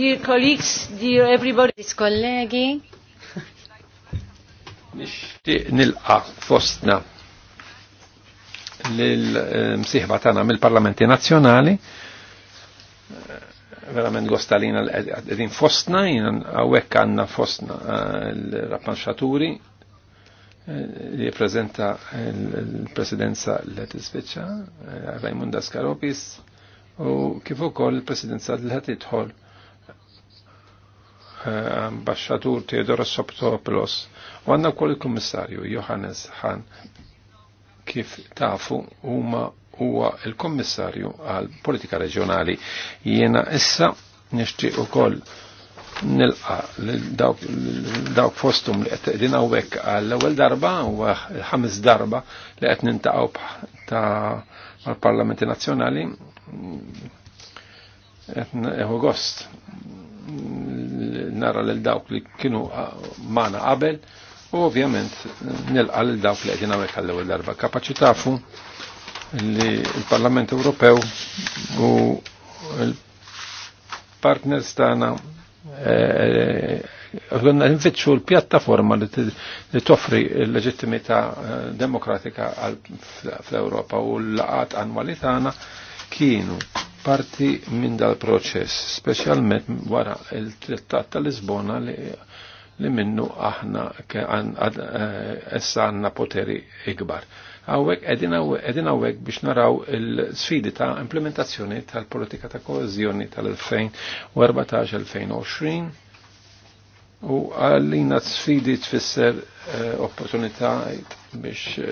Dear colleagues, dear everybody. Dis kollegi. Nishtiq nilqa fostna l-msiħba tana mill-parlamenti nazjonali. Eh, verament gostalina l-edin fostna, jina għawek għanna fostna eh, l-rappanxaturi eh, li jeprezenta l-presidenza l-Tisveċa, Raimunda Skaropis, u kifu ukoll l presidenza l ħat ambasciatur Teodoros Soptopoulos u għanna kol il-kommissarju Johannes Han kif tafu huma huwa il-kommissarju għal politika reġjonali. Jiena issa nixtieq ukoll nilqa dawk fostum li qed qegħdin hawnhekk għall-ewwel darba u ħames darba li qed nintaqgħu ta' mal-Parlamenti Nazzjonali qed gost nara lil dawk li kienu mana qabel u ovvjament nilqa lil dawk li għedin għamek għallew l darba. Kapaċi tafu li l-Parlament Ewropew u l-partners tagħna e, e, għonna nfittxu l-pjattaforma li toffri l-leġittimità e, demokratika fl-Europa u l-laqat annwali kienu parti minn dal-proċess, specialment wara il-trittat tal-Lisbona li, li minnu aħna eh, essa għanna poteri ikbar. Għawek, edin għawek biex naraw il-sfidi ta' implementazzjoni tal-politika ta' koezjoni tal-2014-2020 u għallina sfidi tfisser eh, opportunità biex eh,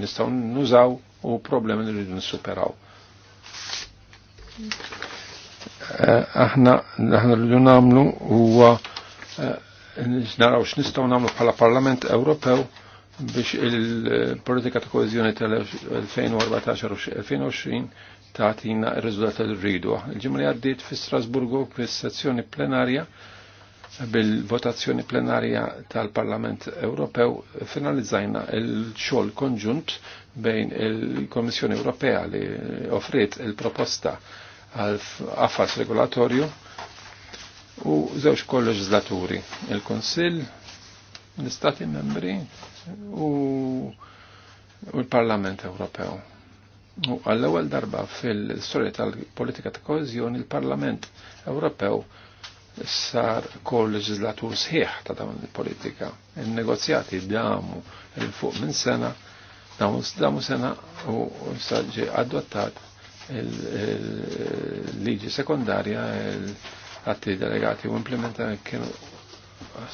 nistaw nużaw u problemi li rridu nisuperaw. Eh, aħna aħna rridu nagħmlu huwa eh, naraw x'nistgħu nagħmlu bħala Parlament Ewropew biex il-politika ta' koeżjoni tal-2014 u 2020 tina r-riżultat li rridu. Il-ġimgħa li għaddiet fi Strasburgu fi sezzjoni plenarja bil-votazzjoni plenarja tal-Parlament Ewropew finalizzajna il-xogħol konġunt bejn il-Kommissjoni Ewropea li offriet il-proposta għal affas regolatorju u żewġ kolleġislaturi, il-Konsill, l-Istati membri u, u l-Parlament Ewropew. U għall-ewwel darba fil-storja tal-politika ta' koeżjoni il-Parlament Ewropew sar kol-leġislatur sħiħ ta' dawn il-politika. Il-negozjati damu il-fuq minn sena, damu sena u saġi adottat il-liġi sekundarja, għatti delegati u implementa kienu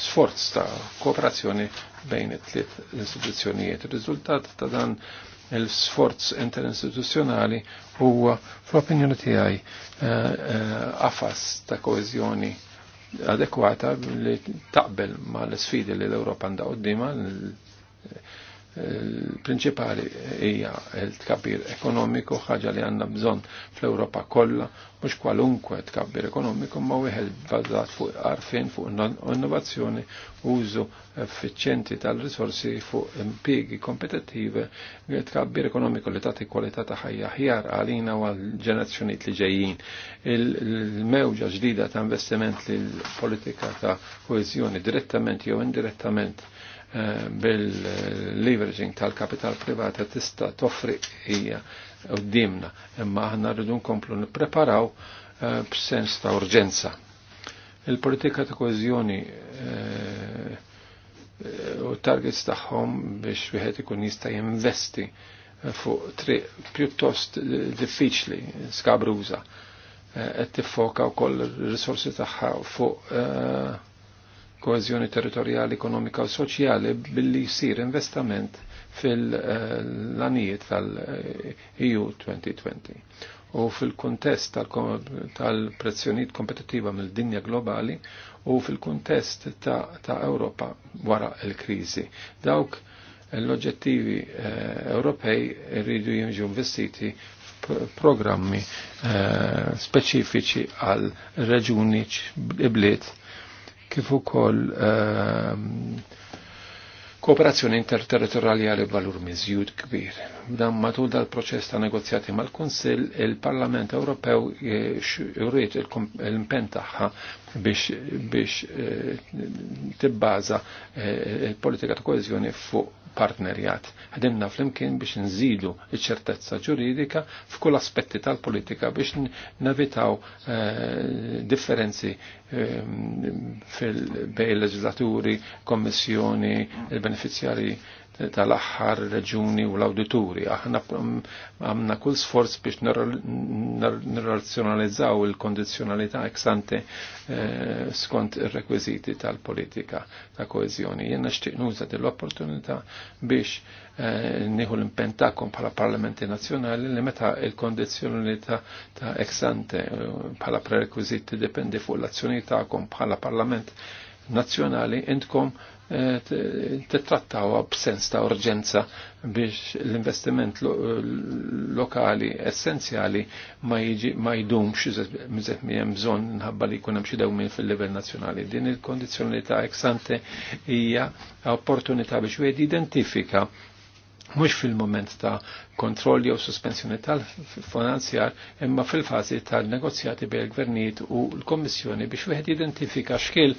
sforz ta' kooperazzjoni bejn it-tliet istituzzjonijiet. Il-riżultat ta' dan il-sforz interinstituzzjonali huwa fl-opinjoni tiegħi qafas eh, eh, ta' koezjoni adekwata li taqbel ma' l-sfidi li l-Ewropa għandha qoddima prinċipali hija l-tkabbir ekonomiku, ħaġa li għandna bżonn fl-Ewropa kollha, mhux kwalunkwe tkabbir ekonomiku, ma wieħed bbażat fuq arfin fuq innovazzjoni, użu effiċjenti tal-risorsi fuq impjiegi kompetittivi, tkabbir ekonomiku li tagħti kwalità ta' ħajja ħjar għalina u għall-ġenerazzjonijiet li ġejjin. Il-mewġa ġdida ta' investiment l politika ta' koeżjoni direttament jew indirettament Eh, bil-leveraging tal-kapital privata tista' toffri hija u dimna imma aħna rridu nkomplu nippreparaw eh, b'sens ta' urġenza. Il-politika ta' kohezjoni eh, u targets tagħhom biex wieħed ikun jista' jinvesti fuq tri pjuttost diffiċli, skabruża, qed tiffoka wkoll ir-risorsi tagħha fuq koezjoni territorjali, ekonomika u soċjali billi jsir investament fil-lanijiet tal-EU 2020. U fil-kontest tal-prezzjoniet kompetittiva mill-dinja globali u fil-kontest ta' Europa wara l-krizi. Dawk l-oġettivi eh, Ewropej rridu jinġu investiti programmi eh, speċifiċi għal reġuni bliet kif ukoll ehm, kooperazzjoni interterritorjaljali valur miżjud kbir. Dan matul dal-proċess ta' negozjati mal-Kunsill, il-Parlament Ewropew juriet eh, il impen tagħha biex, biex eh, tibbaza il-politika eh, eh, ta' koezjoni fuq partnerjat. Ħedimna flimkien biex nżidu iċ-ċertezza ġuridika f'kull aspetti tal-politika biex navitaw differenzi bej leġislaturi, kommissjoni, il-beneficjari tal-aħħar reġuni u l-awdituri. Aħna għamna kull sforz biex nirrazzjonalizzaw il-kondizjonalità eksante eh, skont ir-rekwiziti tal-politika ta' koezjoni. Jena xtiq nuża dell-opportunità biex eh, nieħu l-impentakom bħala parlamenti nazzjonali li meta il-kondizjonalità ta' eksante eh, bħala prerekwiziti dipendi fuq l-azzjoni ta'kom bħala parlament nazzjonali intkom titrattawa b'sens ta' urġenza biex l-investiment lokali essenzjali ma jiġi ma jdumx mizet mi hemm bżonn nħabba li jkun hemm xi dewmien fil-livell nazzjonali. Din il-kondizzjonalità ex ante hija opportunità biex wieħed identifika mhux fil-moment ta' kontrolli jew sospensjoni tal-finanzjar imma fil-fażi tal-negozjati bejn il-gvernijiet u l-Kommissjoni biex wieħed identifika x'kiel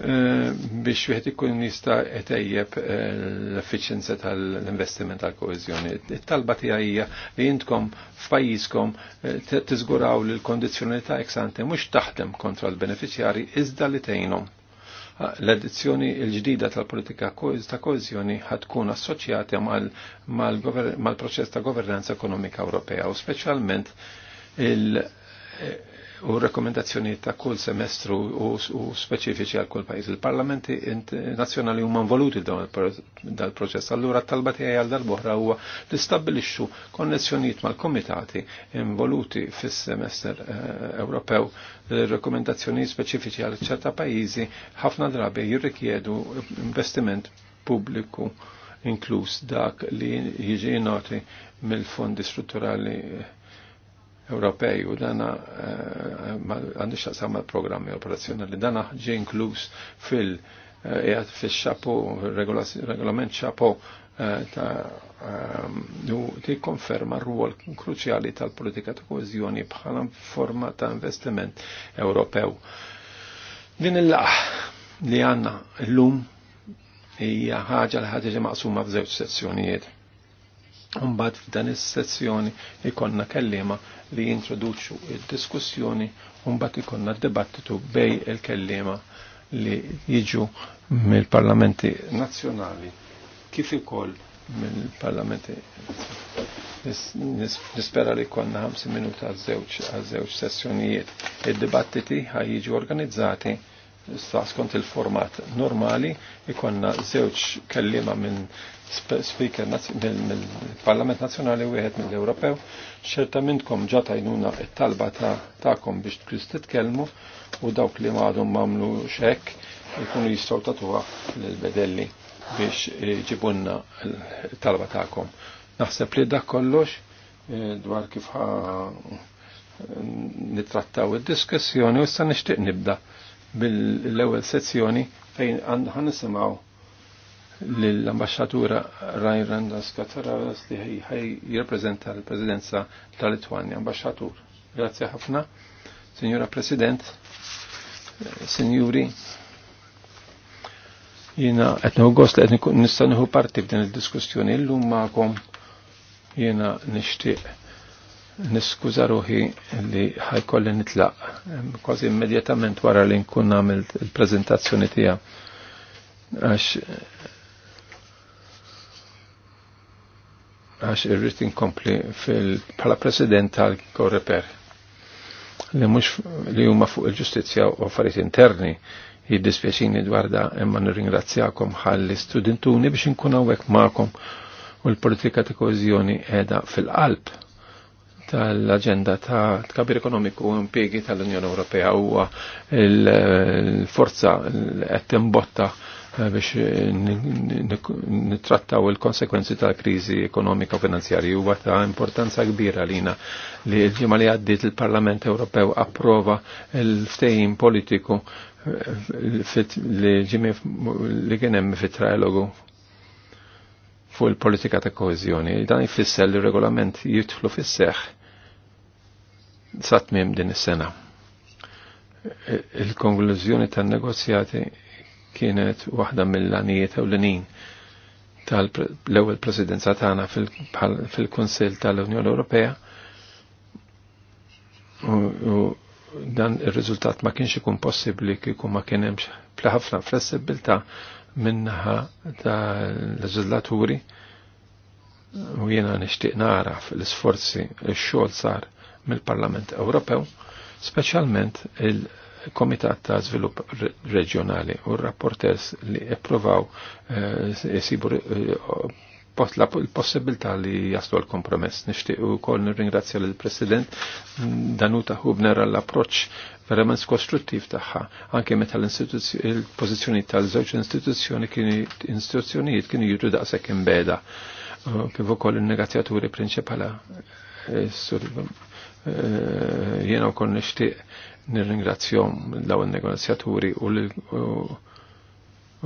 Eh, biex wieħed ikun jista' etejjeb eh, l-effiċenza tal-investiment tal-koeżjoni. It-talba tiegħi hija li intkom f'pajjiżkom eh, tiżguraw li l-kondizzjoni ta' eksante mhux taħdem kontra l-beneficjari iżda li tgħinhom. l edizzjoni l-ġdida tal-politika ta' koeżjoni ħatkun assoċjata mal-proċess ta' governanza ekonomika Ewropea u speċjalment u rekomendazzjoni ta' kull semestru u speċifiċi għal kull pajis. Il-parlamenti nazzjonali huma involuti dal-proċess. Allura talba tiegħi għal darb'oħra huwa li stabbilixxu konnessjonijiet mal-komitati involuti fis-semester eh, Ewropew rekomendazzjoni speċifiċi għal ċerta pajjiżi ħafna drabi jirrikjedu investiment pubbliku inkluż dak li jiġi noti mill-fondi strutturali eh, Ewropej u dana eh, għandu xaqsam mal-programmi operazzjonali. Dana ġie inkluż fil- jgħat eh, eh, fil-xapo, regolament xapo ta' ti konferma r kruċjali tal-politika ta' kohezjoni bħala forma ta' investiment Ewropew. Din il-laħ li għanna l-lum hija ħaġa li ħaġa maqsuma f'żewġ sezzjonijiet Umbad f'dan is sessjoni ikonna kellima li jintroduċu id-diskussjoni umbat ikonna dibattitu bej il-kellima li jiġu mill-parlamenti nazzjonali kif ukoll mill-parlamenti nispera li konna 5 minuta għaż-żewġ sessjonijiet. Id-dibattiti ħaj jiġu organizzati Issa skont il-format normali ikonna żewġ kellima minn speaker mill-Parlament Nazzjonali u wieħed mill-Ewropew, minnkom ġa tajnuna it-talba ta'kom biex tkris titkellmu u dawk li m'għadhom mamlu xek jkunu jistgħu tatuha lill-bedelli biex ġibunna il talba ta'kom. Naħseb li dak kollox eh, dwar kif nitrattaw id-diskussjoni u issa nixtieq nibda bil-ewwel sezzjoni fejn ħan nisimaw l-ambasċatura Rajn Randas Kataravas li ħaj jirreprezenta l-Presidenza tal litwani ambasċatur. Grazzi ħafna, Signora President, Signuri, jina etnu għost li etni nistanuhu parti f'din il-diskussjoni l-lum ma'kom jena nishtiq niskuza ruħi li ħajkolli nitlaq kważi immedjatament wara li nkun nagħmel il-preżentazzjoni tiegħu. Għax għax irrid inkompli bħala president tal-Koreper li mhux li huma fuq il-ġustizzja u affarijiet interni jiddispjaċini dwar da imma nirringrazzjakom ħalli studentuni biex inkun hawnhekk magħkom u l-politika ta' koeżjoni qiegħda fil-qalb tal-agenda ta' tkabir ekonomiku u impiegi tal-Unjoni Ewropea huwa l-forza qed timbotta eh, biex nittrattaw il-konsekwenzi tal-kriżi ekonomika u finanzjarji huwa ta' importanza kbira lina li l-ġimgħa li għaddiet il-Parlament Ewropew approva l-ftehim politiku eh, li ġimgħa li kien hemm fit-trialogu fuq il-politika ta' koeżjoni. Dan jfisser li regolament jitħlu fis-seħħ satmim din is-sena. Il-konklużjoni tan-negozjati kienet waħda mill-lanijiet ewlenin tal-ewwel presidenza tagħna fil-Kunsill tal-Unjoni Ewropea u dan ir-riżultat ma kienx ikun possibbli kieku ma kien hemmx ħafna flessibilità minnaħa tal-leġislaturi u jiena nixtieq nara fl-isforzi x-xogħol sar mill-Parlament Ewropew, speċjalment il-Komitat ta' Zvilupp Regionali, u r-rapporters li ipprovaw jisibu eh, eh, il-possibilità li jaslu l kompromess Nishtiq u kol nirringrazzja l-President Danuta Hubner għall-approċ verament konstruttiv tagħha, anke meta l-pożizzjoni tal-żewġ istituzzjoni kienu istituzzjonijiet kienu jiġu daqshekk imbeda eh, kif ukoll in negazzjaturi prinċipala Eh, jena u kon nishtiq nir-ringrazzjom daw il-negozjaturi u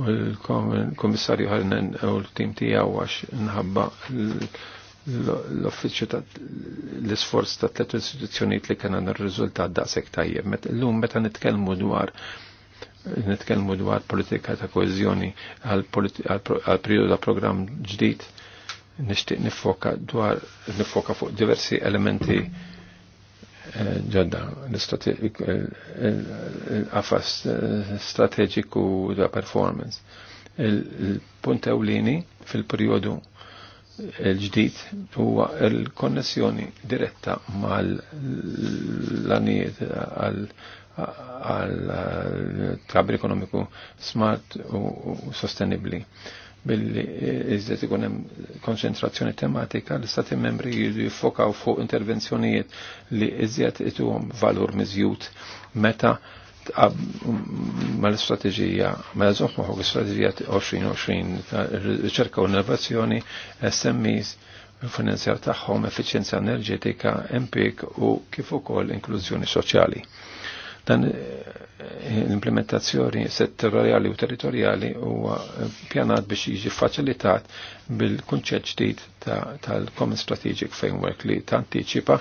l-komissarju ħarnen u l-tim tijaw għax nħabba l offiċu ta' l-isforz ta' t-let istituzzjonijiet li kena n-rizultat da' tajjeb. L-lum meta nitkellmu dwar nitkellmu dwar politika ta' koezjoni għal periodu ta' programm ġdid nixtieq nifoka dwar nifoka fuq diversi elementi ġodda l-qafas strategiku ta' performance. Il-punt ewlini fil-periodu il-ġdid huwa l-konnessjoni diretta mal-lanijiet għal kabri ekonomiku smart u sostenibli billi iżdet ikun hemm konċentrazzjoni tematika li stati membri jiġu jiffokaw fuq intervenzjonijiet li iżjed ituhom valur miżjud meta mal-istrateġija, mal-żoħmu mela fuq istrateġija 2020, riċerka u innovazzjoni, SMEs, finanzjar tagħhom, effiċjenza enerġetika, impik u kif ukoll inklużjoni soċjali. Dan eh, l-implementazzjoni settorjali u territorjali huwa eh, pjanat biex jiġi faċilitat bil-kunċett ġdid tal-Common Strategic Framework li tantiċipa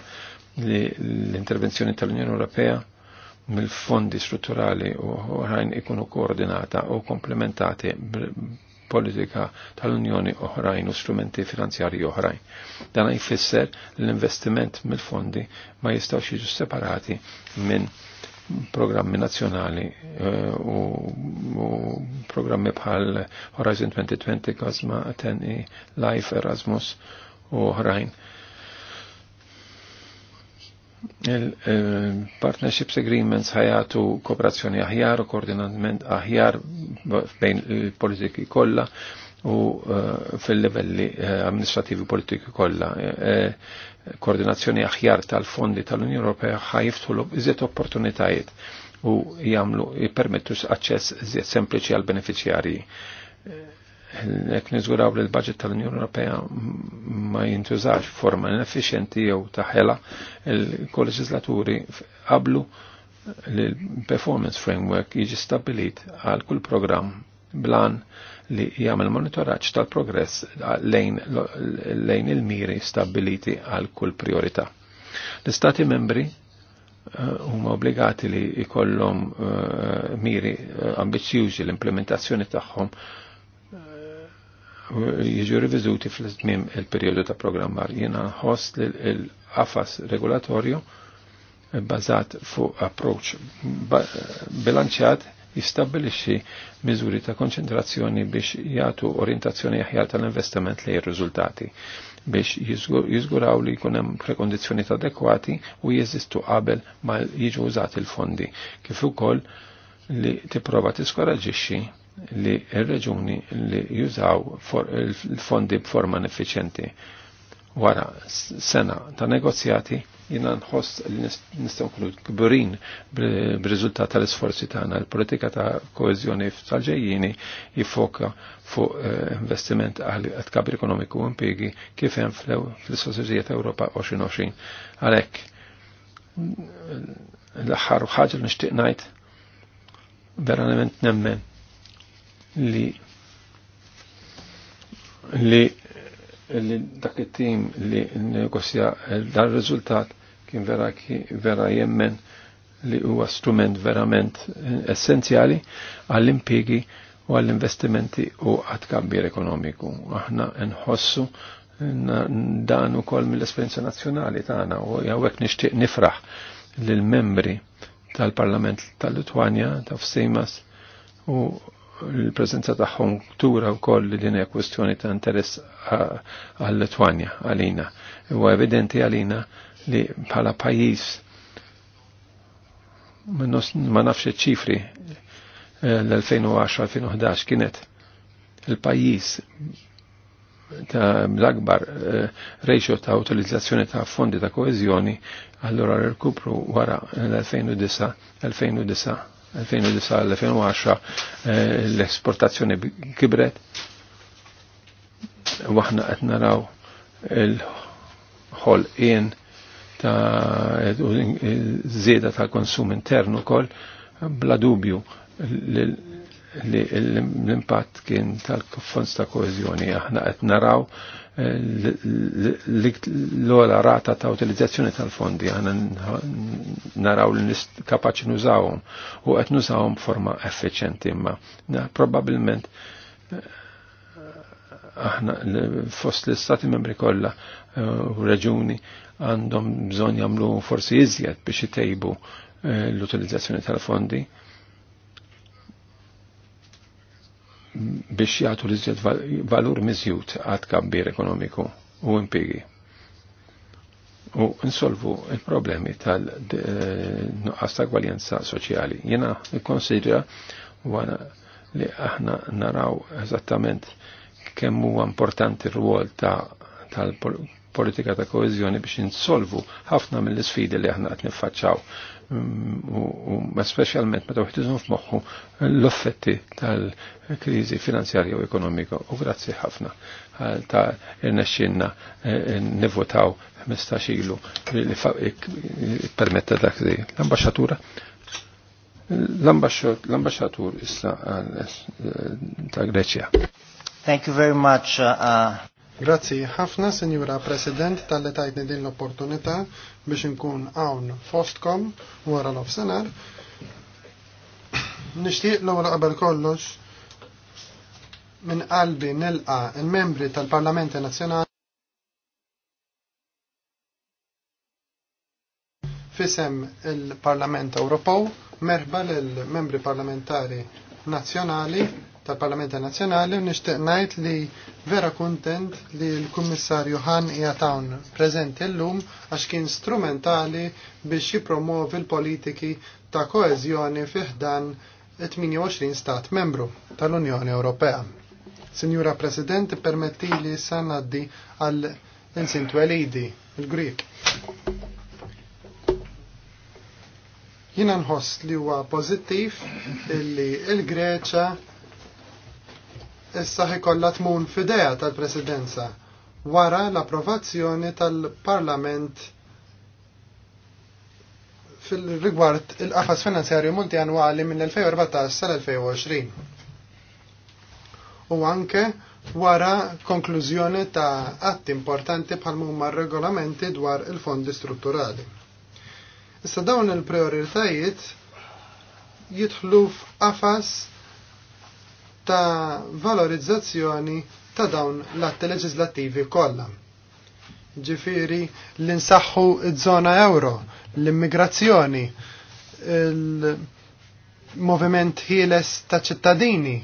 li l-intervenzjoni tal-Unjoni Ewropea mill-fondi strutturali u oħrajn ikunu koordinata u komplementati politika tal-Unjoni oħrajn u strumenti finanzjarji oħrajn. Dan jfisser l-investiment mill-fondi ma jistawx jiġu separati minn programmi nazjonali eh, u, programmi bħal Horizon 2020, Cosma, Ateni, Life, Erasmus u oħrajn. Il-partnerships eh, agreements ħajatu kooperazzjoni aħjar u koordinament aħjar bejn il-politiki kollha u eh, fil-livelli eh, amministrativi politiki kolla. Eh, koordinazzjoni aħjar tal-fondi tal-Unjoni Ewropea ħajftu iżjed opportunitajiet u jamlu jipermettu s aċċess iżjed sempliċi għal beneficjarji. Nek nizguraw li l-budget tal-Unjoni Ewropea ma jintużax forma inefficienti jew taħela il-kolleġislaturi qablu li l-performance framework jiġi stabilit għal kull program blan li jagħmel monitoraġġ tal-progress lejn il-miri stabiliti għal kull priorità. L-Istati membri eh, huma obbligati li jkollhom eh, miri eh, ambizjużi l-implementazzjoni tagħhom jiġu riviżuti fl-izmim il-periodu ta' programmar. Jiena nħoss li l-qafas regolatorju bazat fuq approach bilanċjat jistabilixxi miżuri ta' konċentrazzjoni biex jagħtu orientazzjoni aħjar tal-investiment li r-riżultati biex jizguraw li jkun hemm prekondizzjonijiet adekwati u jeżistu qabel ma jiġu użati l-fondi. Kif ukoll li tipprova tiskoraġixxi li r-reġuni li jużaw l-fondi b'forma effiċjenti wara sena ta' negozjati jina nħoss li nistaw nkunu kburin b'riżultat tal-isforzi tagħna. l politika ta' koezjoni tal-ġejjini jifoka fuq eh, investiment għal kabri ekonomiku u kif hemm fl-Istrateġija ta' Ewropa 2020. Għalhekk l-aħħar ħaġa li nixtieq ngħid verament nemmen li li li dak it-tim li negozja eh, dar riżultat kien vera vera jemmen li huwa strument verament eh, essenzjali għall-impjegi u għall-investimenti u għat-kabbir ekonomiku. Aħna nħossu dan ukoll mill-esperjenza nazzjonali tagħna u hawnhekk nixtieq nifraħ lill membri tal-Parlament tal-Litwanja, ta' Fsejmas u il-prezenza tagħhom tura wkoll li din hija kwestjoni ta' interess għal Litwanja għalina. Huwa evidenti għalina li bħala pajjiż ma nafx iċ-ċifri eh, l-2010-2011 kienet il-pajjiż ta' l-akbar eh, ratio ta' utilizzazzjoni ta' fondi ta' koezjoni allora rkupru wara l-2009 2009-2010 eh, l-esportazzjoni kibret. Waħna qed naraw il in ta' żieda ta' konsum internu kol bla dubju l-impatt kien tal-fonds ta' koezjoni. Aħna qed naraw l-ola rata ta' utilizzazzjoni tal-fondi għana naraw li kapaċi nużawhom u qed nużawhom forma effiċenti imma probabbilment eh, aħna fost l-istati membri kollha eh, u reġuni għandhom bżonn jagħmlu forsi iżjed biex itejbu eh, l-utilizzazzjoni tal-fondi biex jagħtu l-iżjed valur miżjud għad kabbir ekonomiku u impigi. U insolvu il-problemi tal-nuqqas ta' gwaljenza soċjali. Jena konsidra għana li aħna naraw eżattament kemm huwa importanti r ruol ta' tal-politika ta' koezjoni biex insolvu ħafna mill-isfidi li aħna qed niffaċċaw u specialment meta wieħed f'moħħu l-offetti tal-kriżi finanzjarja u ekonomika. U grazzi ħafna ta' irnexxinna eh, nivvotaw 15 ilu li permetta dak li l-ambasċatura. L-ambasċatur issa eh, ta' Greċja. Thank you very much. Uh, Uh, Grazzi ħafna, Sinjura President, tal-li tajtni din l-opportunità biex nkun hawn fostkom wara l-ofsenar. Nixtieq l-ewwel qabel kollox minn qalbi nilqa il-membri tal-Parlamenti Nazzjonali fisem il-Parlament Ewropew, merħba l membri parlamentari nazzjonali tal-Parlamenta Nazzjonali nishtiq nixtieq ngħid li vera kuntent li l-Kummissarju Han jatawn preżenti llum għax kien strumentali biex jipromuovi l-politiki ta' koeżjoni fiħdan 28 stat membru tal-Unjoni Ewropea. Sinjura President, permetti li sanaddi għal insint Welidi, il-Grik. Jina nħoss li huwa pożittiv illi il-Greċa il greċa issa ħikolla tmun fidea tal-Presidenza wara l-approvazzjoni tal-Parlament fil-rigward il-qafas finanzjarju multianwali mill-2014 sal-2020. U anke wara konklużjoni ta' atti importanti bħal huma regolamenti dwar il-fondi strutturali. Issa dawn il-prioritajiet jidħlu f'qafas ta' valorizzazzjoni ta' dawn l-atti leġislattivi kollha. Ġifiri l-insaħħu ż-żona euro, l-immigrazzjoni, il-moviment ħieles ta' ċittadini,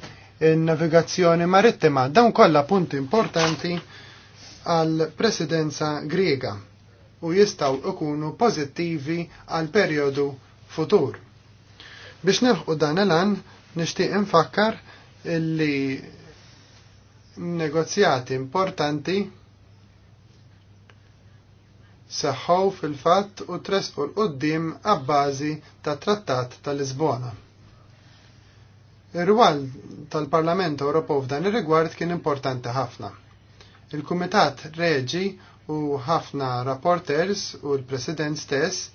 il-navigazzjoni marittima, dawn kollha punti importanti għal presidenza griega u jistaw ikunu pozittivi għal periodu futur. Biex nilħu dan l-an, nishtiq infakkar illi negozjati importanti seħħu fil-fatt u tresqu l-qoddim għabbażi ta' trattat tal-Lisbona. Ir-rwal tal-Parlament Ewropew f'dan ir-rigward kien importanti ħafna. Il-Kumitat Reġi u ħafna rapporters u l-President stess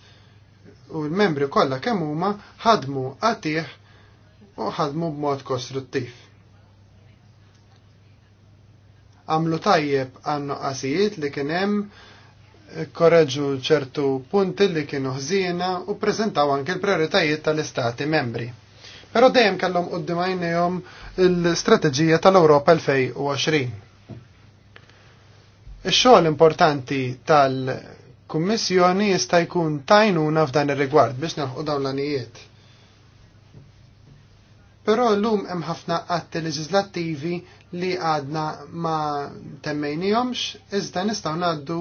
u l-membri kollha kemm huma ħadmu għatih u ħadmu b'mod kostruttiv. Għamlu tajjeb għannu qasijiet li kien hemm korreġu ċertu punti li kienu ħżina u prezentaw anke l-prioritajiet tal-istati membri. Però dejjem kellhom qudiem għajnejhom l-istrateġija tal-Ewropa 2020. Ix-xogħol importanti tal-Kummissjoni jista' jkun tajnuna f'dan ir-rigward biex nelħu dawn l-anijiet Però llum hemm ħafna atti leġislattivi li għadna ma temmejniehomx, iżda nistgħu ngħaddu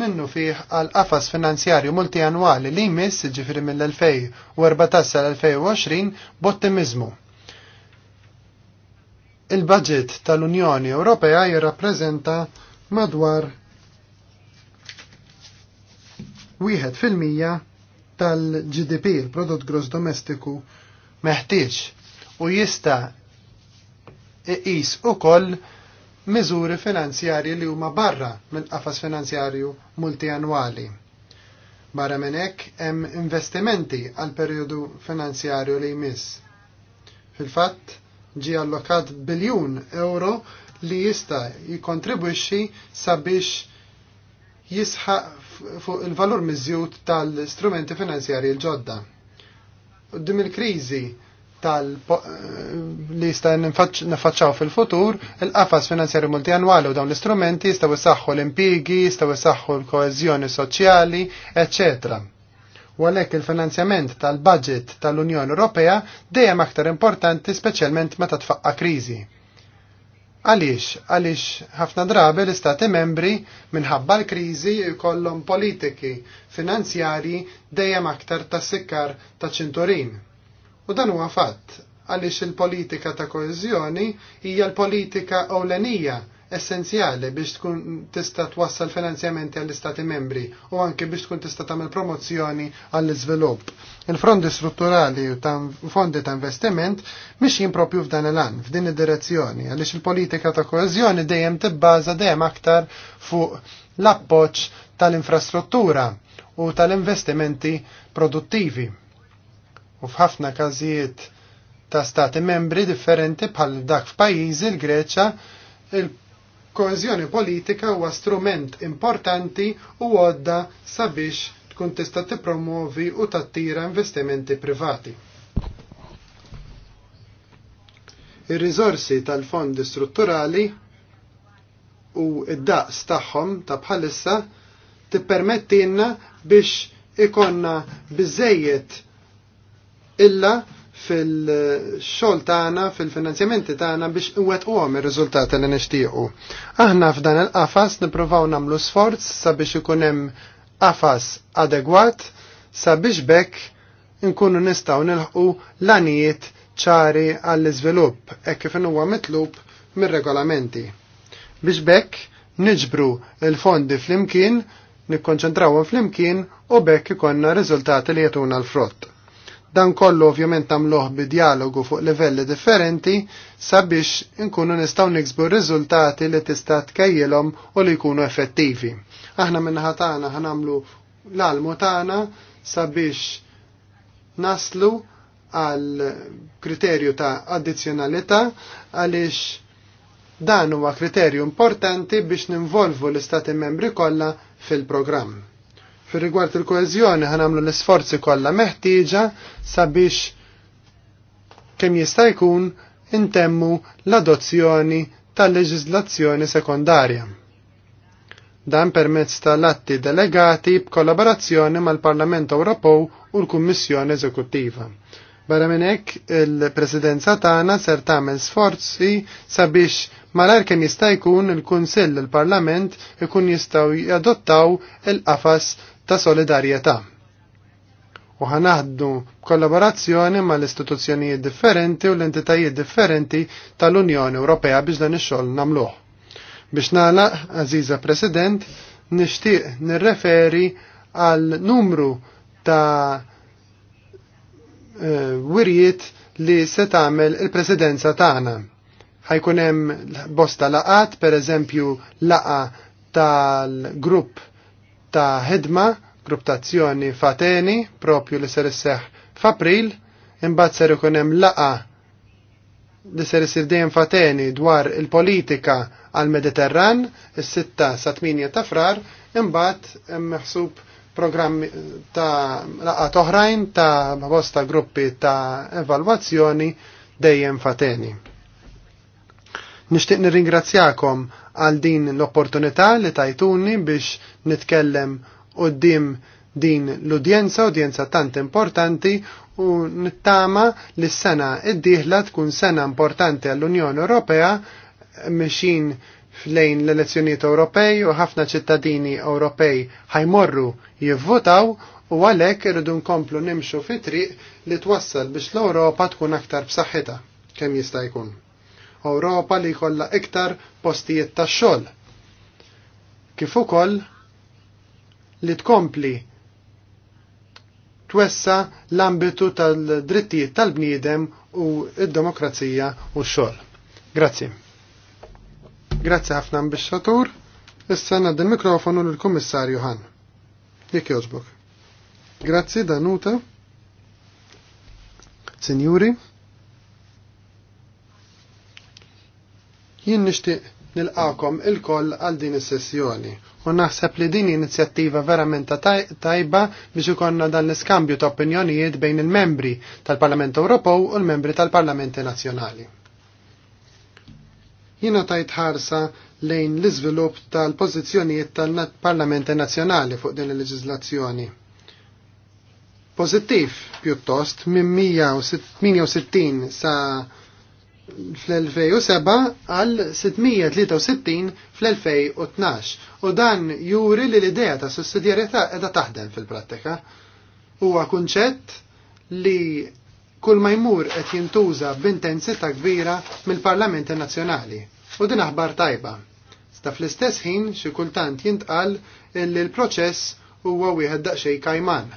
minnu fih għal qafas finanzjarju multianwali li jmiss ġifiri mill-2014 sal-2020 b'ottimizmu. Il-budget tal-Unjoni Ewropea jirrappreżenta madwar 1% tal-GDP, il-prodott gross domestiku meħtieġ u jista' iqis ukoll miżuri finanzjarji li huma barra mill-qafas finanzjarju multianwali. Barra minn hekk hemm investimenti għal perjodu finanzjarju li jmiss. Fil-fatt ġi allokat biljun euro li jista jikontribwixxi sabiex jisħaq fuq il-valur miżjud tal-strumenti finanzjarji l-ġodda. Dim il-kriżi tal li jista' nifaċċaw fil-futur, il-qafas finanzjari multianwali u dawn l-istrumenti jistgħu jsaħħu l-impigi, jistgħu jsaħħu l koezjoni soċjali, etc. U għalhekk il-finanzjament tal-budget tal-Unjoni Ewropea dejjem aktar importanti speċjalment meta tfaqqa kriżi. Għaliex, għaliex ħafna drabi l-istati membri minħabba l-krizi jkollhom politiki finanzjari dejjem aktar tas sikkar ta' ċinturin. U dan huwa fatt għaliex il-politika ta' koeżjoni hija l-politika ewlenija essenzjali biex tkun tista' twassal finanzjamenti għall-Istati membri u anke biex tkun tista' tagħmel promozzjoni għall-iżvilupp. Il-fondi strutturali u fondi ta' investiment mhix propju f'dan il-an, f'din id-direzzjoni, għaliex il-politika ta' koeżjoni dejjem tibbaża dejjem aktar fuq l-appoġġ tal-infrastruttura u tal-investimenti produttivi u f'ħafna każijiet ta' stati membri differenti bħal dak f'pajjiżi il-Greċa il koezjoni politika huwa strument importanti u għodda sabiex tkun tista' tippromovi u tattira investimenti privati. Ir-riżorsi tal-fondi strutturali u id-daqs tagħhom ta' bħalissa tippermettilna biex ikonna biżejjed illa fil-xol tana, fil-finanzjamenti tagħna biex iwettquhom ir-riżultati li nixtiequ. Aħna f'dan il-qafas nippruvaw nagħmlu sforz sabiex ikun hemm qafas adegwat sabiex bekk nkunu nistgħu nilħqu lanijiet ċari għall-iżvilupp hekk kif huwa mitlub mir-regolamenti. Biex bekk niġbru l-fondi flimkien, nikkonċentrawhom flimkien u bekk ikonna riżultati li jetuna l-frott. Dan kollu ovvjament tamluħ bid-dialogu fuq livelli differenti sabiex inkunu nistgħu niksbu riżultati li tista' tkejjilhom u li jkunu effettivi. Aħna minna tagħna ħanamlu l-almu tagħna sabiex naslu għal kriterju ta' addizjonalità għaliex dan huwa kriterju importanti biex ninvolvu l-istati membri kollha fil-programm. Fir rigward il-koezjoni ħanamlu l-isforzi kollha meħtieġa sabiex kemm jista' jkun intemmu l-adozzjoni tal-leġiżlazzjoni sekondarja. Dan permezz tal-atti delegati b'kollaborazzjoni mal-Parlament Ewropew u l-Kummissjoni Eżekuttiva. Barra minn hekk il-Presidenza tagħna ser tagħmel sforzi sabiex malar kemm jista' jkun il-Kunsill il-Parlament ikun jistgħu jadottaw il-qafas il qafas ta' solidarjetà. U ħanaħdu kollaborazzjoni mal istituzzjonijiet differenti u l-entitajiet differenti tal-Unjoni Ewropea biex dan ix-xogħol nagħmluh. Biex nagħlaq, Aziza President, nixtieq nirreferi għal numru ta' eh, wirjiet li se tagħmel il-presidenza tagħna. Ħajkun hemm bosta laqat, per eżempju laqa tal-grupp ta' ħidma, grupp ta' azzjoni fateni, propju li ser isseħ f'April, imbagħad ser ikun hemm laqa li ser isir dejjem fateni dwar il-politika għal mediterran is-sitta sa 8 ta' frar, imbagħad hemm meħsub programmi ta' laqa oħrajn ta' bosta gruppi ta' evalwazzjoni dejjem fateni. Nixtieq nirringrazzjakom għal din l-opportunità li tajtuni biex nitkellem qudiem din l-udjenza, udjenza tant importanti u nittama li s-sena id-dieħla tkun sena importanti għall-Unjoni Ewropea mexin lejn l-elezzjonijiet Ewropej u ħafna ċittadini Ewropej ħajmorru jivvotaw u għalhekk irridu nkomplu nimxu fitri triq li twassal biex l-Ewropa tkun aktar b'saħħitha kemm jista' jkun. Ewropa li jkollha iktar postijiet tax-xogħol. Kif ukoll li tkompli twessa l-ambitu tal-drittijiet tal-bniedem u id-demokrazija u x-xogħol. Grazzi. Grazzi ħafna ambixxatur. Issa nad il-mikrofonu lill-Kummissarju Han. Jekk jogħġbok. Grazzi Danuta. Signori. Jien nixtieq nilqakom il-koll għal din is-sessjoni u naħseb li din inizjattiva verament tajba biex ikonna dan l-iskambju ta' opinjonijiet bejn il-membri tal-Parlament Ewropew u l-membri tal-Parlamenti Nazzjonali. Jiena tajt ħarsa lejn l-iżvilupp tal-pożizzjonijiet tal-Parlamenti Nazzjonali fuq din il-leġiżlazzjoni. Pożittiv pjuttost minn 168 sa' fl-2007 għal 663 fl-2012 u dan juri li l-idea ta' sussidjarjetà edha taħdem fil-prattika. Huwa kunċett li kull ma jmur qed jintuża b'intensità kbira mill-Parlamenti Nazzjonali u din aħbar tajba. Sta fl-istess ħin xi kultant jintqal li l-proċess huwa wieħed daqsxejn kajman.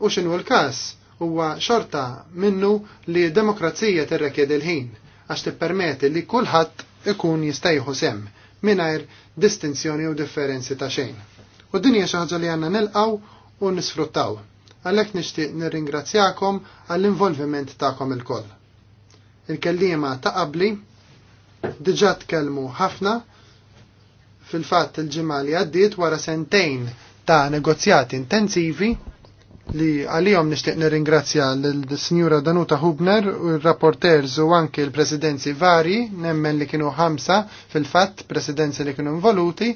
U x'inhu l-każ? huwa xorta minnu li demokrazija tirrekjed il-ħin għax permeti li kulħadd ikun jistajħu sem mingħajr distinzjoni u differenzi ta' xejn. U din hija xi ħaġa li għandna nilqaw u nisfruttaw. Għalhekk nixtieq nirringrazzjakom għall-involviment tagħkom il-koll. Il-kellima ta' qabli diġà tkellmu ħafna fil-fatt il-ġimgħa li għaddiet wara sentejn ta' negozjati intensivi li għalihom nixtieq nirringrazzja l-Sinjura Danuta Hubner u r-rapporters u anke l-presidenzi vari, nemmen li kienu ħamsa fil-fatt presidenzi li kienu involuti,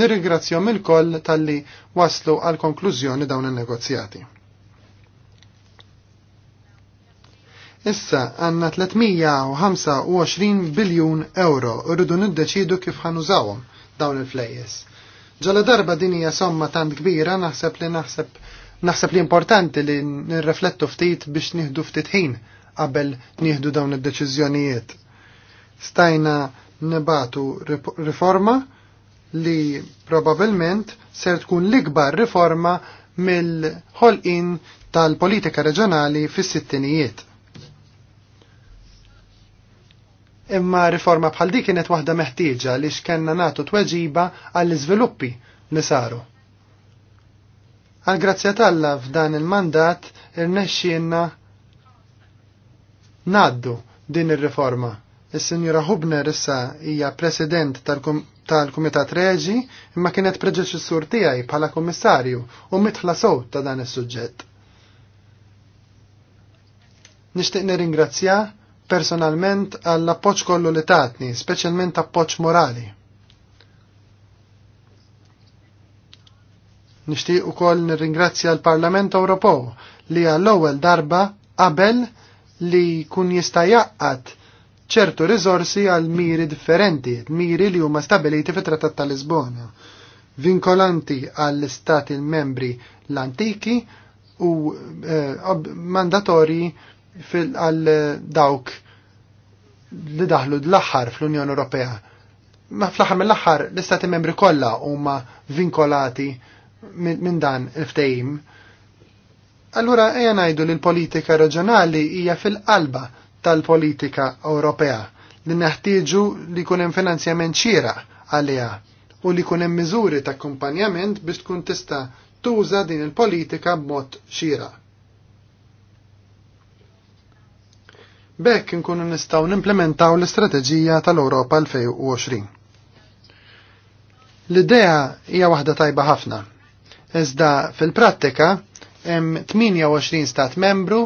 nirringrazzjom il-koll tal-li waslu għal konklużjoni dawn il-negozjati. Issa għanna 325 biljun euro rridu niddeċidu kif ħanużawhom dawn il-flejjes. Ġala darba din hija somma tant kbira naħseb li naħseb Naħseb li importanti li nirreflettu ftit biex nieħdu ftit ħin qabel nieħdu dawn id-deċiżjonijiet. Stajna nibatu riforma li probabilment ser tkun l-ikbar riforma mill-ħolqin tal-politika reġjonali fis-sittinijiet. Imma riforma bħal dik kienet waħda meħtieġa li xkenna nagħtu tweġiba għall-iżviluppi li saru. Għal grazzja talla f'dan il-mandat irnexxienna naddu din ir-riforma. Is-Sinjura Hubner issa hija President tal-Kumitat tal Reġi imma kienet preġeċessur tiegħi bħala Kummissarju u mitħla sowt ta' dan is-suġġett. Nixtieq nirringrazzja personalment għall-appoġġ kollu li tatni, speċjalment appoġġ morali. Nixtieq ukoll nirringrazzja l-Parlament Ewropew li għall-ewwel darba qabel li kun jista' jaqqad ċertu riżorsi għal miri differenti, miri li huma stabiliti fit-Trattat ta' Lisbona, vinkolanti għall istati membri l-antiki u eh, mandatorji għal dawk li daħlu l-aħħar fl-Unjoni Ewropea. Ma fl-aħħar mill-aħħar l-istati membri kollha huma vinkolati minn dan il-ftejim. Allura eja najdu li l-politika reġjonali hija fil-qalba tal-politika Ewropea li neħtieġu li kunem hemm finanzjament xira għaliha u li kunem hemm miżuri ta' kumpanjament biex tkun tista' tuża din il-politika b'mod xira. Bekk nkunu nistgħu nimplementaw l-istrateġija tal-Ewropa 2020. L-idea hija waħda tajba ħafna Iżda fil-prattika hemm 28 stat membru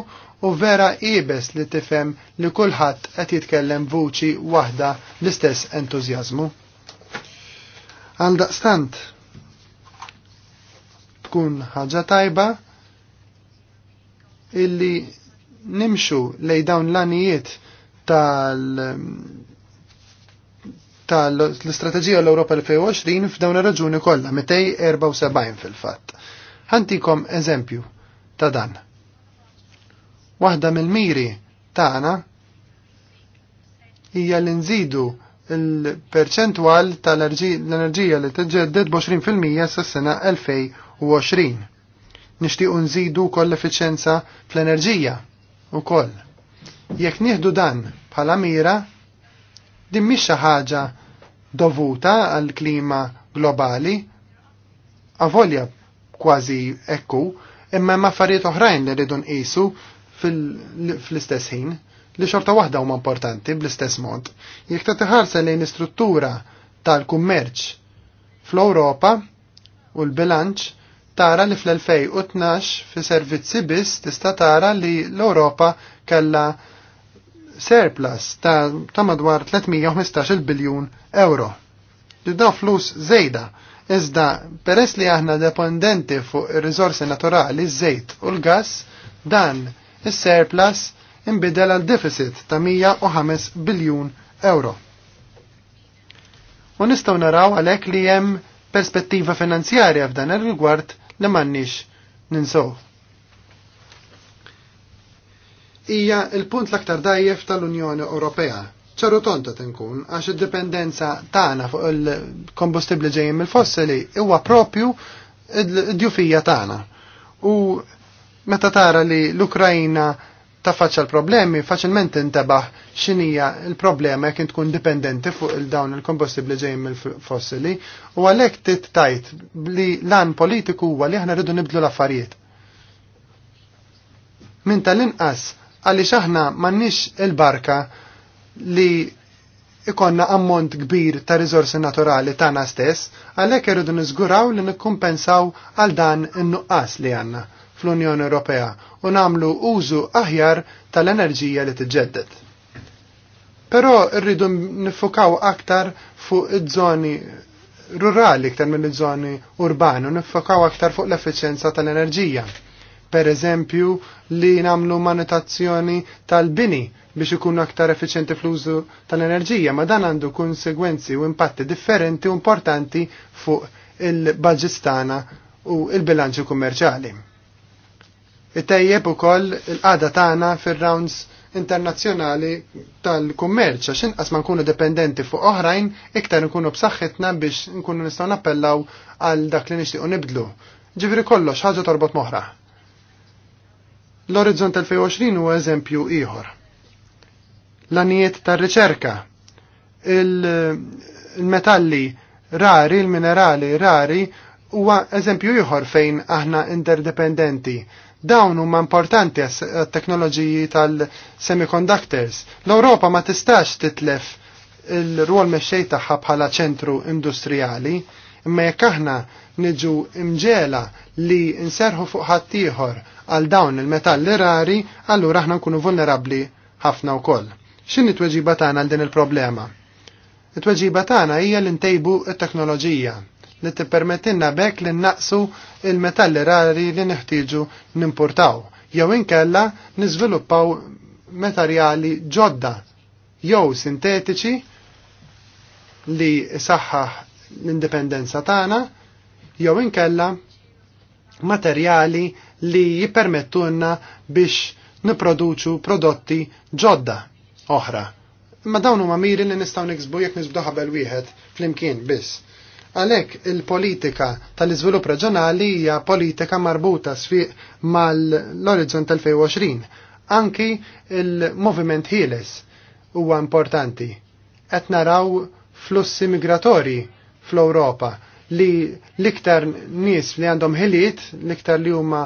u vera ibes li tifhem li kulħadd qed jitkellem vuċi waħda l-istess entużjażmu. Għaldaqstant tkun ħaġa tajba illi nimxu lej dawn l-anijiet tal tal-Istrateġija l-Europa 2020 f'dawn ir-raġuni kollha 274 fil-fatt. Ħantikom eżempju ta' dan. Waħda mill-miri tagħna hija li nżidu l perċentwal tal-enerġija li tiġġedded b'20% sas-sena 2020. Nixtiequ nżidu l-effiċjenza fl-enerġija ukoll. Jekk nieħdu dan bħala mira, din mhix xi ħaġa dovuta għal klima globali, avolja kważi ekku, imma ma affarijiet oħrajn li rridu nqisu fl-istess ħin li xorta waħda huma importanti bl-istess mod. Jek ta' tiħarsa lejn istruttura tal-kummerċ fl-Ewropa u l-bilanċ tara li fl-2012 fi servizzi biss tista' tara li l-Ewropa kellha surplus ta', ta madwar 315 biljun euro. Dan flus zejda, iżda peress li aħna dependenti fuq ir-riżorsi naturali, żejt u l-gas, dan is-surplus imbidel għal deficit ta' 105 biljun euro. Unistaw nistgħu naraw għalhekk li hemm perspettiva finanzjarja f'dan ir-rigward li m'għandniex ninsow hija l-punt l-aktar dajjef tal-Unjoni Ewropea. Ċarru tonta tinkun għax id-dipendenza tagħna fuq il-kombustibbli ġejjin mill-fossili huwa propju id-djufija tagħna. U meta tara li l-Ukrajna tafaċċa l-problemi, faċilment intabaħ xinija l-problema jekk tkun dipendenti fuq il-dawn il-kombustibli ġejjin mill-fossili u għalhekk tajt li lan politiku huwa li aħna rridu nibdlu l-affarijiet. Min tal-inqas għaliex aħna m'għandniex il-barka li ikonna ammont kbir ta' rizorsi naturali tagħna stess, għalhekk irridu niżguraw li nikkumpensaw għal dan in-nuqqas li għandna fl-Unjoni Ewropea u nagħmlu użu aħjar tal-enerġija li tiġġedded. Però rridu nifukaw aktar fuq iż-żoni rurali iktar mill-żoni urbani u nifokaw aktar fuq l-effiċjenza tal-enerġija per eżempju li namlu manutazzjoni tal-bini biex ikunu aktar effiċenti fl-użu tal-enerġija, ma dan għandu konsegwenzi u impatti differenti u importanti fuq il tagħna u il bilanċi kummerċali. Itejjeb ukoll il-qada tagħna fir-rounds internazzjonali tal-kummerċ għax inqas ma nkunu dependenti fuq oħrajn iktar nkunu b'saħħitna biex nkunu nistgħu nappellaw għal dak li nixtiequ nibdlu. Ġifri kollox ħaġa torbot moħra. L-Orizzont 2020 huwa eżempju ieħor. L-anijiet tar-riċerka, il-metalli rari, il-minerali rari, huwa eżempju ieħor fejn aħna interdependenti dawn huma importanti għat-teknoloġiji tal-semiconductors. L-Ewropa ma tistax titlef il-rwol meċċej tagħha bħala ċentru industrijali. Imma jekk aħna niġu imġela li nserħu fuq ħaddieħor għal dawn il-metalli rari, allura aħna nkunu vulnerabbli ħafna wkoll. X'inhi tweġiba tagħna għal din il-problema? It-tweġiba tagħna hija li ntejbu t-teknoloġija li tippermettilna bekk li naqsu il-metalli rari li neħtieġu nimportaw. Jew inkella niżviluppaw materjali ġodda jew sintetiċi li saħħaħ l-indipendenza tagħna jew inkella materjali li jippermettunna biex niproduċu prodotti ġodda oħra. Ma dawn huma miri li nistgħu niksbu jekk nisbdu ħabel wieħed flimkien biss. Għalhekk il-politika tal-iżvilupp reġjonali hija politika marbuta sfiq mal-Orizzont 2020. Anki il-moviment Hiles huwa importanti. Qed naraw flussi migratorji fl-Ewropa li l-iktar nies li għandhom ħiliet, l-iktar li huma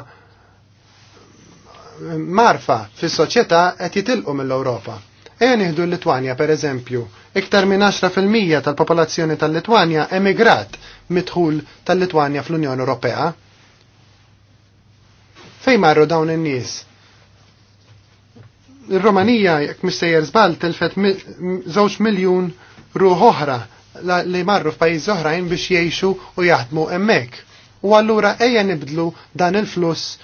marfa fis-soċjetà qed jitilqu mill-Ewropa. Ejja nieħdu l-Litwanja pereżempju, iktar minn 10% tal-popolazzjoni tal-Litwanja emigrat midħul tal-Litwanja fl-Unjoni Ewropea. Fejn marru dawn in-nies? Ir-Romanija jekk mistejjer żball tilfet żewġ miljun ruħ oħra li marru f'pajjiż oħrajn biex jgħixu u jaħdmu hemmhekk. U allura ejja nibdlu dan il-fluss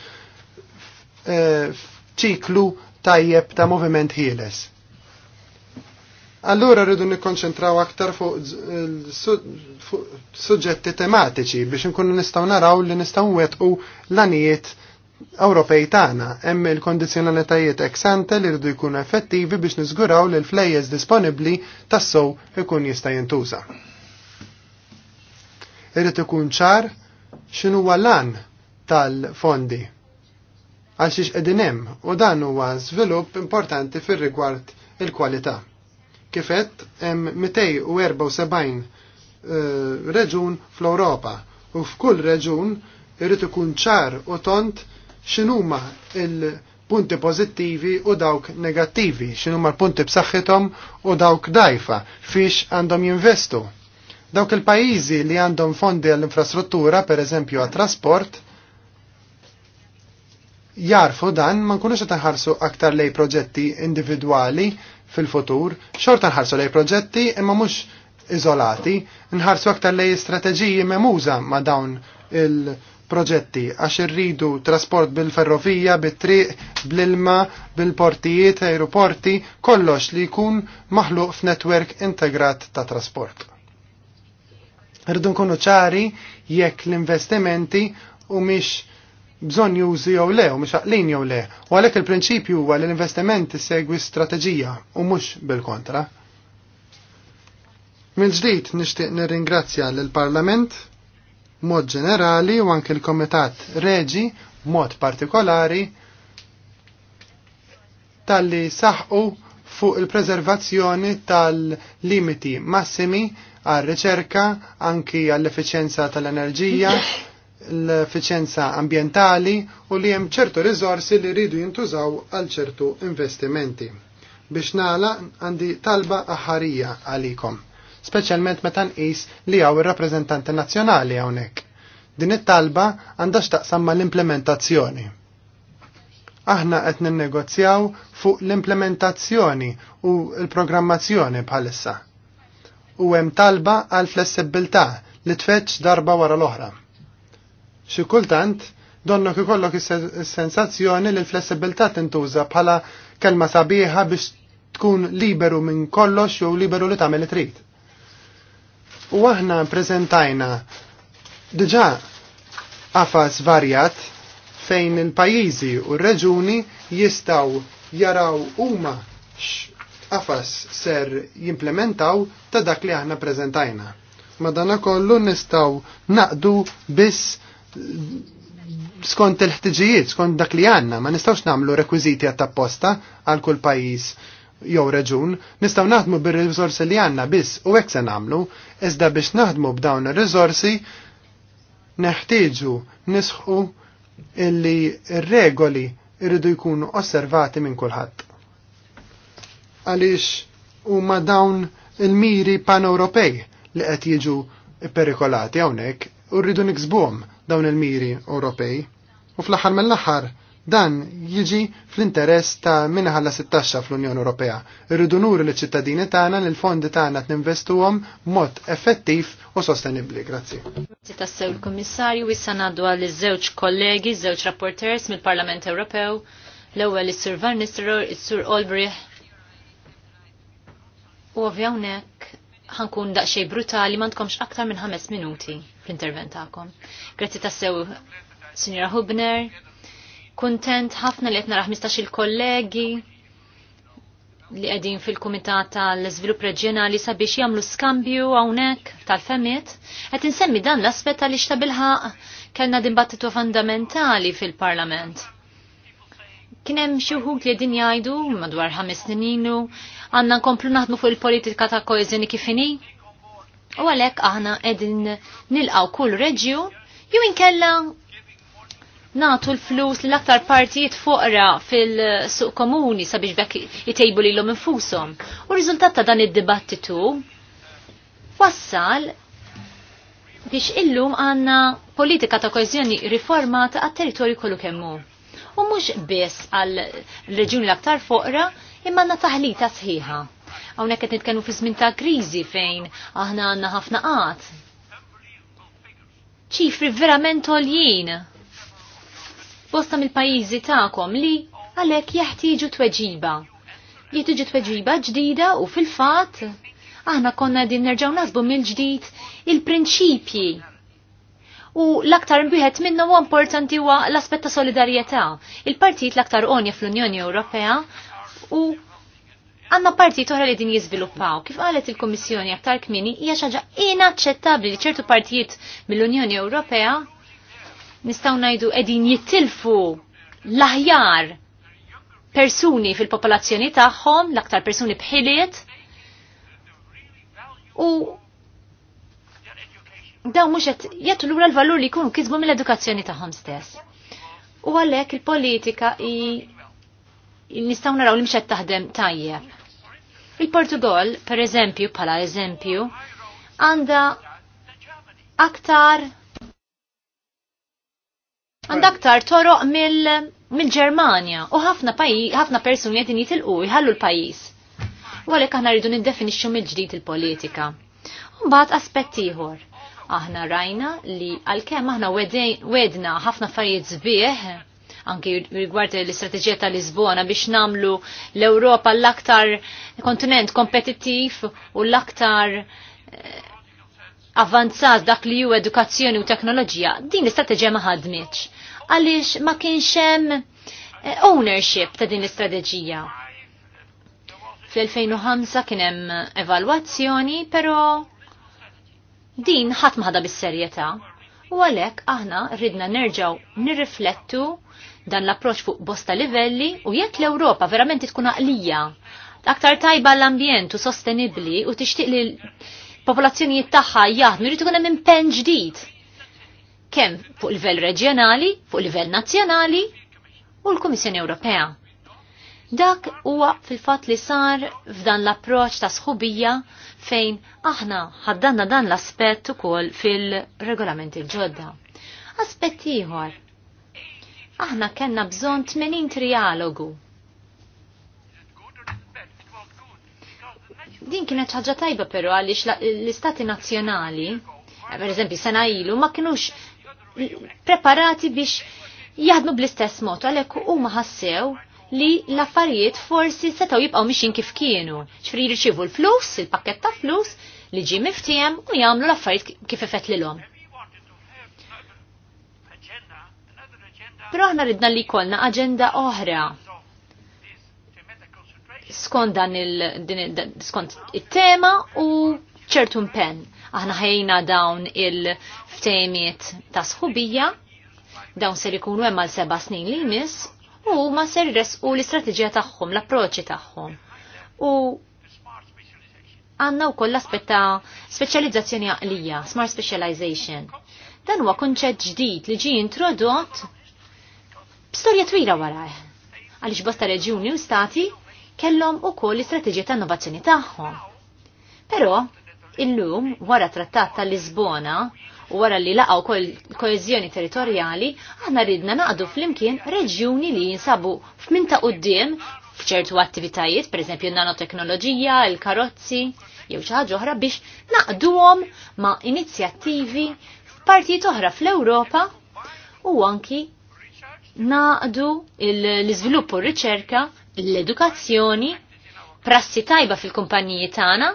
eh, ċiklu tajjeb ta' moviment ħieles. Allura rridu nikkonċentraw aktar fuq suġġetti tematiċi biex nkunu nistgħu naraw li nistgħu nwettqu l-anijiet Ewropej tagħna hemm il-kondizzjonalitajiet ex ante li rridu jkunu effettivi biex niżguraw li l-flejjeż disponibbli tassow ikun jista' jintuża. Irid ikun ċar x'inhu lan tal-fondi għal xiex qegħdin hemm u dan huwa żvilupp importanti fir-rigward il-kwalità. Kifet hemm 274 eh, reġun fl-Ewropa u f'kull reġun irrid ikun ċar u tont x'inhuma il-punti pożittivi u dawk negattivi, x'inhuma l-punti b'saħħithom u dawk dajfa fiex għandhom jinvestu. Dawk il-pajjiżi li għandhom fondi għall-infrastruttura, per eżempju għat-trasport, jarfu dan ma nkunux qed nħarsu aktar lej proġetti individwali fil-futur, xorta nħarsu lej proġetti imma mhux iżolati, nħarsu aktar lej strateġiji memuża ma dawn il- proġetti għax irridu trasport bil-ferrovija, bit-triq, bl-ilma, bil-portijiet, aeroporti, kollox li jkun maħluq f'netwerk integrat ta' trasport. Rridu nkunu ċari jekk l-investimenti u miex bżon jużi jew le, u miex għaqlin jew le. U għalhekk il-prinċipju huwa li l-investimenti segwi strateġija u mhux bil-kontra. Mill-ġdid nixtieq nirringrazzja lill-Parlament mod ġenerali u anke l-Komitat Reġi mod partikolari tal-li saħqu fuq il-preservazzjoni tal-limiti massimi għal riċerka anki għall-efficienza tal-enerġija, l-efficienza ambientali u li hemm ċertu rizorsi li rridu jintużaw għal ċertu investimenti. Biex nala għandi talba aħarija għalikom speċjalment meta nqis li hawn ir-rappreżentanti nazzjonali hawnhekk. Din it-talba għandha x'taqsam mal-implementazzjoni. Aħna qed ninnegozjaw fuq l-implementazzjoni u l-programmazzjoni bħalissa. U hemm talba għal flessibilità li tfetx darba wara l-oħra. Xi kultant donnok ikollok is-sensazzjoni li l-flessibilità tintuża bħala kelma sabiħa biex tkun liberu minn kollox jew liberu li tagħmel li trid. U aħna prezentajna diġa għafas varjat fejn il-pajizi u r-reġuni jistaw jaraw huma għafas ser jimplementaw ta' dak li aħna prezentajna. Madana kollu nistaw naqdu biss skont il-ħtiġijiet, skont dak li għanna, ma nistawx namlu rekwiziti għat-tapposta għal kull pajis jew reġun, nistgħu naħdmu bir rizorsi li għandna biss u hekk se nagħmlu, iżda biex naħdmu b'dawn ir rizorsi neħtieġu nisħu illi r-regoli irridu jkunu osservati minn kulħadd. Għaliex huma dawn il-miri pan-Ewropej li qed jiġu perikolati hawnhekk u rridu niksbuhom dawn il-miri Ewropej. U fl-aħħar mill-aħħar Dan jiġi fl-interess ta' minnaħalla 16 fl-Unjoni Ewropea. Irridu nuru li ċittadini tagħna li l-fondi tagħna tinvestuhom mod effettiv u sostenibbli. Grazzi. Grazzi tassew il-Kummissarju issa ngħaddu għal iż-żewġ kollegi, żewġ rapporters mill-Parlament Ewropew, l-ewwel is-Sur Van Nistelrooy, is-Sur Olbrich. U ovvjawnek ħankun daqsxej brutali mandkomx aktar minn ħames minuti fl-intervent tagħkom. Grazzi tassew Sinjora Hubner, Kuntent ħafna li qed raħmistax il-kollegi li qegħdin fil-Kumitat tal-Iżvilupp Reġjonali sabiex jagħmlu skambju hawnhekk tal-femiet. Qed insemmi dan l-aspett għaliex ta' bilħaq kellna dibattitu fundamentali fil-Parlament. Kien hemm xi wħud li qegħdin jgħidu madwar ħames snilu għandna nkomplu naħdmu fuq il-politika ta' koeżjoni kif inhi. U għalhekk aħna qegħdin nilqgħu kull reġjun jew inkella natu l-flus li l-aktar partijiet fuqra fil-suq komuni sabiex bekk jitejbu li l-lom infusom. U rizultat ta' dan id-dibattitu wassal biex illum għanna politika ta' kohezjoni riformata għat territorju kollu kemmu. U mux biss għal reġjuni l-aktar foqra imma għanna taħlita sħiħa. Għawnek qed nitkellmu fi żmien ta' kriżi fejn aħna għandna ħafna qat. Ċifri verament toljien bosta mill-pajizi ta'kom li għalek jeħtieġu tweġiba. Jitiġu tweġiba ġdida u fil-fat aħna konna din nerġaw nasbu mill-ġdid il-prinċipji. U l-aktar mbiħet minna huwa importanti huwa l-aspett ta' solidarjetà. Il-partit l-aktar onja fl-Unjoni Ewropea u għanna partit oħra li din jiżviluppaw. Kif qalet il-Kummissjoni aktar kmini hija xaġa inaċċettabbli li ċertu partijiet mill-Unjoni Ewropea nistaw najdu edin jittilfu l-aħjar persuni fil-popolazzjoni tagħhom, l-aktar persuni bħiliet, u daw mhux qed l lura l-valur li jkunu kisbu mill-edukazzjoni tagħhom stess. U għalhekk il-politika nistgħu naraw li mxet taħdem tajjeb. il portugol per eżempju, bħala eżempju, għandha aktar għandak tar toroq mill-Ġermanja u ħafna ħafna persuni qed jitilqu jħallu l-pajjiż. U għalhekk aħna rridu niddefinixxu mill-ġdid il-politika. Mbagħad aspett ieħor. Aħna rajna li għalkemm aħna wedna ħafna affarijiet sbieħ anki rigward l-istrateġija ta' Lisbona biex namlu l-Ewropa l-aktar kontinent kompetittiv u l-aktar eh, avanzat dak li ju edukazzjoni u teknoloġija, din l-istrateġija ma ħadmitx għaliex ma kienx hemm eh, ownership ta' din l-istrateġija. Fl-2005 kien hemm evalwazzjoni, però din ħadd maħda bis-serjetà. U għalhekk aħna rridna nerġgħu nirriflettu dan l-approċċ fuq bosta livelli u jekk l-Ewropa verament tkun għaqlija aktar tajba l-ambjent u sostenibli u tixtieq li l-popolazzjonijiet tagħha jaħdmu jrid ikun hemm impenn ġdid kemm fuq livell reġjonali, fuq livell nazzjonali u l-Kummissjoni Ewropea. Dak huwa fil-fatt li sar f'dan l-approċ ta' sħubija fejn aħna ħaddanna dan l-aspett ukoll fil-regolamenti ġodda. Aspett ieħor. Aħna kellna bżonn 80 trialogu din kienet ħaġa tajba però għaliex l-istati nazzjonali, per eżempju sena ilu, ma kienux preparati biex jaħdmu bl-istess mod, għalhekk huma ħassew li l-affarijiet forsi setaw jibqaw mixin kif kienu. ċfri jirċivu l-flus, il-pakket ta' flus, li ġi miftijem u jgħamlu l-affarijiet kif ifet li l-om. Pero aħna ridna li kolna agenda oħra. Skont dan il-skont it tema u ċertu pen. Aħna ħejna dawn il ftejmiet ta' sħubija, dawn ser ikunu hemm għal seba' snin li jmiss, u ma ser jresqu l-istrateġija tagħhom, l-approċċi tagħhom. U għandna wkoll l-aspett ta' speċjalizzazzjoni għaqlija, smart specialization. Dan huwa kunċett ġdid li ġie introdott b'storja twila wara. Għaliex bosta reġjuni u stati kellhom ukoll l-istrateġija ta' innovazzjoni tagħhom. Però illum wara trattat tal-Lisbona u wara li laqgħu koeżjoni territorjali, aħna ridna naqdu flimkien reġjuni li jinsabu f'min ta' quddiem f'ċertu attivitajiet, pereżempju nanoteknoloġija, il-karozzi, jew xi ħaġa oħra biex naqduhom ma' inizjattivi f'partijiet oħra fl-Ewropa u anki naqdu l iżviluppu r-riċerka, l-edukazzjoni, prassi tajba fil-kumpaniji tagħna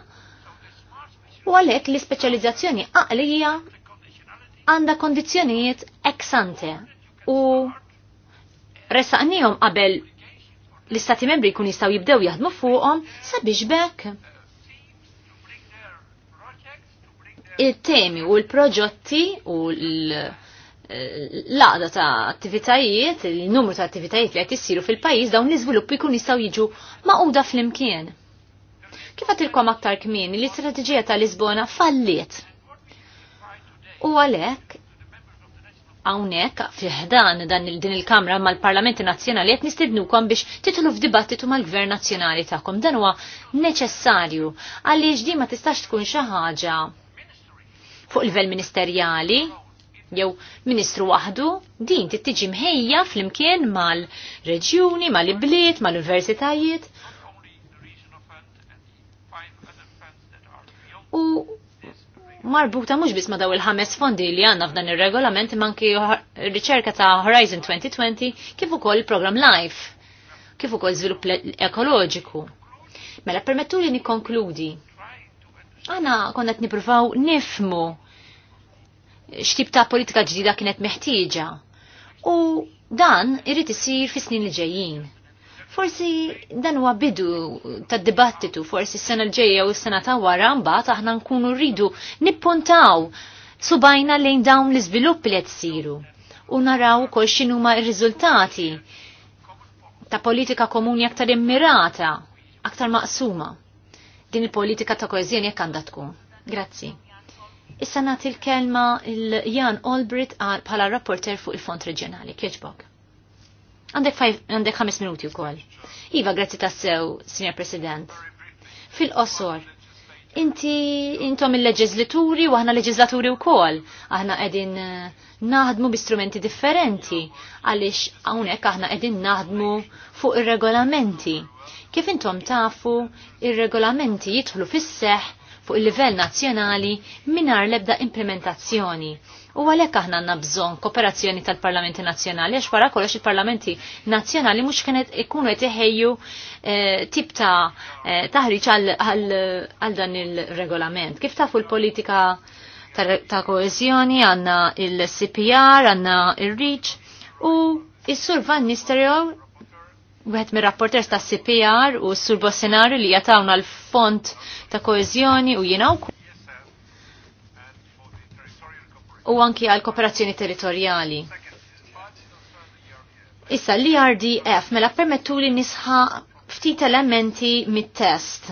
u għalhekk l-ispeċjalizzazzjoni għaqlija għanda kondizjonijiet eksante u resaqnijom qabel l-istati membri kun jistaw jibdew jaħdmu fuqhom sabiex bekk. Il-temi u l-proġotti u l-laqda ta' attivitajiet, il-numru ta' attivitajiet li qed issiru fil-pajjiż dawn l-iżviluppi kun jistgħu jiġu maquda fl-imkien. Kif għatilkom aktar kmin, l-istrateġija ta' Lisbona falliet U għalhekk hawnhekk fiħdan dan din il-Kamra mal-Parlamenti Nazzjonali qed nistidnukom biex titlu f'dibattitu mal-Gvern Nazzjonali tagħkom. Dan huwa neċessarju għaliex din ma tistax tkun xi ħaġa fuq livell ministerjali jew ministru waħdu, din tittiġi mħejja fl-imkien mal-reġjuni, mal-ibliet, mal-universitajiet. U marbuta mhux biss ma' daw il-ħames fondi li għandna f'dan ir-regolament manki riċerka ta' Horizon 2020 kif ukoll il-programm Life, kif ukoll żvilupp ekoloġiku. Mela permettu li nikkonkludi. Għana konna qed nippruvaw nifmu x'tip ta' politika ġdida kienet meħtieġa. U dan irrid isir fis-snin li ġejjin. Forsi dan huwa bidu tad dibattitu, forsi s-sena l-ġejja u s-sena ta' wara mbagħad aħna nkunu rridu nippuntaw subajna lejn dawn l-iżviluppi li qed siru u naraw kol x'inhuma r-riżultati ta' politika komuni aktar immirata, aktar maqsuma. Din il-politika ta' koezjoni jekk għandha tkun. Grazzi. Issa nagħti l-kelma il-Jan Olbrit bħala rapporter fuq il-Fond Reġjonali. Kieċbok. Għandek 5 minuti wkoll. Iva, grazzi tassew, Signor President. Fil-qosor, inti intom il-leġizlaturi u aħna leġizlaturi wkoll. Aħna qegħdin eh, naħdmu b'istrumenti differenti għaliex hawnhekk aħna qegħdin naħdmu fuq ir-regolamenti. Kif intom tafu, il regolamenti jidħlu fis-seħħ fuq il-livell nazzjonali minar lebda implementazzjoni. U għalhekk aħna għandna bżonn kooperazzjoni tal-Parlamenti Nazzjonali għax wara kollox il-Parlamenti Nazzjonali mhux kienet ikunu qed iħejju eh, tip ta' eh, taħriġ għal dan il-regolament. Kif ta' l-politika ta' koezjoni għandna il-CPR, għandna il-REACH u il sur Van Nistelrooy Wieħed mir rapporters ta' CPR u s-sur Bossenari li jatawna l-font ta' koezjoni u jiena wkoll. u anki għal kooperazzjoni territorjali. Issa l-IRDF mela permettu li nisħa ftit elementi mit-test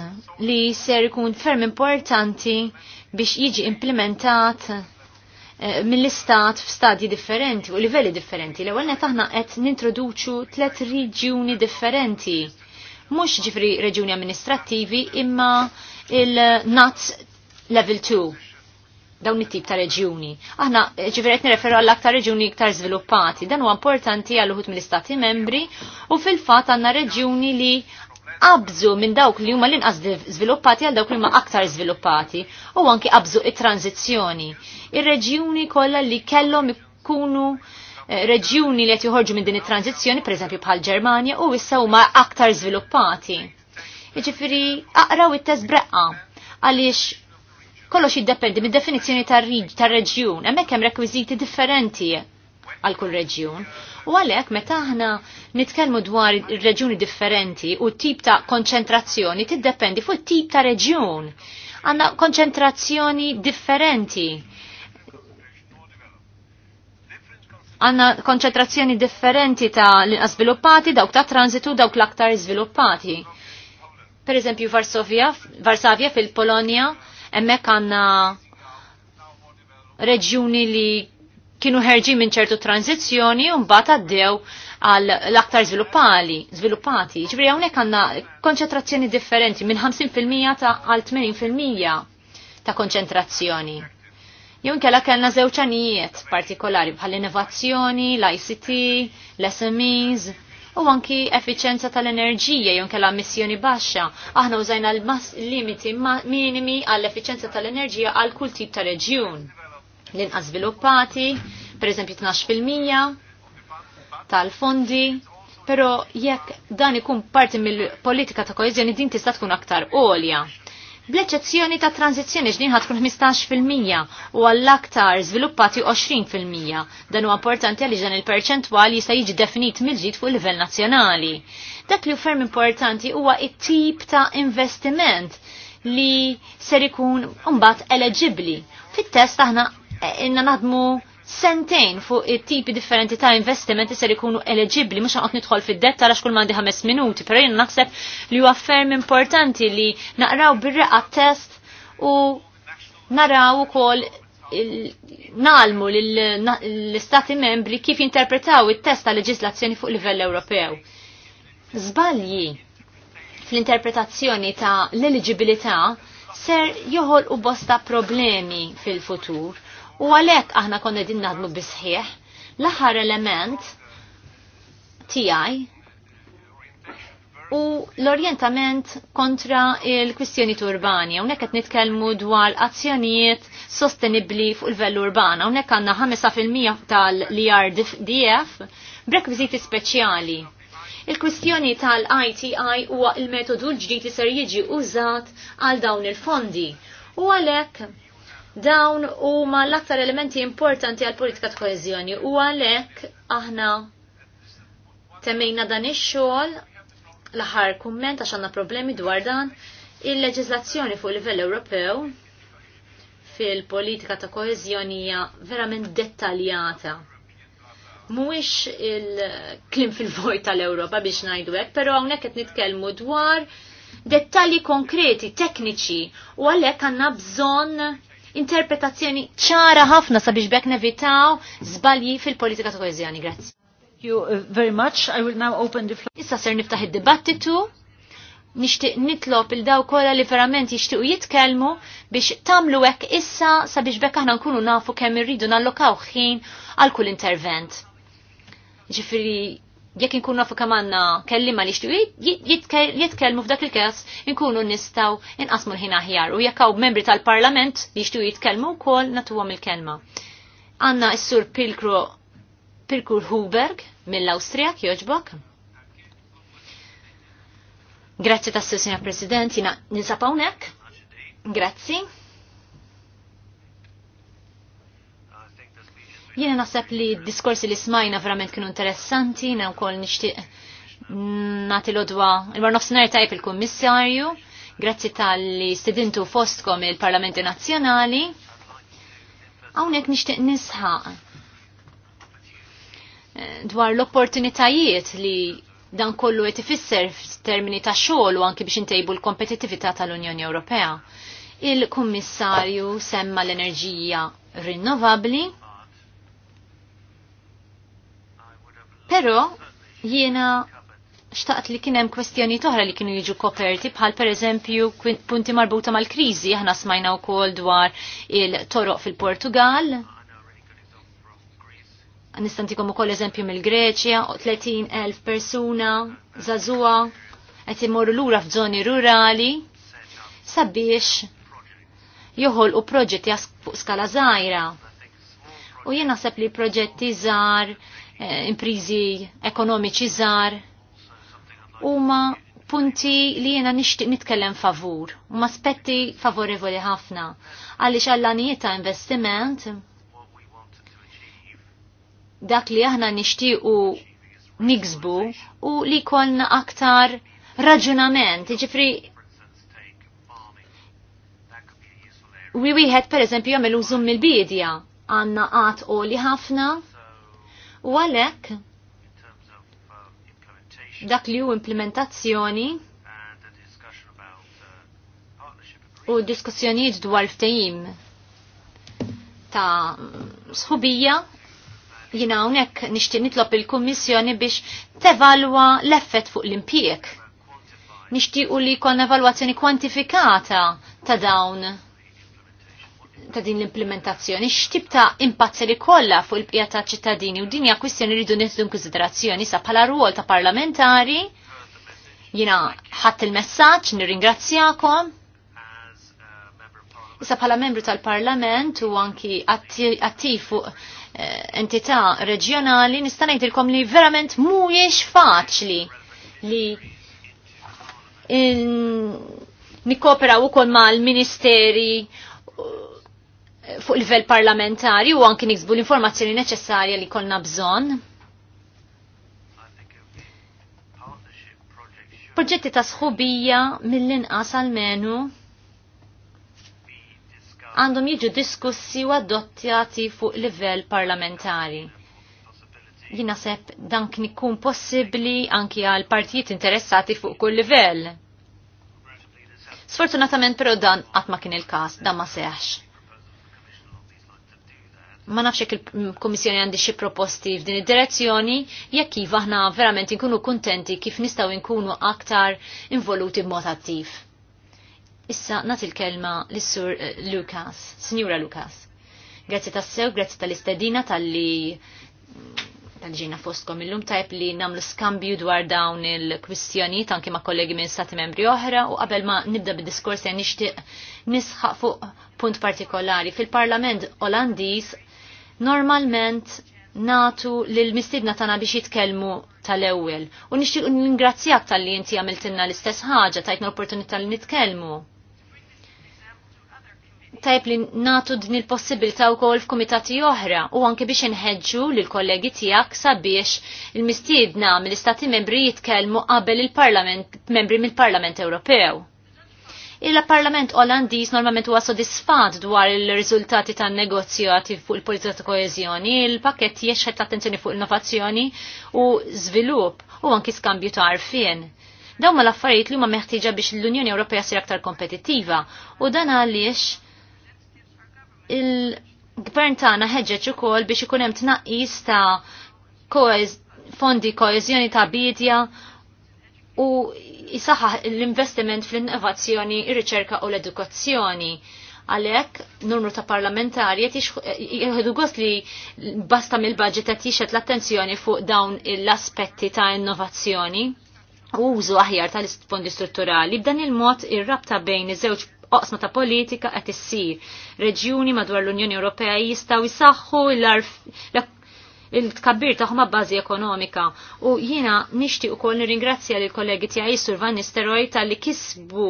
li ser ikun ferm importanti biex jiġi implementat eh, mill-istat f'stadji differenti u livelli differenti. L-ewwel qed aħna qed nintroduċu tliet reġjuni differenti. Mhux ġifri reġjuni amministrattivi imma il-NATS level 2 dawn it-tip ta' reġjuni. Aħna eh, ġifieri qed nirreferu għal aktar reġjuni iktar żviluppati. Dan huwa importanti għal uħud mill-istati membri u fil-fatt għandna reġjuni li qabżu minn dawk li huma l-inqas żviluppati għal dawk li huma aktar żviluppati u anki qabżu it-tranzizzjoni. Ir-reġjuni kollha li kellhom ikunu eh, reġjuni li qed joħorġu minn din it-tranzizzjoni, pereżempju bħal Ġermanja, u issa huma aktar żviluppati. Jiġifieri aqraw it-test breqqa għaliex Kollox jiddependi mid definizzjoni tar-reġjun, hemmhekk hemm rekwiżiti differenti għal kull reġjun. U għalhekk meta aħna nitkellmu dwar reġjuni differenti u tip ta' konċentrazzjoni tiddependi fuq tip ta' reġjun. Għandna konċentrazzjoni differenti. għanna konċentrazzjoni differenti ta' l-sviluppati, dawk ta' transitu, dawk l-aktar sviluppati. Per eżempju, Varsovia, Varsavia fil-Polonia Emmek għanna reġjuni li kienu ħerġi minn ċertu tranzizjoni un bat għaddew għal l-aktar zviluppali, zviluppati. Ġibri għawnek għanna konċentrazzjoni differenti minn 50% ta' għal 80% ta' konċentrazzjoni. Jew kella kellna żewġ anijiet partikolari bħal innovazzjoni, l-ICT, l-SMEs, u anki effiċenza tal-enerġija jew kella missjoni baxxa. Aħna użajna l-limiti minimi għall-effiċenza tal-enerġija għal kull tip ta' reġjun. L-inqas sviluppati, per eżempju 12% tal-fondi, pero jekk dan ikun parti mill-politika ta' koeżjoni din tista' tkun aktar għolja Bl-eċezzjoni ta' tranzizjoni ġdin kun 15% u għall-aktar żviluppati 20%. Dan huwa importanti għaliex dan il-perċentwal jista' jiġi definit mill-ġid fuq livell nazzjonali. Dak li ferm importanti huwa it-tip ta' investiment li ser ikun mbagħad eleġibbli. Fit-test aħna eh, inna naħdmu sentejn fuq it-tipi differenti ta' investimenti ser ikunu eleġibli mux għot nidħol fid-detta għax kull mandi ħames minuti, però jien naħseb li huwa ferm importanti li naqraw birreqa test u naraw ukoll nalmu l-istati membri kif interpretaw it-test ta' leġislazzjoni fuq livell Ewropew. Zbalji fl-interpretazzjoni ta' l-eligibilità ser joħol u bosta problemi fil-futur U għalhekk aħna konna din naħdmu bisħieħ. L-aħħar element tijaj u l-orientament kontra il-kwistjoni urbani. Unek qed nitkellmu dwar azzjonijiet sostenibli fuq il vellu urbana. Unek għandna 5% tal DF b'rekwiżiti speċjali. Il-kwistjoni tal-ITI huwa il-metodu l-ġdid li ser jiġi użat għal dawn il-fondi. U għalhekk Dawn huma l-aktar elementi importanti għal politika ta' koeżjoni u għalhekk aħna temmejna dan ix-xogħol l-aħħar kumment għax għandna problemi dwar dan il-leġiżlazzjoni fuq livell Ewropew fil-politika ta' koeżjoni hija verament dettaljata mhuwiex il-klim fil-vojt tal-Ewropa biex ngħidu hekk, però hawnhekk qed nitkellmu dwar dettalji konkreti, tekniċi, u għalhekk għandna bżonn interpretazzjoni ċara ħafna sabiex bekk nevitaw żbalji fil-politika ta' koeżjoni. Grazzi. You uh, very much. I will now open the floor. Issa ser niftaħ id-dibattitu. Nixtieq nitlob il daw kollha li verament jixtiequ jitkellmu biex tagħmlu hekk issa sabiex bekk aħna nkunu nafu kemm irridu nallokaw ħin għal kull intervent. Ġifiri, jekk inkunu nafu kamanna kellima li xtu jitkellmu f'dak il-kas inkunu nistaw inqasmu l-ħin aħjar u jekk hawn membri tal-Parlament li xtu jitkellmu wkoll nagħtuhom il-kelma. Għanna s-sur Pilkru Huberg mill-Awstrijak jogħġbok. Grazzi tas Signor President, jina ninsab hawnhekk. Grazzi. Jiena naħseb li diskorsi li smajna verament kienu interessanti, na wkoll nishtiq nati l-odwa il-war nofsinhar tajb il-Kummissarju, grazzi tal-li stedintu fostkom il-Parlamenti Nazzjonali. Hawnhekk nixtieq nisħaq eh, dwar l-opportunitajiet li dan kollu qed ifisser f'termini ta' xogħol u anke biex intejbu l kompetitività tal-Unjoni Ewropea. Il-Kummissarju semma l-enerġija rinnovabbli Pero jiena xtaqt li kienem kwestjoni toħra li kienu jiġu koperti bħal per eżempju punti marbuta mal-krizi, aħna smajna u kol dwar il-toroq fil-Portugal. Nistantikom u kol eżempju mill-Greċja, 30.000 persuna, zazua, għet imorru l-ura f'żoni rurali, sabiex joħol u proġetti fuq skala zaħira. U jena naħseb li proġetti zaħr Eh, imprizi ekonomiċi żgħar huma punti li jena nixtieq nitkellem favur, u aspetti favorevoli ħafna, għaliex għallanijiet ta' investiment, dak li aħna nixtiequ niksbu u li jkollna aktar raġunament, ġifri wieħed pereżempju jagħmel użum mill-bidja għandna għat oli ħafna U għalhekk dak li hu implementazzjoni u diskussjonijiet dwar ftehim ta' sħubija jina unek nishtiq nitlob il-Kommissjoni biex tevalwa l-effett fuq l-impjek. u li kon evalwazzjoni kwantifikata ta' dawn ta' din l-implementazzjoni, x'tib ta' impatt se kollha fuq il-bqija ta' ċittadini u din hija kwistjoni rridu nieħdu konsiderazzjoni sa bħala rwol ta' parlamentari. Jina ħadd il-messaġġ, nirringrazzjakom. Issa bħala membru tal-Parlament u anki attiv fuq eh, entità reġjonali nista' ngħidilkom li verament mhuwiex faċli li in nikopera u kol ma l-ministeri fuq livell parlamentari u anki niksbu l-informazzjoni neċessarja li konna bżonn. Proġetti ta' sħubija mill-inqas għal-menu għandhom jiġu diskussi u adottjati fuq livell parlamentari. Jina sepp dan kien ikun possibbli anki għal partijiet interessati fuq kull livell. Sfortunatament però dan qatt ma kien il-każ, dan ma seħx ma nafx jekk il-Kummissjoni għandi xi proposti f'din id-direzzjoni, jekk iva aħna verament inkunu kuntenti kif nistgħu nkunu aktar involuti b'mod attiv. Issa nagħti il-kelma lis-Sur eh, Lukas, Sinjura Lukas. Grazzi tassew, grazzi tal-istedina tal-li tal-ġina fostkom illum tajb li namlu skambju dwar dawn il-kwistjoni tanki ma' kollegi minn stati membri oħra u qabel ma' nibda bid diskorsi għan nixtieq nisħaq fuq punt partikolari. Fil-Parlament Olandiż normalment natu lil mistidna tana biex jitkellmu tal-ewwel. U nixtieq ningrazzjak tal-li inti għamiltinna l-istess ħaġa tajtna l-opportunità li nitkellmu. Tajb li natu din il-possibilità wkoll f'kumitati oħra u anke biex inħeġġu lil kollegi tiegħek sabiex il-mistiedna mill-istati membri jitkellmu qabel il-Parlament membri mill-Parlament Ewropew. Il-Parlament Olandiż normalment huwa sodisfat dwar il-riżultati tan-negozjati fuq il-politika ta' koeżjoni, il-pakett jexħet l-attenzjoni fuq innovazzjoni u żvilupp u anki skambju ta' arfien. Dawn mal l-affarijiet li huma meħtieġa biex l-Unjoni Ewropea sir aktar kompetittiva u dan għaliex il-gvern tagħna ħeġġeġ ukoll biex ikun hemm tnaqqis ta' koez fondi koeżjoni ta' bidja u jisaħħaħ l-investiment fl-innovazzjoni, ir-riċerka u l-edukazzjoni. Għalek, numru ta' parlamentari jħedu gost li basta mill-budget qed jixet l-attenzjoni fuq dawn l-aspetti ta' innovazzjoni u użu aħjar tal-fondi strutturali. B'dan il-mod ir-rabta bejn iż-żewġ oqsma ta' politika qed issir. Reġjuni madwar l-Unjoni Ewropea jistgħu jsaħħu l-arf il-tkabbir taħma bazi ekonomika. U jina nishti u koll nirringrazzja li kollegi tija jissur Van Nisteroj tal-li kisbu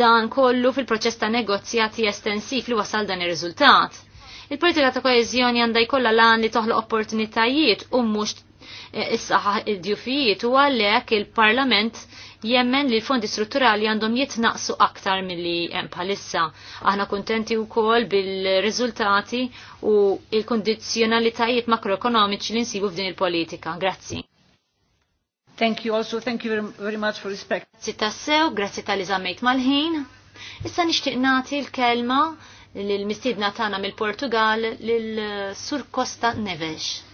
dan kollu fil-proċess ta' negozjati estensiv li wasal dan ir-riżultat. Il-politika ta' koeżjoni għandha jkollha lan li toħloq opportunitajiet u mhux eh, is-saħħa id-djufijiet u għalhekk il-Parlament jemmen li l-fondi strutturali għandhom jitnaqsu aktar mill-li hemm bħalissa. Aħna kuntenti wkoll bil-riżultati u il-kondizzjonalitajiet makroekonomiċi li nsibu f'din il-politika. Grazzi. Thank you also, thank you very much for respect. Grazzi tassew, grazzi tal izammejt mal-ħin. Issa nixtieq nagħti l-kelma lill mistiedna tagħna mill-Portugal lil Sur Costa Neves.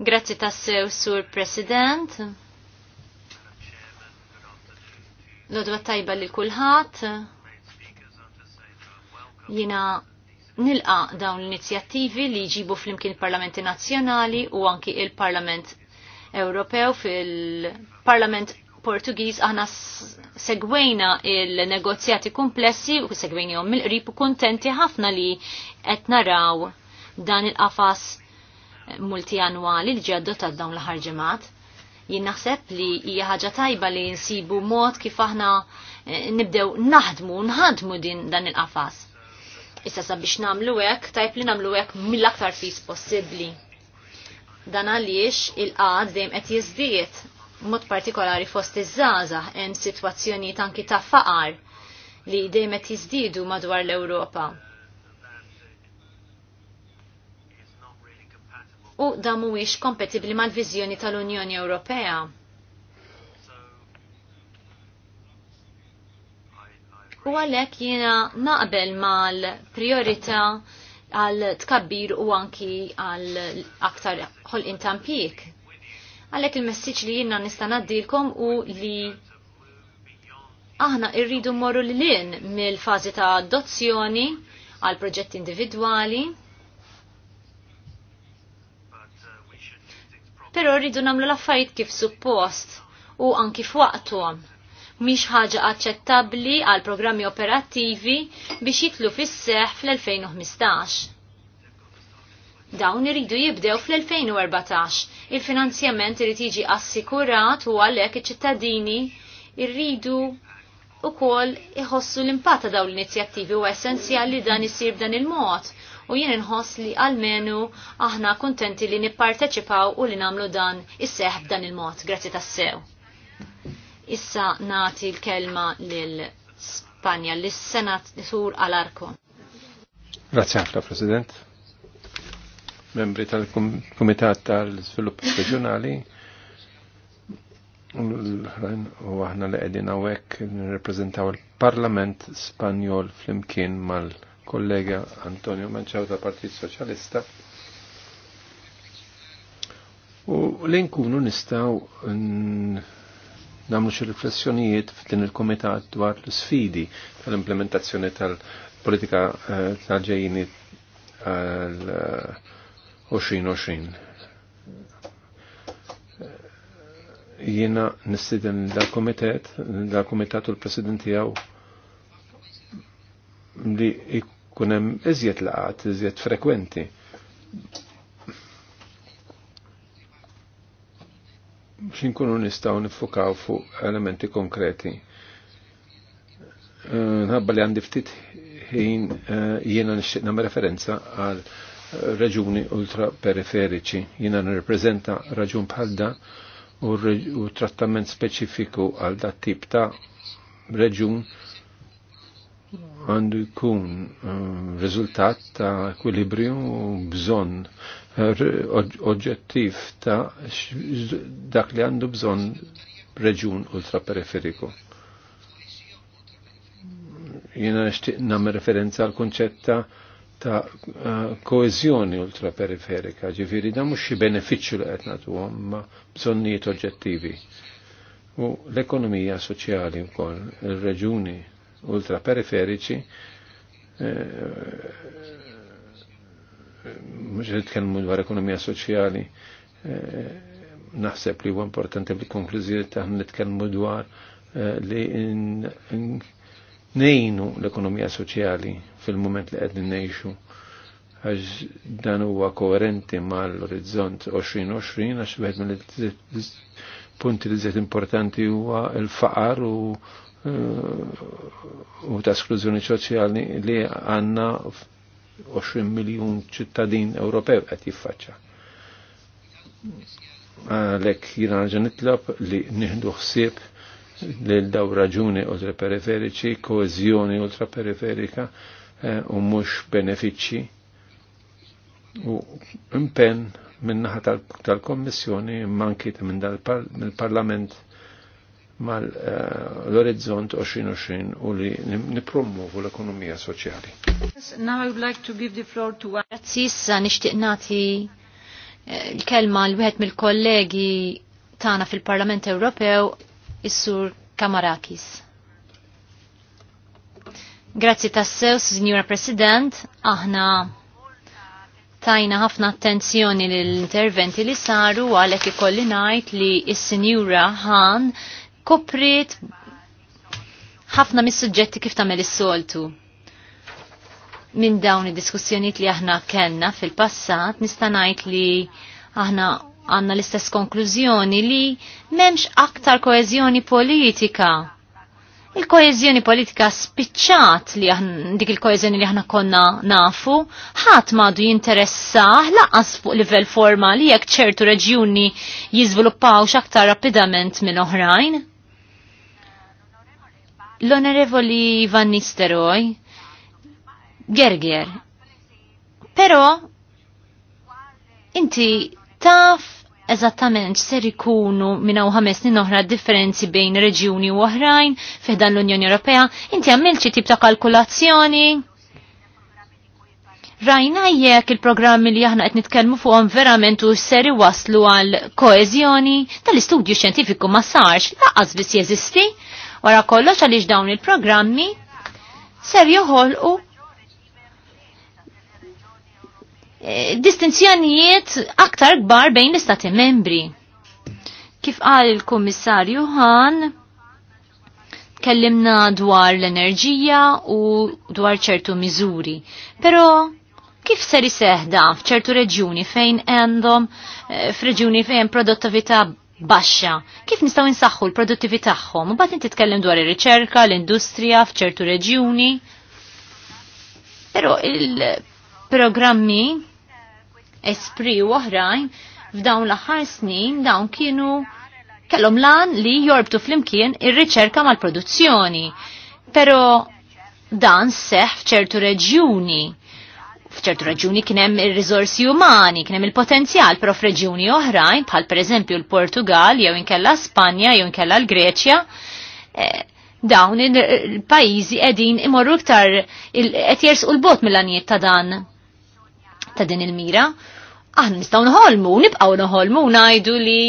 Grazzi tassew, Sur President. Lodwa tajba li kulħat. Jina nilqa dawn l-inizjattivi li jġibu fl-imkien parlamenti nazjonali u anki il-Parlament Ewropew fil-Parlament Portugiż aħna segwejna il-negozjati komplessi u segwejnihom mill-qrib u kontenti ħafna li qed naraw dan il-qafas multi li ġi adottat dawn l-ħarġemat. Jien naħseb li hija ħaġa tajba li nsibu mod kif aħna eh, nibdew naħdmu, nħadmu din dan il-qafas. Issa sabiex nagħmlu hekk, tajb li nagħmlu hekk mill-aktar fis possibbli. Dan għaliex il-qad dejjem qed jiżdied mod partikolari fost iż-żgħażagħ hemm sitwazzjonijiet anki ta' faqar li dejjem qed jiżdiedu madwar l-Ewropa u da mhuwiex kompetibbli mal-viżjoni tal-Unjoni Ewropea. U għalhekk jiena naqbel mal-priorità għal tkabbir u anki għal aktar ħol intampik. Għalhekk il-messiġġ li jina nista' ngħaddilkom u li aħna irridu morru l-lin mill-fażi ta' adozzjoni għal proġett individwali Pero rridu namlu l-affarijiet kif suppost u anki f'waqthom. Mhix ħaġa aċċettabbli għal programmi operattivi biex jitlu fis-seħ fl-2015. Dawn iridu jibdew fl-2014. Il-finanzjament irid jiġi assikurat u għalhekk iċ-ċittadini irridu ukoll iħossu l ta' dawn l-inizjattivi u essenzjali dan isir dan il-mod u jien inħoss li għalmenu aħna kontenti li nipparteċipaw u li namlu dan is-seħ b'dan il-mod. Grazzi tassew. Issa nati l-kelma l Spanja, l-Senat Sur Alarko. Grazie ħafna, President. Membri tal-Kumitat tal-Svilupp Regionali. l-ħrajn u aħna li qegħdin hawnhekk nirrepreżentaw il-Parlament Spanjol flimkien mal- kollega Antonio Manċaw tal Partit Soċjalista. U l-inkunu nistaw namlu xi riflessjonijiet f'din il-komitat dwar l-sfidi tal-implementazzjoni tal-politika eh, tal-ġejjini għal-2020. Jiena nistiden dal-komitet, dal-komitat u l-president tiegħu li kunem iżjed laqat, iżjed frekwenti. Xin kunu nistaw nifukaw fuq elementi konkreti. Eh, nħabba li għandi ftit ħin eh, jiena nixtieq nagħmel referenza għal reġuni ultra periferiċi. Jiena nirreprezenta raġun bħalda u trattament speċifiku għal dat tip ta' reġun għandu jkun eh, rizultat ta' ekwilibrju bżon eh, oġġettiv ta' dak li għandu bżon reġun ultraperiferiku. Jena nishtiq nam referenza għal konċetta ta' eh, koezjoni ultraperiferika, ġifiri da' mux xie beneficju li għetnatu għom ma' bżonnijiet oġġettivi. U l-ekonomija soċjali wkoll, il-reġuni ultraperiferiċi eh, eh, mux nitkellmu dwar ekonomija soċjali eh, naħseb li huwa importanti li konklużijiet taħna nitkellmu dwar li nejnu l-ekonomija soċjali fil-moment li qed nejxu għax dan huwa koerenti mal-orizzont 2020 għax wieħed mill-punti li zed importanti huwa l-faqar u u ta' esklużjoni soċjali li għanna 20 miljon ċittadin Ewropew qed jiffaċċa. Għalhekk jiena ġa nitlob li nieħdu ħsieb lil daw raġuni ultraperiferiċi, koeżjoni ultraperiferika eh, u mhux benefiċċji u impenn minnaħa tal-Kommissjoni manki minn dal-Parlament mal-l-orizzont eh, 2020 u li nipromuvu l-ekonomija soċjali. Now I would like to give the floor to Sissa nixtieq nagħti eh, l-kelma l wieħed mill-kollegi tagħna fil-Parlament Ewropew is-Sur Kamarakis. Grazzi tassew, Signora President, aħna tajna ħafna attenzjoni l-interventi li saru għalek ikolli najt li is-Sinjura Han kopriet ħafna mis-suġġetti kif tagħmel is-soltu. Minn dawn id-diskussjonijiet li aħna kellna fil-passat nista' ngħid li aħna għandna l-istess konklużjoni li m'hemmx aktar koeżjoni politika. Il-koeżjoni politika spiċċat li aħna dik il-koeżjoni li aħna konna nafu, ħadd m'għadu jinteressah laqas fuq livell formali jekk ċertu reġjuni jiżviluppaw x'aktar rapidament minn oħrajn l-onorevoli Van Nisteroj, Gerger, pero inti taf eżattament ser ikunu minna u ħames snin oħra differenzi bejn reġjuni u oħrajn fiħdan l-Unjoni Ewropea, inti għamilċi xi tip ta' kalkulazzjoni. Rajna jekk il-programmi li aħna qed nitkellmu fuqhom verament u ser waslu għal koeżjoni tal-istudju xjentifiku ma sarx laqas biss jeżisti Wara kollox għaliex dawn il-programmi ser joħolqu eh, distinzjonijiet aktar kbar bejn l-istati membri. Kif qal il-Kummissarju Han, kellimna dwar l-enerġija u dwar ċertu miżuri. Pero kif ser iseħda f'ċertu reġjuni fejn għandhom eh, f'reġjuni fejn produttività baxxa. Kif nistgħu nsaħħu l-produttivi tagħhom? Mbagħad inti tkellem dwar ir-riċerka, l-industrija f'ċertu reġjuni. Però il-programmi espri u oħrajn f'dawn l-aħħar snin dawn kienu kellhom lan li jorbtu flimkien ir-riċerka mal-produzzjoni. Però dan seħ f'ċertu reġjuni f'ċertu raġuni kien hemm ir-riżorsi umani, kien hemm il-potenzjal, però reġuni oħrajn, bħal pereżempju l-Portugal jew inkella Spanja jew inkella l-Greċja, eh, dawn il-pajjiżi qegħdin imorru iktar qed jersqu l-bot mill-għanijiet ta' dan ta' din il-mira. Aħna nistgħu nħolmu, nibqgħu nħolmu ngħidu li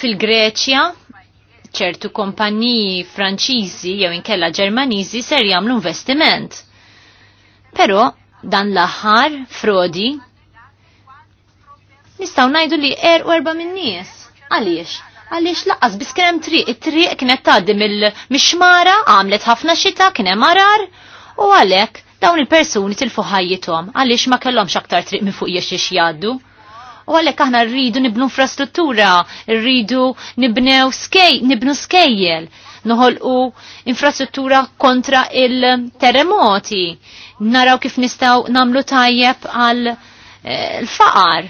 fil-Greċja ċertu kompanji Franċiżi jew inkella Ġermaniżi ser jagħmlu investiment Pero dan l-aħħar frodi nistaw najdu li er u erba min nies. Għaliex? Għaliex laqqas bis hemm triq, it-triq kienet tgħaddi mill-mixmara, għamlet ħafna xita, hemm arar, u għalek dawn il-persuni tilfu ħajjithom għaliex ma kellhomx aktar triq minn fuq jiex jgħaddu. U għalek aħna rridu nibnu infrastruttura, rridu nibnew skej, nibnu skejjel, noħolqu infrastruttura kontra il-terremoti, naraw kif nistaw namlu tajjeb għal eh, l-faqar.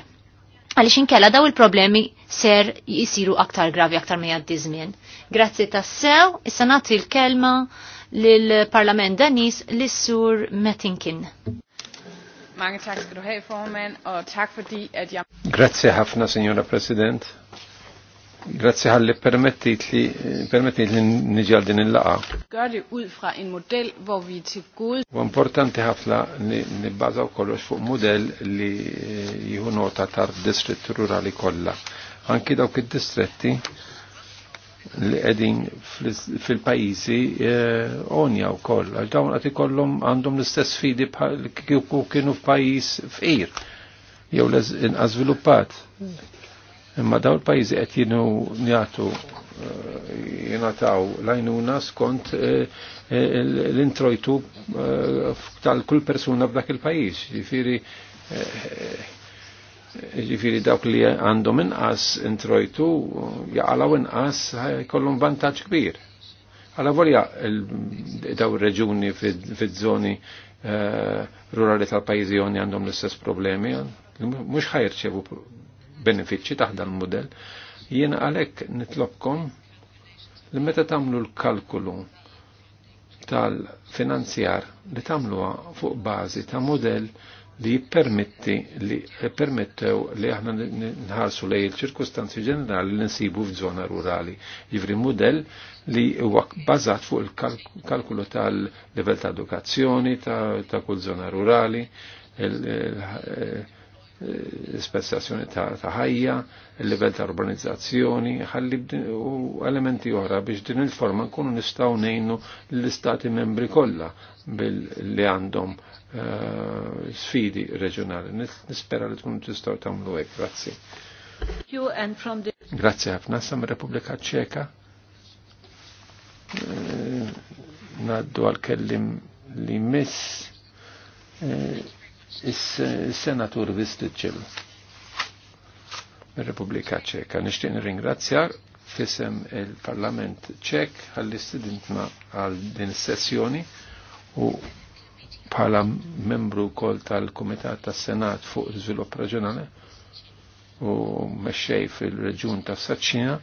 Għalix inkella daw il-problemi ser jisiru aktar gravi aktar me jaddizmin. Grazzi tassew, issa nagħti l-kelma lill-Parlament Danis l-Sur Metinkin. Mange tak skal hej have, og tak fordi at jeg... Grazie ħafna, signora President. Grazie ħalli permettit li permettit li niġal din il-laqa. Għarri ud fra in modell vo vi er tilgod. U importanti ħafna li nibbażaw kollox fuq modell li eh, jieħu nota tar distrit rurali kollha. Anki dawk id-distretti li edin fil-pajjiżi eh, onja wkoll għax dawn qed ikollhom għandhom l-istess fidi kienu f'pajjiż fqir jew inqas sviluppat. Imma daw il-pajjiżi qed jienu jagħtu eh, jenataw lajnuna skont eh, eh, l-introjtu tal-kull persuna b'dak il-pajis. Ġifiri, ġifiri dawk li għandhom inqas introjtu jaqalaw inqas jkollhom vantaġġ kbir. Għala volja daw reġuni fid-żoni rurali tal pajzi għandhom l-istess problemi, mux ħajrċevu benefiċċji taħt dan il Jiena għalhekk nitlobkom li meta tagħmlu l-kalkulu tal-finanzjar li tagħmluha fuq bażi ta' model li jippermetti li permettew li aħna nħarsu lej il-ċirkustanzi ġenerali li nsibu f'żona rurali. Jivri model li huwa bbażat fuq il-kalkulu tal-livell ta' edukazzjoni ta' kull żona rurali, l spezzazzjoni ta' ħajja, il-level ta' urbanizzazzjoni, ħalli u elementi oħra biex din il-forma nkunu nistaw nejnu l-istati membri kollha li għandhom eh, sfidi reġjonali. Nispera li tkunu tistgħu tagħmlu hekk. Grazzi. Grazzi ħafna sam Repubblika Ċeka. Eh, naddu għal-kellim li miss eh, is-senatur Vistiċil mir-Repubblika Ċeka. Nixtieq ringrazzjar fisem il-Parlament ċek għall-istudentna għal din sessjoni u bħala membru kol tal-Komitat tas senat fuq iżvilupp reġjonali u mexxej fil-reġjun tas saċċina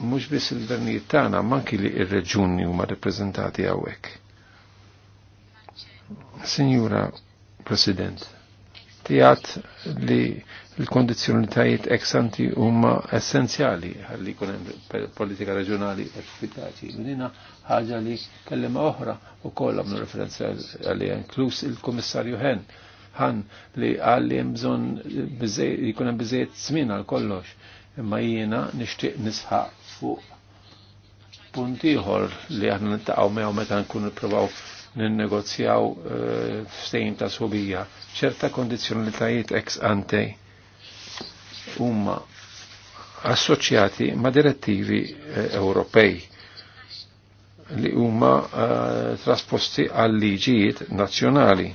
mhux biss il-vernijiet tagħna manki li ir reġjuni huma rappreżentati hawnhekk. Signora President, tijat li l-kondizjonitajiet eksanti huma essenzjali għalli kun hemm politika reġjonali effikaċi. Minina ħaġa li kellima oħra u kollha minn referenza għalli inkluż il-Kummissarju Hen ħan li għalli hemm bżonn jkun hemm biżejjed żmien għal kollox. Imma jiena nixtieq nisħaq fuq punt ieħor li aħna nittaqgħu mew meta nkunu nippruvaw ninnegozjaw eh, stejn ta' subija. ċerta kondizjonalitajiet ex ante huma assoċjati ma' direttivi eh, Ewropej li huma eh, trasposti għal liġijiet nazzjonali.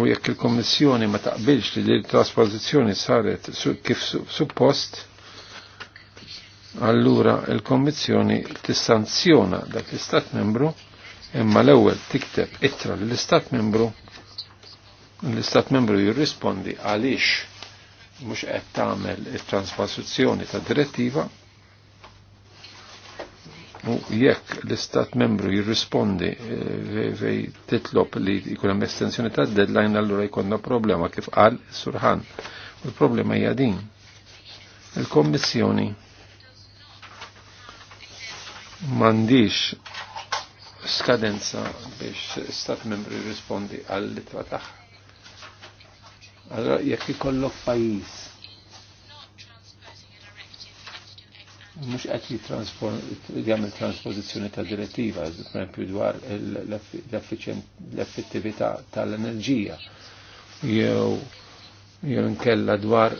U jekk il-Kommissjoni ma taqbilx li l-trasposizzjoni saret kif suppost, allura il-Kommissjoni tissanzjona dak l-Istat membru imma l-ewwel tikteb ittra l-Istat membru l-Istat membru jirrispondi għaliex mhux qed tagħmel it-transposizzjoni ta' direttiva u jekk l-Istat membru jirrispondi eh, vej titlob li jkun hemm estensjoni ta' deadline allura jkollna problema kif qal Surħan. U l-problema hija din. Il-Kommissjoni mandiċ skadenza biex stat membri rispondi għall-litra taħ. Allora, jekk ikollok pajis mux qed jagħmel transpozizjoni ta' direttiva, per dwar l-effettività tal-enerġija jew jew nkella dwar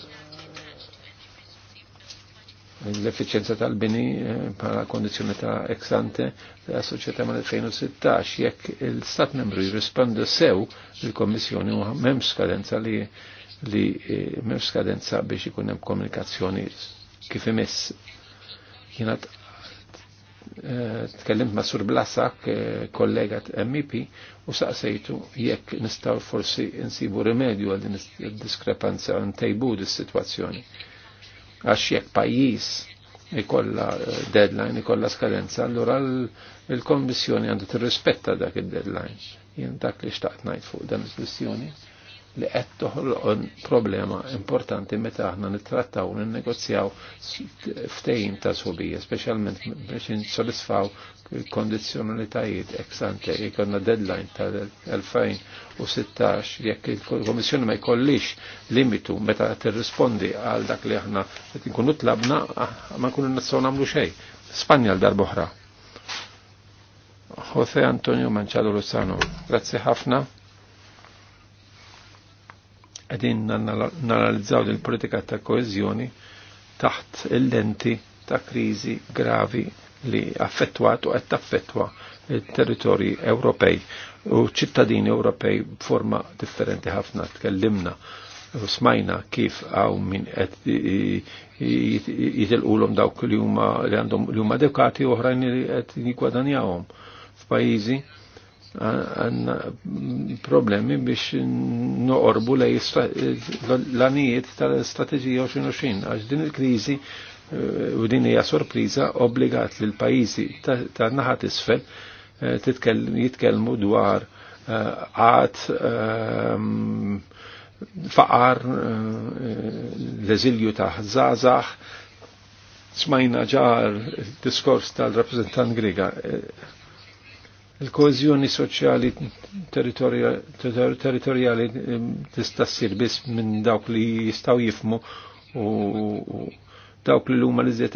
l-efficienza tal-bini eh, bħala kondizjoni ta' eksante ta' soċieta ma' 2016 jekk il-Stat membru jirrispondu sew il-Kommissjoni u skadenza li li eh, m'hemm skadenza biex ikun hemm komunikazzjoni kif imiss. Jiena eh, tkellimt ma' Sur Blasak, kollega MEP, u saqsejtu jekk nistgħu forsi insibu rimedju għal din id-diskrepanza ntejbu dis-sitwazzjoni Għax jekk pajjiż ikolla eh, deadline, ikolla skadenza, allura l-Kommissjoni għandha tirrispetta dak id-deadline. Jien dak li xtaqt ngħid fuq dan il-kwistjoni li qed toħloq problema importanti meta aħna nittrattaw u ninnegozjaw ftehim ta' subija, speċjalment biex insolisfaw kondizzjonalitajiet ex ante jkollna deadline tal-2016 jekk il-Komissjoni ma jkollix limitu meta tirrispondi għal dak li aħna qed nkunu tlabna ma nkunu nistgħu nagħmlu xejn. Spanja l darboħra Jose Antonio Manchado Luzano. Grazie ħafna għedin nanalizzaw il-politika ta' koezjoni taħt il-lenti ta' krizi gravi li affettwat u qed taffettwa il-territori Ewropej u ċittadini Ewropej b'forma differenti ħafna tkellimna u smajna kif għaw min qed jitilqulhom dawk li huma li għandhom li huma dekati oħrajn li qed jigwadanjawhom f'pajjiżi għanna problemi biex noqorbu lej l-anijiet tal-strategija 2020, għax din il-krizi eh, u din hija sorpriza obbligat li l-pajjiżi ta' naħat isfel eh, jitkellmu dwar eh, għat faqar l-eżilju ta' zazax smajna ġar diskors tal reprezentant Griga il-kozjoni soċjali territorjali ehm, tista' ssir biss minn dawk li jistgħu jifmu u dawk li huma li żiet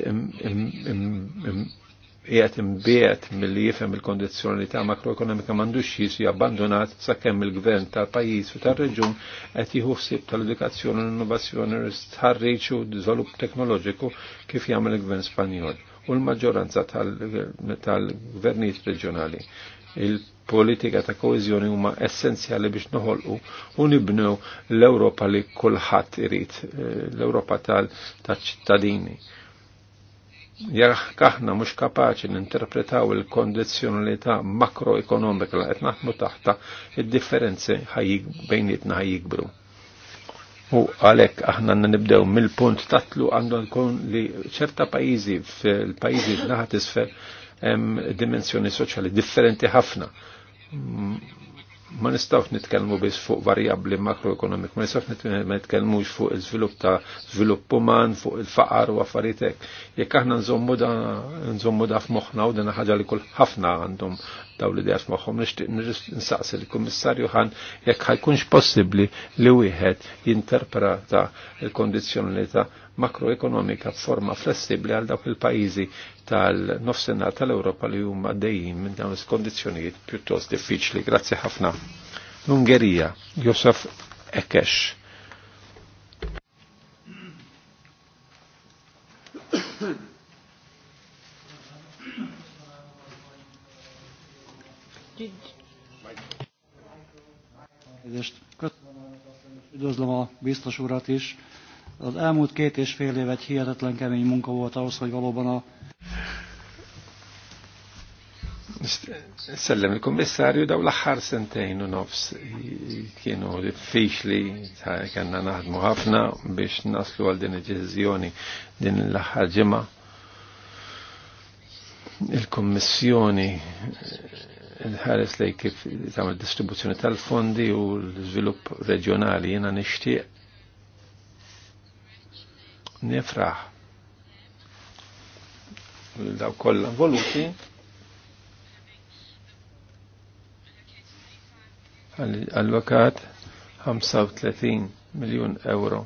qiegħed imbiegħed milli jifhem il-kondizzjonalità makroekonomika m'għandux jisu abbandonat sakemm il-gvern tal-pajjiż u tar-reġun qed jieħu ħsieb tal-edukazzjoni u l-innovazzjoni tħarriġ u żvilupp teknoloġiku kif jagħmel il-gvern Spanjol u l-maġġoranza tal-gvernijiet reġjonali il-politika ta' koezjoni huma essenzjali biex noħolqu u nibnew l-Ewropa li kulħadd irid, eh, l-Ewropa tal-ċittadini. Jekk aħna mhux kapaċi ninterpretaw il-kondizzjonalità makroekonomika li qed naħdmu taħta, id-differenzi bejnietna ħajjikbru. U għalhekk aħna nibdew mill-punt tatlu għandu nkun li ċerta pajjiżi fil-pajjiżi naħat isfel dimensjoni soċjali differenti ħafna ma nistawx nitkellmu biss fuq varjabbli makroekonomik, ma nistawx nitkellmux fuq il-żvilupp ta' żvilupp uman, fuq il-faqar u affarijiet hekk. Jekk aħna nżommu da nżommu da f'moħħna u dina ħaġa li kull ħafna għandhom daw l ideas magħhom nixtieq nsaqsi l-Kummissarju ħan jekk ħajkunx possibbli li wieħed jinterpreta l-kondizzjonalità makroekonomika forma flessibli għal dawk il pajizi tal nofsenna tal europa li huma dejjin minn dawn il kondizzjonijiet pjuttost diffiċli. Grazzi ħafna. L-Ungerija, Josef Ekesh. Köszönöm, Üdvözlöm a biztos urat is. Az elmúlt két és fél év egy hihetetlen kemény munka volt ahhoz, hogy valóban a... Sellem il-kommissarju daw l-axħar sentejn u nofs kienu diffiċli kanna naħdmu ħafna biex naslu għal din il-ġezzjoni din l-axħar ġimma. Il-kommissjoni ħares lej kif tagħmel distribuzzjoni tal-fondi u l-żvilupp reġjonali jiena nixtieq nifraħ daw kollha voluti għal-vakat 35 miljon euro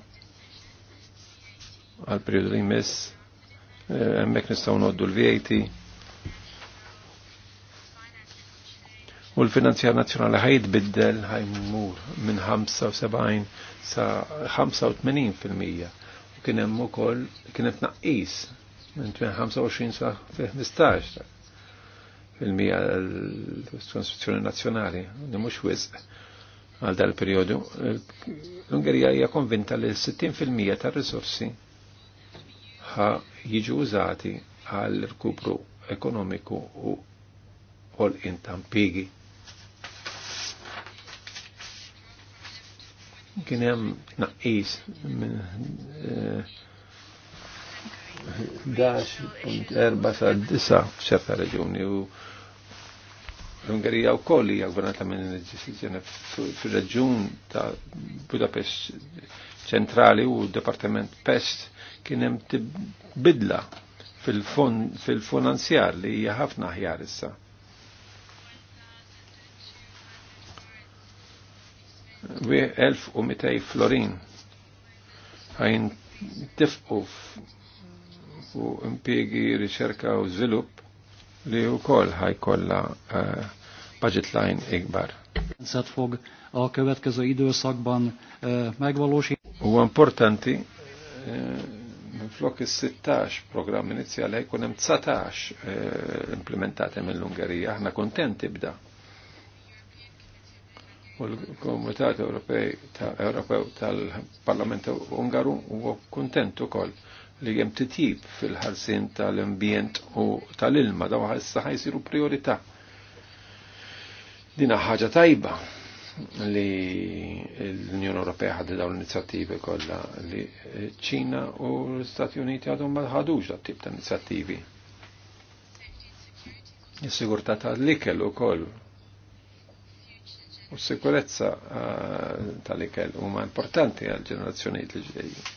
għal-periodu li jmiss eh, emmek nistaw noddu l-VAT u l-finanzjar nazjonali ħajtbiddel ħajmur minn 75 sa 85 fil-mija kien hemm ukoll kien hemm tnaqqis minn 25 sa 15 fil-mija l-Konstituzzjoni Nazzjonali, li mhux wisq għal dal periodu L-Ungerija hija konvinta li 60% tar-risorsi ħa jiġu użati għal rkupru ekonomiku u ħolqien intampigi kien hemm tnaqqis minn eh, erba sa disa f'ċerta reġuni u l-Ungerija wkoll hija gvernata minn l-ġisizjoni fir reġun ta' Budapest ċentrali u Departament Pest kien hemm bidla fil-finanzjar li hija ħafna aħjar issa. 1200 florin għajn tifqu u impiegi riċerka u zvilup li u kol ħajkolla kolla eh, budget line ikbar. fog a következő időszakban eh, megvalósi. U importanti eh, flok 16 program inizjali jkun 19 implementati mill-Ungerija. Ħna kontenti b'da u l-Komitat Ewropew tal-Parlament Ungaru huwa kuntent ukoll li hemm titjib fil-ħarsin tal-ambjent u tal-ilma daw ħassa ħajsiru priorità. Dina ħaġa tajba li l-Unjoni Ewropea ħadde dawn l-inizjattivi kollha li ċina u l istati Uniti għadhom ma ħadux dat tip ta' inizjattivi. Is-sigurtà tal-ikel ukoll u s-sikurezza eh, tal-ikel u ma' importanti għal ġenerazzjonijiet li ġejjin.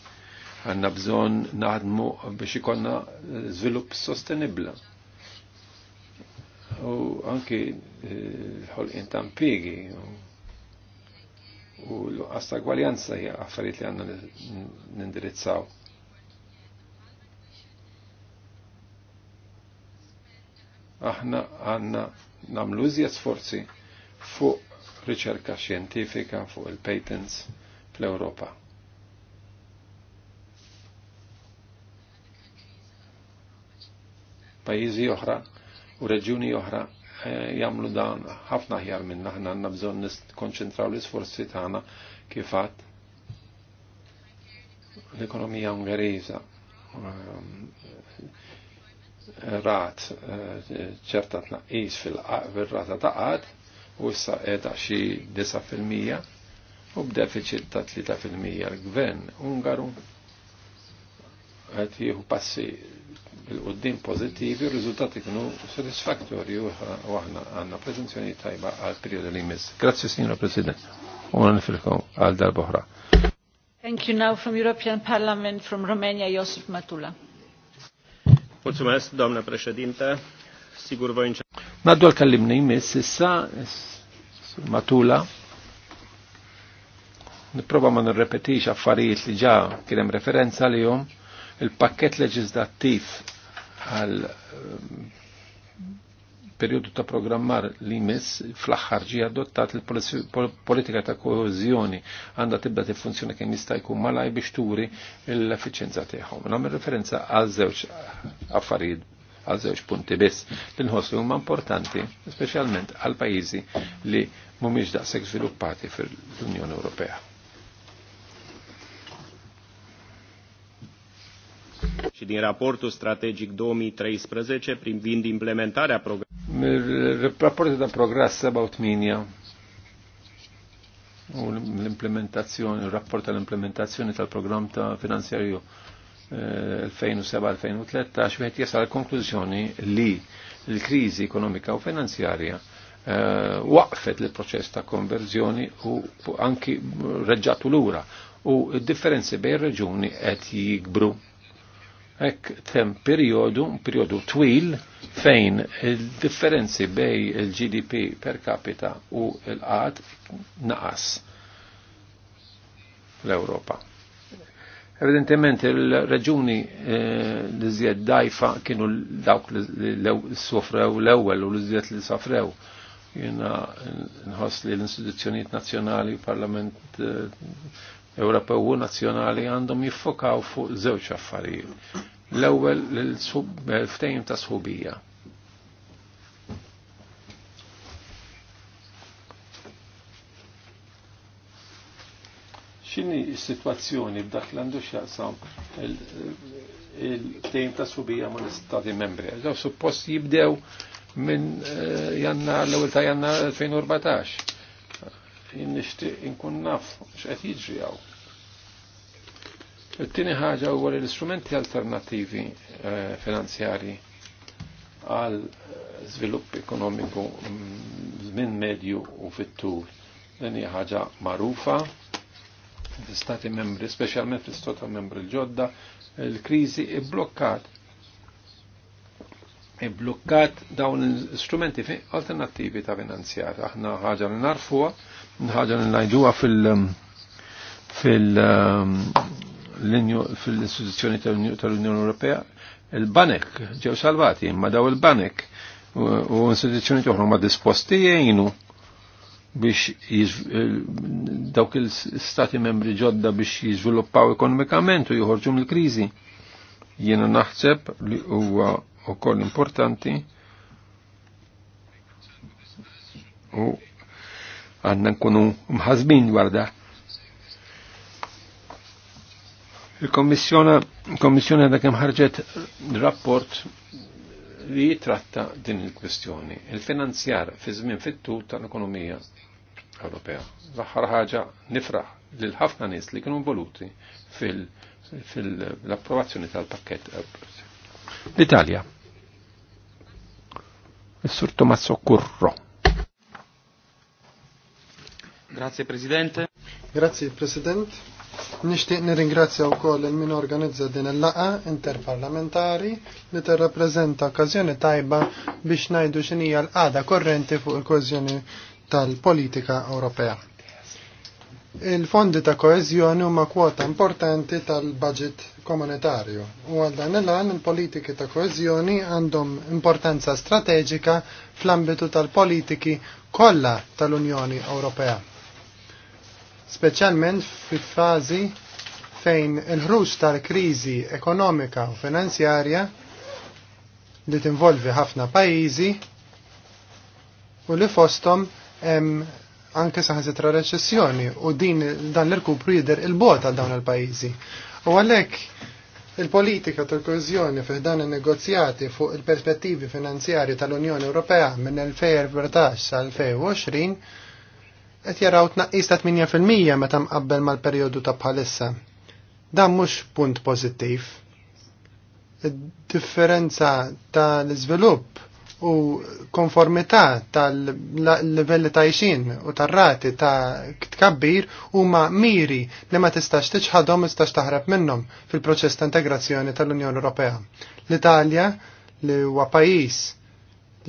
Għanna bżon naħdmu biex ikonna zvilup eh, sostenibla. U anki l-ħolqien eh, ta' impjiegi u l-qas ta' gwaljanza hija affarijiet li għanna nindirizzaw. Aħna għanna namlu iżjed sforzi fuq riċerka xjentifika fuq il-patents fl-Ewropa. Pajizi oħra u reġjuni oħra eh, jagħmlu dan ħafna ħjar minn aħna għandna bżonn nikkonċentraw l-isforzi tagħna kif kifat l-ekonomija Ungeriża um, rat eh, ċerta tnaqqis fil-rata ta' qad u issa qiegħda xi 9% u b'deficit ta' 3% l-gvern Ungaru qed jieħu passi bil-qudiem pożittivi r-riżultati kienu soddisfaktorji u aħna għandna preżenzjoni tajba għal perjodu li jmiss. Grazzi, Signora President. U nifilkom għal darba oħra. Thank you now from European Parliament from Romania, Iosif Matula. Mulțumesc, doamnă președinte. Sigur voi încerca. Naddu għal-kallimni jmiss issa, matula, niprofa ma nirrepetix affarijiet li ġa kienem referenza li jom il-pakket leġislattiv għal eh, periodu ta' programmar li jmiss fl-axħar ġi adottat il-politika ta' kohezjoni għandha tibda tiffunzjoni kemm jista' jkun malaj biex turi l efficienza tiegħu. Nagħmel referenza għal żewġ affarijiet għal zewġ punti biss L-inħossu huma importanti, specialment għal pajizi li mumiġ daqseg sviluppati fil-Unjoni Ewropea. și din raportul strategic 2013 privind implementarea programului. Raportul de progres about minia u l-implementazzjoni, il-rapport tal-implementazzjoni tal-programm ta' finanzjarju 2007-2013 eh, wieħed jasal konklużjoni li l-kriżi ekonomika u finanzjarja eh, waqfet l proċess ta' konverżjoni u anki reġġatu lura u d-differenzi bejn reġuni qed jikbru. Hekk tem periodu, periodu twil fejn il-differenzi bej il-GDP per capita u l-qad naqas l-Ewropa Evidentement il-reġuni eh, li zjed dajfa kienu dawk li sofrew l-ewwel u l zjed li sofrew. Jena nħoss li l-istituzzjonijiet nazzjonali, parlament eh, Ewropew u nazzjonali għandhom jiffokaw fuq żewġ affarijiet. L-ewwel l ftejn ta' sħubija ċini s-situazzjoni b'dak l għandu xaqsam il tejn ta' subija ma' l istati membri. Għaw suppost jibdew minn eh, jannar l-ewel ta' jannar 2014. Jinnishtiq inkun naf x'qed jiġri għaw. Il-tini ħaġa huwa li l-istrumenti alternativi eh, finanzjari għal eh, żvilupp ekonomiku żmien mm, medju u fit-tul. Dan hija ħaġa magħrufa fl istati membri, specialment fl istati membri l-ġodda, l-krizi blokkat blokkat dawn l-istrumenti alternativi ta' finanzjar. Aħna ħaġa li narfuha, ħaġa li najduwa fil- um, fil- um, istituzzjoni tal-Unjoni Ewropea, il-banek ġew salvati, imma daw il-banek u istituzzjoni toħra ma disposti jgħinu biex dawk il-stati membri ġodda biex jizviluppaw ekonomikament u joħorġu mill-kriżi. Jiena naħseb li huwa ukoll importanti u għandna nkunu mħazbin dwar da. il kommissjona il-Kommissjona għadha kemm ħarġet rapport li jitratta din il-kwestjoni. Il-finanzjar fi żmien fit-tul tal-ekonomija Ewropea. L-aħħar ħaġa nifraħ lil ħafna nies li kienu involuti fil-approvazzjoni fil tal-pakket L-Italja. Il-Sur Tommaso Curro. Grazie Presidente. Grazie President. Nishtiq nirringrazzja wkoll il-min organizza din il-laqa interparlamentari li tirrappreżenta okkażjoni tajba biex ngħidu x'inhija l-qagħda korrenti fuq il-kważjoni tal-politika Ewropea. Il-fondi ta' koezjoni huma kwota importanti tal-budget komunitarju u għal dan il-għan il-politiki ta' koezjoni għandhom importanza strateġika fl-ambitu tal-politiki kollha tal-Unjoni Ewropea. Speċjalment fil-fażi fejn il-ħruġ tal-kriżi ekonomika u finanzjarja li tinvolvi ħafna pajjiżi u li fostom anke ra reċessjoni u din dan l-irkupru jider il-bota dawn il-pajizi. U għalek il-politika tal-kozjoni dan il-negozjati fuq il-perspettivi finanzjari tal-Unjoni Ewropea minn 2014 sa 2020 qed jaraw tnaqqis ta' 8% meta mqabbel mal-perjodu ta' bħalissa. Dan mhux punt pożittiv. Id-differenza tal-iżvilupp u konformità tal-livelli ta' ixin u tar-rati ta' tkabbir huma miri li ma tistax tiċħadhom u tistax taħrab minnhom fil-proċess ta' integrazzjoni tal-Unjoni Ewropea. L-Italja li huwa pajjiż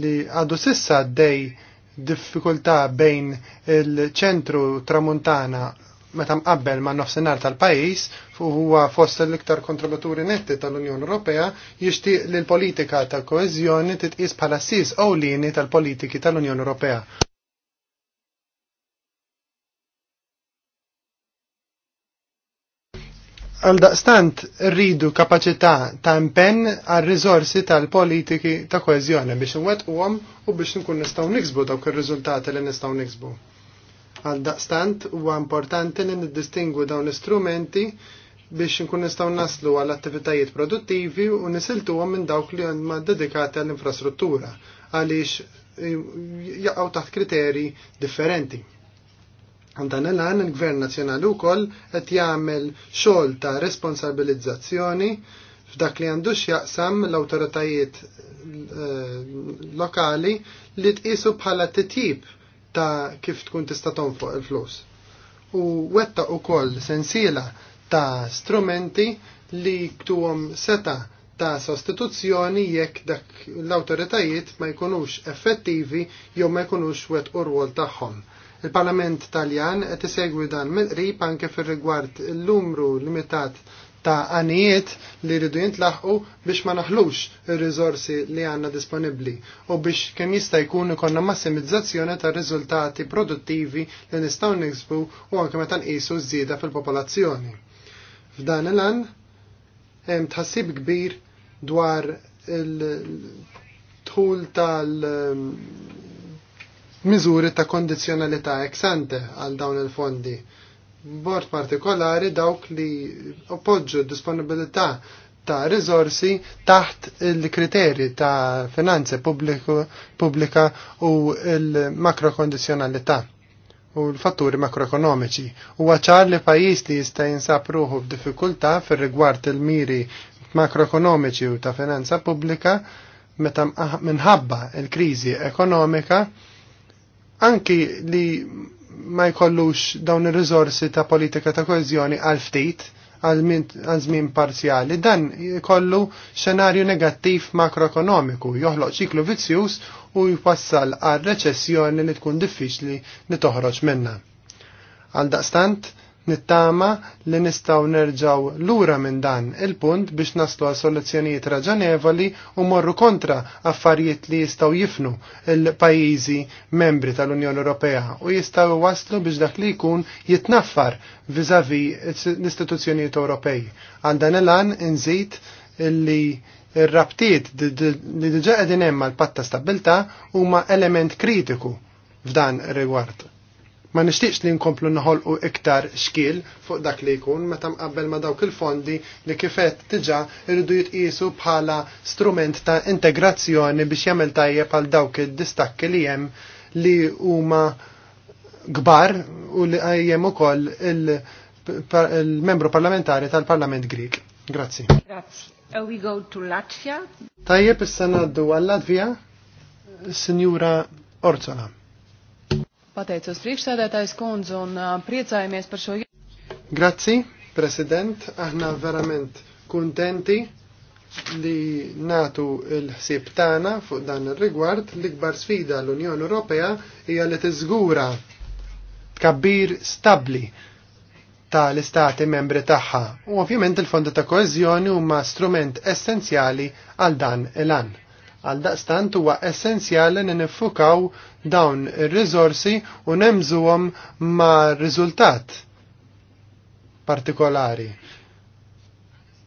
li għadu sissa dej diffikultà bejn il-ċentru tramuntana meta mqabbel ma' nofsinhar tal-pajjiż fuq huwa fost l-iktar kontributuri netti tal-Unjoni Ewropea jixtieq li l-politika ta' koeżjoni titqis bħala sis lini tal-politiki tal-Unjoni Ewropea. Għaldaqstant rridu kapacità ta' impenn għal riżorsi tal-politiki ta' koeżjoni biex nwettquhom u biex nkun nistgħu niksbu dawk ir-riżultati li nistgħu niksbu. Għal daqstant huwa importanti li niddistingu dawn l-istrumenti biex nkun nistgħu naslu għal attivitajiet produttivi u nisiltuhom minn dawk li huma dedikati għall-infrastruttura għaliex eh, jaqgħu taħt kriteri differenti. Għandan il-għan il-Gvern Nazjonali wkoll qed jagħmel xogħol ta' responsabilizzazzjoni f'dak li għandux jaqsam l-awtoritajiet eh, lokali li tqisu bħala titjib ta' kif tkun tista' tonfoq il-flus. U wetta ukoll sensiela ta' strumenti li ktuhom seta' ta' sostituzzjoni jekk dak l-autoritajiet ma jkunux effettivi jew ma jkunux wet u rwol tagħhom. Il-Parlament Taljan qed isegwi dan mill-qrib anke fir-rigward l-numru limitat ta' għanijiet li rridu jintlaħqu biex ma naħlux ir rizorsi li għanna disponibli u biex kemm jista' jkun ikonna massimizzazzjoni ta' riżultati produttivi li nistgħu niksbu u anke meta nqisu żieda fil-popolazzjoni. F'dan il an hemm tħassib kbir dwar il-tħul tal- ehm, miżuri ta' kondizjonalità ex ante għal dawn il-fondi bord partikolari dawk li oppoġġu disponibilità ta' rizorsi taħt il-kriterji ta' finanze pubblika u l-makrokondizjonalità u l-fatturi makroekonomiċi. U ċar li pajis li jista' jinsab ruħu f'diffikultà fir-rigward il-miri makroekonomiċi u ta' finanza pubblika meta minħabba l-kriżi ekonomika anki li ma jkollux dawn ir rizorsi ta' politika ta' koezjoni għal ftit għal żmien parzjali. Dan jkollu xenarju negattiv makroekonomiku, joħloq ċiklu vizzjuż u jwassal għal reċessjoni li tkun diffiċli li toħroġ minna. Għal daqstant, Nittama li nistaw nerġaw lura minn dan il-punt biex naslu għal soluzzjonijiet raġonevoli u morru kontra affarijiet li jistaw jifnu il-pajizi membri tal-Unjoni Ewropea u jistaw waslu biex dak li jkun jitnaffar vizavi l-istituzzjonijiet Ewropej. Għal dan il għan nżid li il-rabtiet li diġa għedin hemm mal-patta stabilta huma element kritiku f'dan rigward Ma nixtieqx li nkomplu u iktar xkil fuq dak li jkun meta mqabbel ma dawk il-fondi li kifet diġà irridu jitqisu bħala strument ta' integrazzjoni biex jagħmel tajjeb għal dawk id-distakki li hemm li huma kbar u li għajjem ukoll il-membru parlamentari tal-Parlament Grik. Grazzi. Grazzi. Uh, we go to Latvia. Tajjeb issa ngħaddu għal Latvia, Signora Orzola uz priekšsēdētājs kundz un priecājamies par šo. Grazzi, President, aħna verament kontenti li natu il-ħsieb tagħna fuq dan ir-rigward l-ikbar sfida l-Unjoni Ewropea hija li tiżgura tkabbir stabbli tal-istati membri tagħha u ovvjament il-fondi ta' koeżjoni huma strument essenzjali għal dan il-an. Għal daqstant huwa essenzjali li nifukaw dawn ir-riżorsi u nemżuhom ma' riżultat partikolari.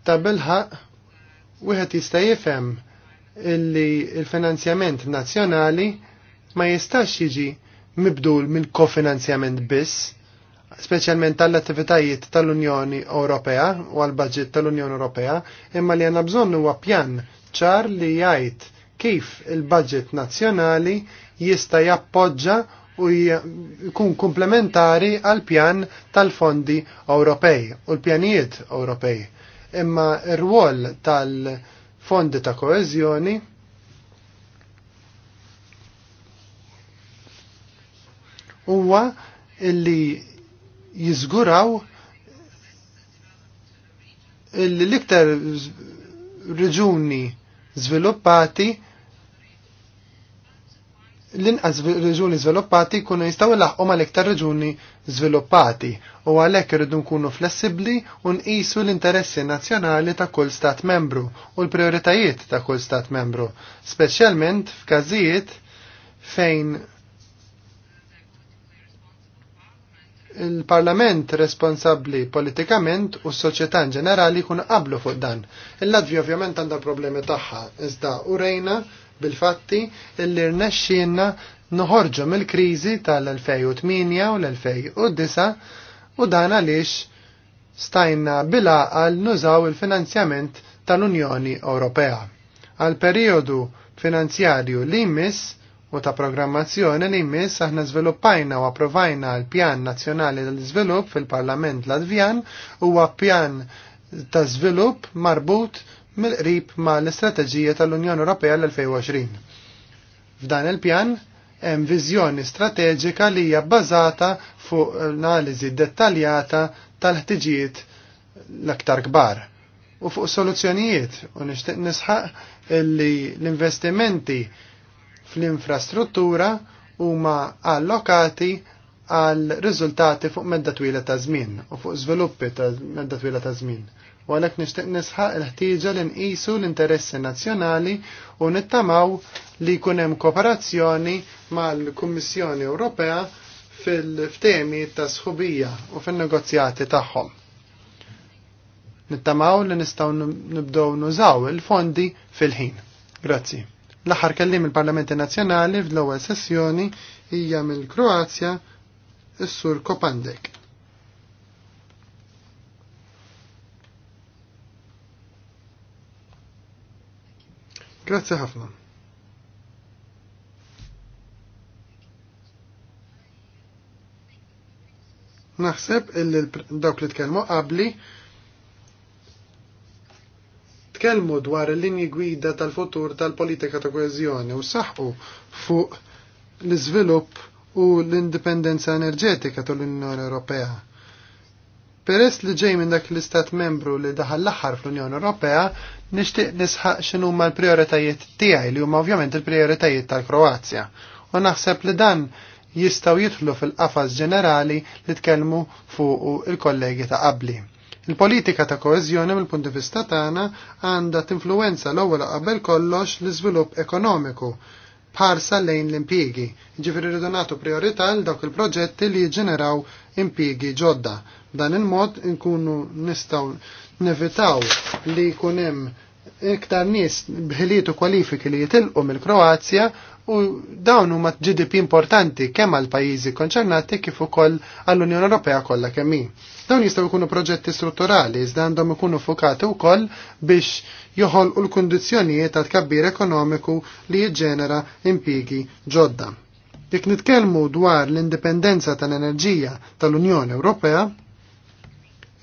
Ta' bilħaq wieħed jista' jifhem illi l finanzjament nazzjonali ma jistax jiġi mibdul mill-kofinanzjament biss, speċjalment tal-attivitajiet tal-Unjoni Ewropea u għal budget tal-Unjoni Ewropea, imma li għandna bżonn huwa pjan ċar li jgħid kif il-budget nazzjonali jista' jappoġġa u jkun komplementari għal pjan tal-fondi Ewropej u l-pjanijiet Ewropej. Imma r ruol tal-fondi ta' koeżjoni huwa illi jizguraw illi l-iktar reġuni zviluppati l-inqas reġuni sviluppati kunu jistaw laħqu ma l-iktar reġuni sviluppati u għalhekk irridu nkunu flessibbli u nqisu l-interessi nazzjonali ta' kull stat membru u l-prioritajiet ta' kull stat membru, speċjalment f'każijiet fejn il-parlament responsabli politikament u s-soċjetà ġenerali kun qablu fuq dan. Il-Latvija ovvjament għandha problemi tagħha, iżda u rejna bil-fatti illi rnexxielna noħorġu mill-kriżi tal-2008 u l-2009 u dan għaliex stajna bil-għal nużaw il-finanzjament tal-Unjoni Ewropea. Għal periodu finanzjarju li jmiss u ta' programmazzjoni li jmiss aħna żviluppajna u approvajna l-Pjan Nazzjonali tal-Iżvilupp fil-Parlament Latvjan huwa pjan ta' Zvilupp marbut mill-qrib ma' l-istrateġija tal-Unjoni Ewropea l-2020. F'dan il-pjan hemm viżjoni strateġika li hija bbażata fuq analiżi dettaljata tal-ħtiġijiet l-aktar kbar u fuq soluzzjonijiet u nixtieq nisħaq li l-investimenti fl-infrastruttura huma allokati għal riżultati fuq medda twila ta' żmien u fuq żviluppi ta' medda twila ta' żmien u għalhekk nixtieq nisħaq il-ħtieġa li nqisu l-interessi nazzjonali u nittamaw li jkun hemm kooperazzjoni mal-Kummissjoni Ewropea fil-ftemi ta' sħubija u fin-negozjati tagħhom. Nittamaw li nistgħu nibdew nużaw il-fondi fil-ħin. Grazzi. L-aħħar kellim il-Parlamenti Nazzjonali fl-ewwel sessjoni hija mill-Kroazja is-Sur Kopandek. Grazzi ħafna. Naħseb illi dawk li tkellmu qabli tkellmu dwar il-linji gwida tal-futur tal-politika ta' koezjoni u saħħu fuq l-iżvilupp u l-indipendenza enerġetika tal-Unjoni Ewropea Peress li ġej minn dak l-istat membru li daħal l-aħħar fl-Unjoni Ewropea, nixtieq nisħaq x'inhu huma l-prijoritajiet tiegħi li huma ovvjament il-prijoritajiet tal-Kroazja. U naħseb li dan jistgħu jidħlu fil-qafas ġenerali li tkellmu fuq il-kollegi ta' qabli. Il-politika ta' koeżjoni mill-punt di vista tagħna għandha tinfluwenza l-ewwel qabel kollox l-iżvilupp ekonomiku parsa lejn l-impjiegi. Ġifiri ridonatu nagħtu priorità l dawk il-proġetti li ġeneraw impjiegi ġodda. Dan il-mod nkunu nistgħu nevitaw li jkun hemm iktar nies bħilietu kwalifiki li jitilqu mill-Kroazja u dawn huma GDP importanti kemm għal pajjiżi konċernati kif ukoll għall-Unjoni Ewropea kollha kemm hi. Dawn jistgħu jkunu proġetti strutturali iżda għandhom ikunu fukati wkoll biex joħol u l-kondizjonijiet ta' tkabbir ekonomiku li jiġġenera impigi ġodda. Jekk nitkellmu dwar l-indipendenza tal-enerġija tal-Unjoni Ewropea,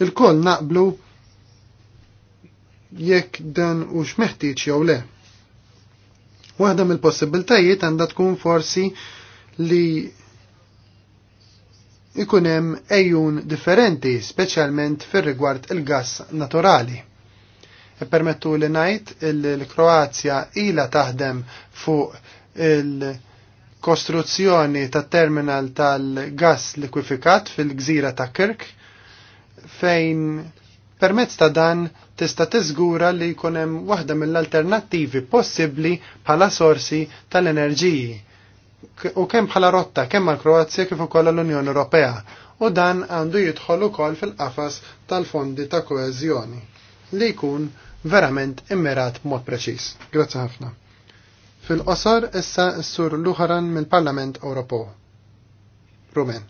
il-koll naqblu jekk dan u xmeħtiċ jew le. Waħda mill-possibiltajiet għandha tkun forsi li ikun hemm ejjun differenti, speċjalment fir-rigward il-gass naturali. Permettu li najt il-Kroazja ila taħdem fuq il-kostruzzjoni ta' terminal tal-gas likwifikat fil-gżira ta' Kirk fejn permezz ta' dan tista' tiżgura li jkun hemm waħda mill-alternattivi possibbli bħala sorsi tal-enerġiji u kemm bħala rotta kemm mal kroazja kif ukoll l-Unjoni Ewropea u dan għandu jidħol ukoll fil-qafas tal-fondi ta' koeżjoni li jkun verament immirat mod preċiż. Grazzi ħafna. Fil-qosor issa s-sur Luharan mill-Parlament Ewropew. Rumen.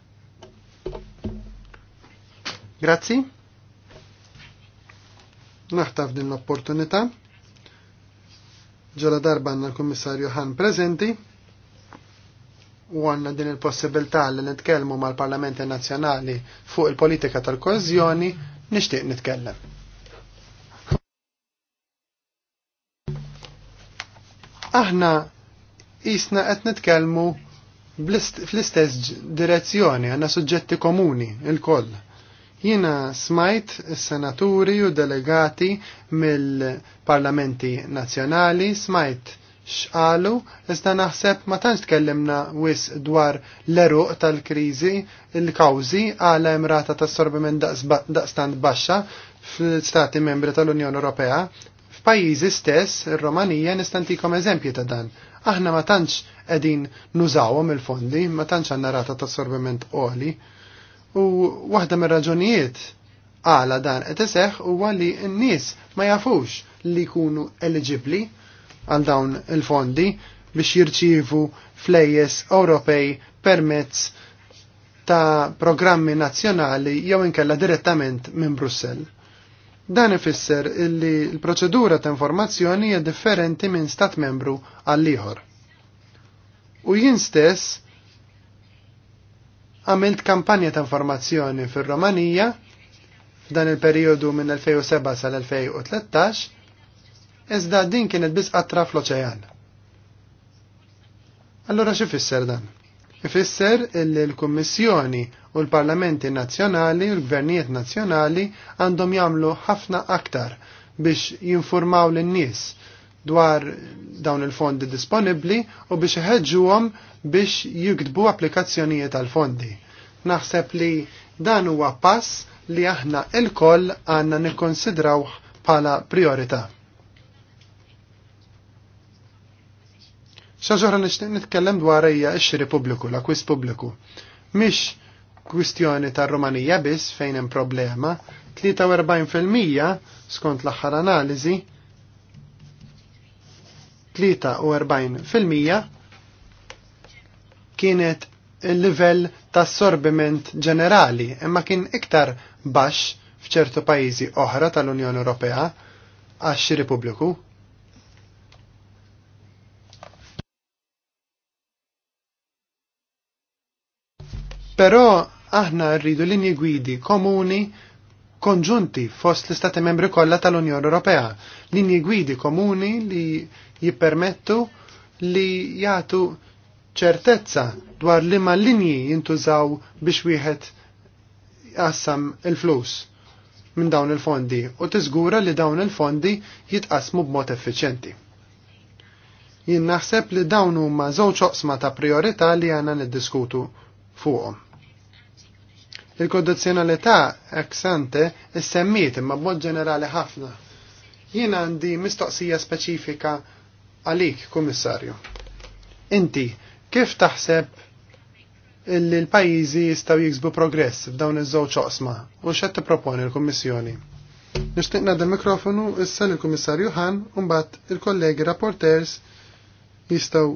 Grazzi. Naħtaf din l-opportunità. Ġola darba għanna l-Kummissarju Han prezenti u għanna din il-possibilità li nitkellmu mal-Parlamenti Nazzjonali fuq il-politika tal-kozjoni, nixtieq nitkellem. aħna jisna qed nitkellmu fl-istess direzzjoni, għandna suġġetti komuni il-koll. Jiena smajt senaturi u delegati mill-parlamenti nazzjonali, smajt xqalu, iżda naħseb ma tantx tkellimna wis dwar l-eruq tal-kriżi, il-kawżi għala imrata tas-sorbiment daqstant baxxa fl-Stati membri tal-Unjoni Ewropea, F'pajjiżi stess, ir-Romanija nistantikom eżempji ta' dan. Aħna ma tantx qegħdin nużawhom il-fondi, ma tantx għandna rata ta' sorbiment qoli. U waħda mir-raġunijiet għala dan qed iseħħ huwa li n-nies ma jafux li jkunu eligibbli għal dawn il-fondi biex jirċivu flejjes Ewropej permezz ta' programmi nazzjonali jew inkella direttament minn Brussell. Dan ifisser illi l-proċedura ta' informazzjoni hija differenti minn stat membru għal ieħor. U jien stess għamilt kampanja ta' informazzjoni fir-Romanija f'dan il-perjodu minn 2007 sal-2013, iżda din kienet biss qatra fl-oċean. Allora xi fisser dan? Ifisser illi l-Kummissjoni u l-parlamenti nazzjonali u l-gvernijiet nazzjonali għandhom jagħmlu ħafna aktar biex jinformaw lin-nies dwar dawn il-fondi disponibbli u biex iħeġġuhom biex jiktbu applikazzjonijiet għal fondi Naħseb li dan huwa pass li aħna il-koll għanna nikkonsidraw pala priorità. ċaġora nishtiq nitkellem dwar hija ix xiri pubbliku, l-akwis pubbliku. Mhix kwistjoni tar-Rumanija biss fejn hemm problema, 43% skont l-aħħar analiżi 43% kienet il-livell ta' sorbiment ġenerali, imma kien iktar baxx f'ċertu pajjiżi oħra tal-Unjoni Ewropea għax xi repubbliku. Però aħna rridu linji gwidi komuni konġunti fost l-Istati membri kollha tal-Unjoni Ewropea, linji gwidi komuni li jippermettu li jagħtu ċertezza dwar li ma linji jintużaw biex wieħed jassam il-flus minn dawn il-fondi u tiżgura li dawn il-fondi jitqasmu b'mod effiċjenti. Jien naħseb li dawn huma żewġ oqsma ta' priorità li għandna niddiskutu fuqhom. Il-kondizzjonalità ex ante semmiet imma b'mod ġenerali ħafna. Jien għandi mistoqsija speċifika għalik, kummissarju. Inti, kif taħseb illi l-pajizi jistaw jiksbu progress f'dawn iż-żewġ oqsma u x'għed tipproponi l-Kummissjoni. Nixtieqna dal-mikrofonu issa lill-Kummissarju Han u mbagħad il-kollegi rapporters jistgħu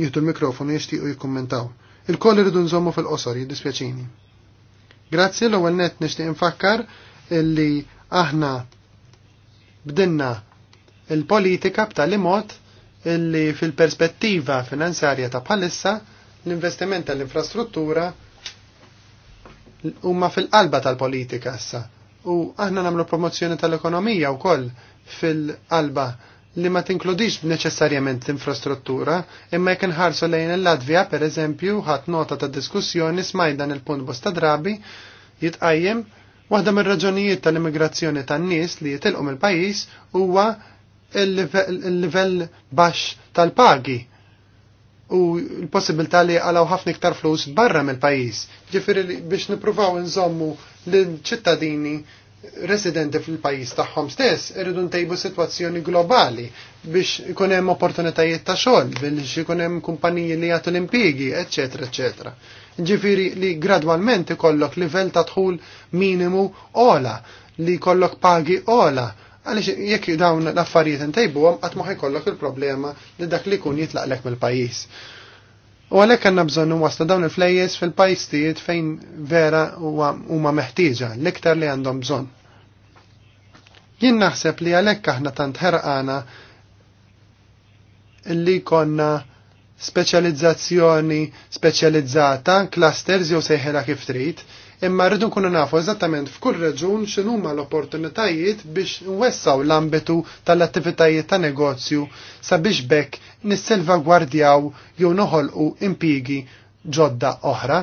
jieħdu l-mikrofonu jixtiequ jikkummentaw. Il-koll irridu nżommu fil-qosor jiddispjaċini. Grazzi l-ewwel nett nixtieq infakkar illi aħna bdinna il-politika b'tali mod illi fil-perspettiva finanzarja ta' bħalissa l-investiment tal-infrastruttura huma fil-qalba tal-politika issa. U aħna nagħmlu promozzjoni tal-ekonomija wkoll fil-qalba li ma tinkludix neċessarjament l-infrastruttura, imma jekk inħarsu lejn il-Latvija per eżempju ħadd nota ta' diskussjoni smajdan il-punt bosta drabi jitqajjem waħda mir-raġunijiet tal-immigrazzjoni tan-nies li jitilqu mill-pajjiż huwa il-livell baxx tal-pagi u l-possibilità li għalaw ħafna iktar flus barra mill-pajis. Ġifiri biex nipruvaw nżommu l-ċittadini residenti fil-pajis tagħhom stess irridu ntejbu sitwazzjoni globali biex ikun hemm opportunitajiet ta' xogħol, biex ikun hemm kumpaniji li jagħtu l-impjiegi, eċetera, eċetera. Ġifieri li gradwalment ikollok livell ta' dħul minimu ola, li jkollok pagi ola, għaliex jekk dawn l-affarijiet ntejbuhom qatt ma ħajkollok il-problema li dak li jkun jitlaqlek mill-pajjiż. U għalhekk għandna bżonn waslu dawn il-flejjes fil-pajstijiet fejn vera huma meħtieġa l-iktar li għandhom bżonn. Jien naħseb li għalhekk aħna tant ħerqana li konna speċjalizzazzjoni speċjalizzata, clusters jew sejħela kif trid, imma rridu nkunu nafu eżattament f'kull reġun x'inhuma l-opportunitajiet biex nwessaw l-ambitu tal-attivitajiet ta' negozju sabiex bekk nisselvagwardjaw jew noħolqu impigi ġodda oħra.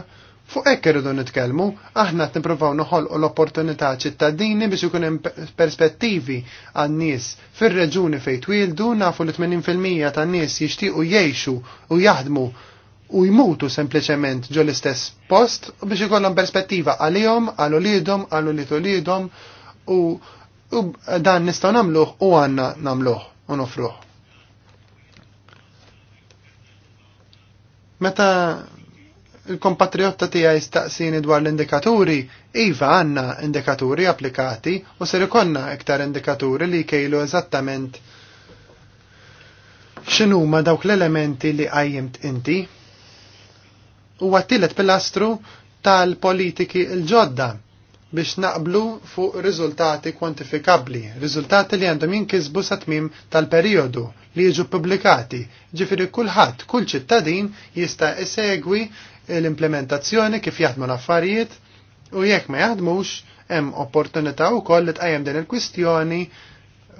Fuq hekk irridu nitkellmu, aħna qed nippruvaw noħolqu l-opportunità ċittadini biex ikun hemm perspettivi għan-nies fir-reġuni fejn twildu nafu li 80% tan-nies jixtiequ jgħixu u jaħdmu u jmutu sempliċement ġo l-istess post u biex ikollhom perspettiva għalihom, għal ulidhom, għal ulit ulidhom u, dan nistgħu nagħmluh u għandna nagħmluh u nofruh. Meta il kompatriotta tiegħi staqsini dwar l-indikaturi, iva għandna indikaturi applikati u ser ikollna iktar indikaturi li jkejlu eżattament x'inhuma dawk l-elementi li qajjimt inti huwa t-tielet pilastru tal-politiki l-ġodda biex naqblu fuq riżultati kwantifikabli, riżultati li għandhom jinkisbu sa tmim tal-perjodu li jiġu pubblikati, ġifiri kulħadd, kull ċittadin jista' isegwi l-implementazzjoni kif jaħdmu l-affarijiet u jekk ma jaħdmux hemm opportunità wkoll li tqajjem din il-kwistjoni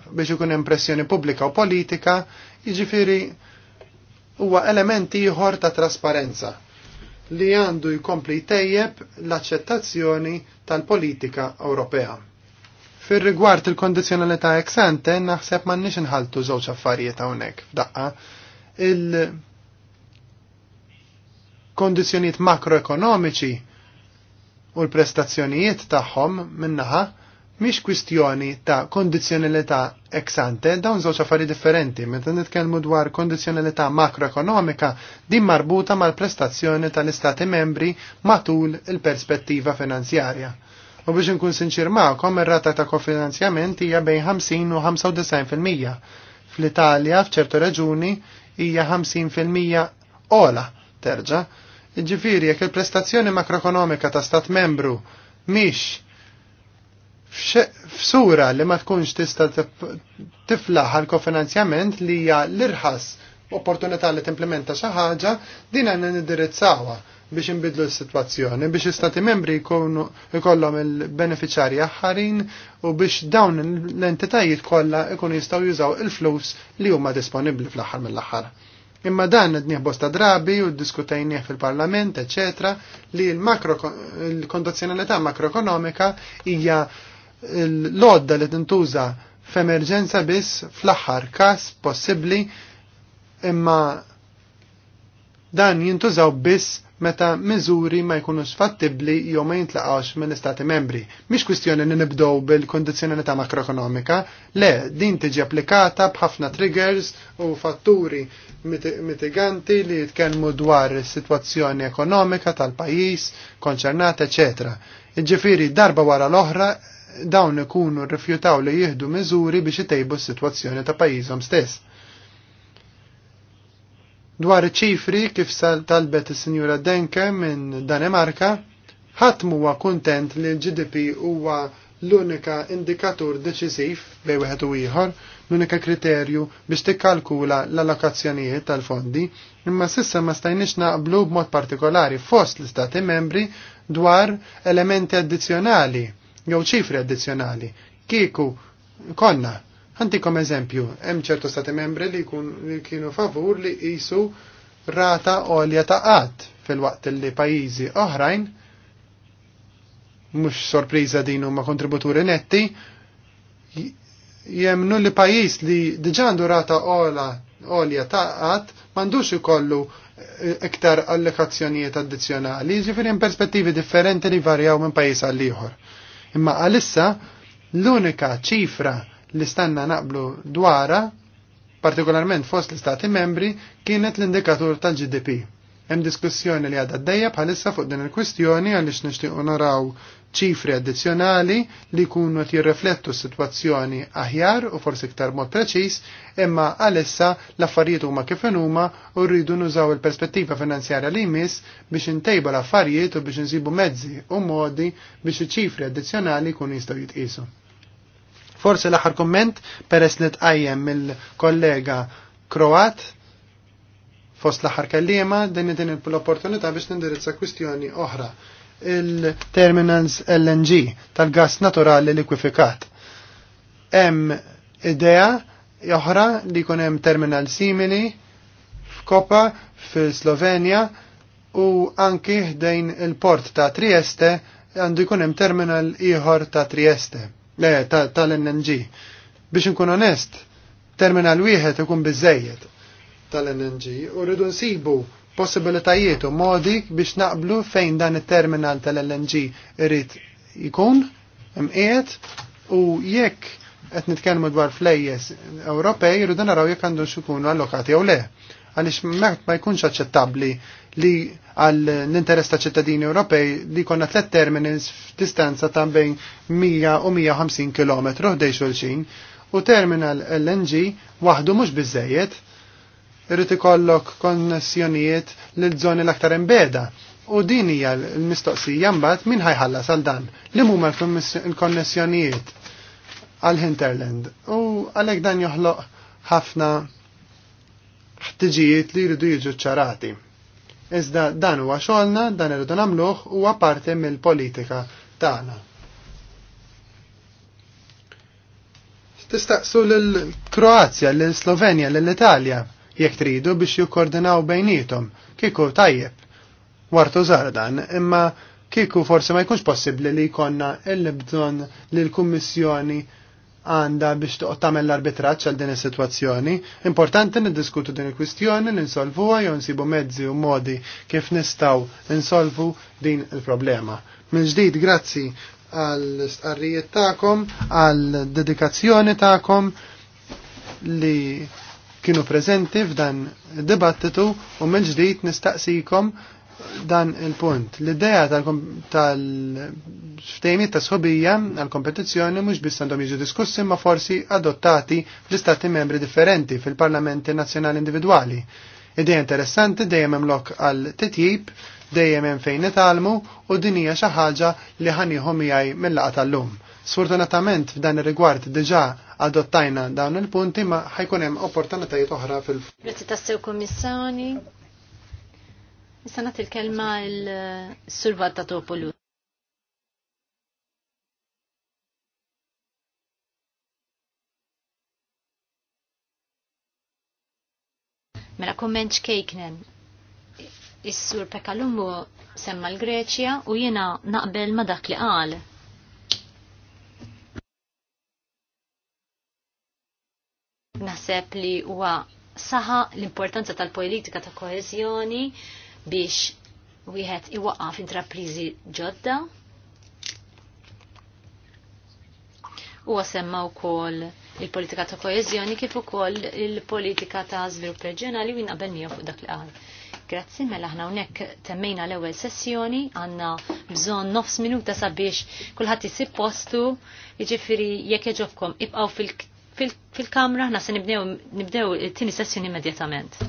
biex ikun hemm pressjoni pubblika u politika, jiġifieri huwa elementi ieħor ta' trasparenza li għandu jkompli tejjeb l accettazzjoni tal-politika Ewropea. Fir rigward il-kondizjonalità ex ante naħseb nix nħaltu zoċ affarijiet hawnhekk f'daqqa. Il-kondizzjonijiet makroekonomiċi u l-prestazzjonijiet tagħhom minnaħa mhix kwistjoni ta' kondizjonalità ex ante, dawn żewġ affarijiet differenti, meta nitkellmu dwar kondizjonalità makroekonomika din marbuta mal-prestazzjoni tal-Istati membri matul il-perspettiva finanzjarja. U biex nkun sinċir ma'kom ir-rata ta' kofinanzjament hija bejn 50 u 95%. Fl-Italja f'ċertu reġuni hija 50% ola terġa'. Ġifieri jekk il-prestazzjoni makroekonomika ta' stat membru mhix f'sura li ma tkunx tista' tiflaħ għal kofinanzjament li hija l-irħas opportunità li timplementa xi ħaġa din għandna niddirizzawa biex inbidlu s-sitwazzjoni, biex istati membri jkunu jkollhom il-beneficjarji aħħarin u biex dawn l-entitajiet kollha jkunu jistgħu jużaw il-flus li huma disponibbli fl-aħħar mill-aħħar. Imma dan id bosta drabi u diskutajnieh fil-parlament, eċetera, li l l-kondizjonalità makroekonomika hija l-lodda li tintuża f'emerġenza biss fl-aħħar każ possibbli imma dan jintużaw biss meta miżuri ma jkunux fattibbli jew ma jintlaqgħux mill-Istati membri. Mhix kwistjoni li nibdew bil-kondizzjonalità makroekonomika, le din tiġi applikata b'ħafna triggers u fatturi mitiganti li jitkellmu dwar is-sitwazzjoni ekonomika tal-pajjiż konċernat, eċetera. Iġifieri darba wara l-oħra dawn ikunu rrifjutaw li jieħdu miżuri biex itejbu s-sitwazzjoni ta' pajjiżhom stess. Dwar ċifri kif sal talbet is-Sinjura Denke minn Danimarka, ħadd huwa kuntent li l-GDP huwa l-unika indikatur deċisiv bej wieħed u ieħor, l-unika kriterju biex tikkalkula l-allokazzjonijiet tal-fondi, imma sissa ma stajniex naqblu b'mod partikolari fost l-Istati membri dwar elementi addizzjonali jew ċifri addizzjonali. Kieku konna, kom eżempju, hemm ċertu stati membri li kienu favur li qisu rata olja ta' qatt fil-waqt li pajjiżi oħrajn mhux sorpriża din huma kontributuri netti jemnu li pajjiż li diġà għandu rata olja ta' qatt m'għandux ikollu e, iktar allokazzjonijiet addizzjonali, ġifieri perspettivi differenti li varjaw minn pajjiż għall ieħor. Imma għalissa l-unika ċifra li stanna naqblu dwara partikolarment fost l-Istati membri, kienet l-indikatur tal-GDP. Hemm diskussjoni li għadha d bħalissa fuq din il-kwistjoni għaliex nixtiequ naraw ċifri addizzjonali li jkunu qed jirreflettu s-sitwazzjoni aħjar u forsi iktar mod preċiż, imma għalissa l-affarijiet huma kif huma u rridu nużaw il-perspettiva finanzjarja li jmiss biex intejbu l-affarijiet u biex insibu mezzi u modi biex iċ-ċifri addizzjonali jkunu jistgħu jitqisu. Forsi l-aħħar komment peress li tqajjem mill-kollega Kroat Fost l-aħħar kellima din din l-opportunità biex nindirizza kwistjoni oħra il-terminals LNG tal-gas naturali likwifikat. Hemm idea oħra li jkun hemm terminal simili f'Kopa fil-Slovenja u anki ħdejn il-port ta' Trieste għandu jkun hemm terminal ieħor ta' Trieste, le eh, tal nng Biex nkun onest, terminal wieħed ikun biżejjed tal-LNG u rridu nsibu possibilitajiet u modi biex naqblu fejn dan it-terminal tal-LNG irrid ikun imqiet u jekk qed nitkellmu dwar flejjes Ewropej irridu naraw jekk għandhom jkunu allokati jew le għaliex ma jkunx aċċettabbli li għall l-interess ta' ċittadini Ewropej li konna tlet terminals f'distanza ta' bejn 100 u 150 km ħdej xulxin u terminal LNG waħdu mhux biżejjed irrid ikollok konnessjonijiet lil żoni l-aktar imbeda. U din hija l-mistoqsija mbagħad min ħajħallas għal dan li huma l-konnessjonijiet għal hinterland u għalhekk dan joħloq ħafna ħtiġijiet li jridu jiġu ċarati. Iżda dan huwa xogħolna, dan irridu nagħmluh huwa parti mill-politika tagħna. Tistaqsu lill-Kroazja, lill-Slovenja, lill-Italja jekk tridu biex jikkoordinaw bejnietom. Kiku tajjeb. Wartu żar dan, imma kiku forsi ma jkunx possibbli li jkollna il bżonn li l-Kummissjoni għanda biex toqgħod tagħmel l-arbitraġġ għal din is-sitwazzjoni. Importanti niddiskutu din il-kwistjoni li nsolvuha jew nsibu mezzi u modi kif nistgħu insolvu din il-problema. Minn ġdid grazzi għall istqarrijiet tagħkom, għall dedikazzjoni tagħkom li kienu preżenti f'dan dibattitu u mill-ġdid nistaqsikom dan il-punt. L-idea tal-ftejmiet ta' sħobija għal-kompetizzjoni mhux biss għandhom jiġu diskussi ma' forsi adottati fl-istati membri differenti fil-parlamenti nazzjonali individwali. Idea interessanti dejjem hemm lok għal titjib, dejjem hemm fejn nitalmu u din hija xi ħaġa li ħanieħu miegħi mill-laqgħa tal-lum. Sfortunatament f'dan ir-rigward diġà adottajna dawn il-punti ma ħajkun hemm opportunitajiet oħra fil Grazzi tassew kummissjoni. Issa nagħti il-kelma l-Sur eh, Topolu. Mela komment kejknen. Is-Sur Pekalumbu semma l-Greċja u jiena naqbel ma dak li qal Naħseb li huwa saħa l-importanza tal-politika ta' koezjoni biex wieħed iwaqaf intraprizi ġodda. Huwa semma wkoll il-politika ta' koezjoni kif ukoll il-politika ta' żvilupp reġjonali u jinqabel miegħu fuq dak li qal. Grazzi, mela aħna hawnhekk temmejna l-ewwel sessjoni, għandna bżonn nofs minuta sabiex kulħadd isib postu, jiġifieri jekk jeġobkom ibqgħu fil fil-kamra, nasa se nibdew it-tieni sessjoni immedjatament.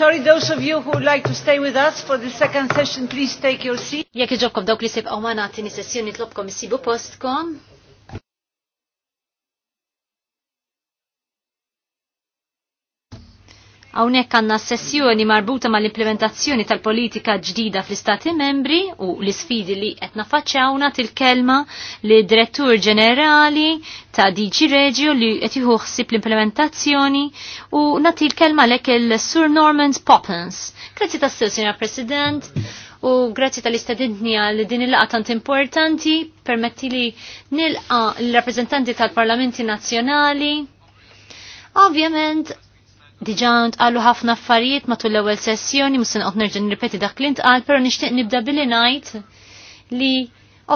sorry, those of you who would like to stay with us for the second session, please take your seat. Jekk iġobkom dawk li sebqaw ma nagħtini sessjoni tlobkom issibu postkom. Hawnhekk għandna sessjoni marbuta mal-implementazzjoni tal-politika ġdida fl-Istati membri u l-isfidi li qed nafaċċawna til-kelma li direttur ġenerali ta' DG Regio li qed jieħu ħsieb l-implementazzjoni u nagħti l-kelma lek il-Sur Norman Poppins. Grazzi tas-sew, Sinjor President, u grazzi tal-istadintni għal din il-laqa tant importanti, permetti li nilqa l-rappreżentanti tal-Parlamenti Nazzjonali. Ovvjament, Diġant għallu ħafna affarijiet matul l-ewwel sessjoni, musin qed nerġa' nirrepeti dak li ntqal, però nixtieq nibda billi ngħid li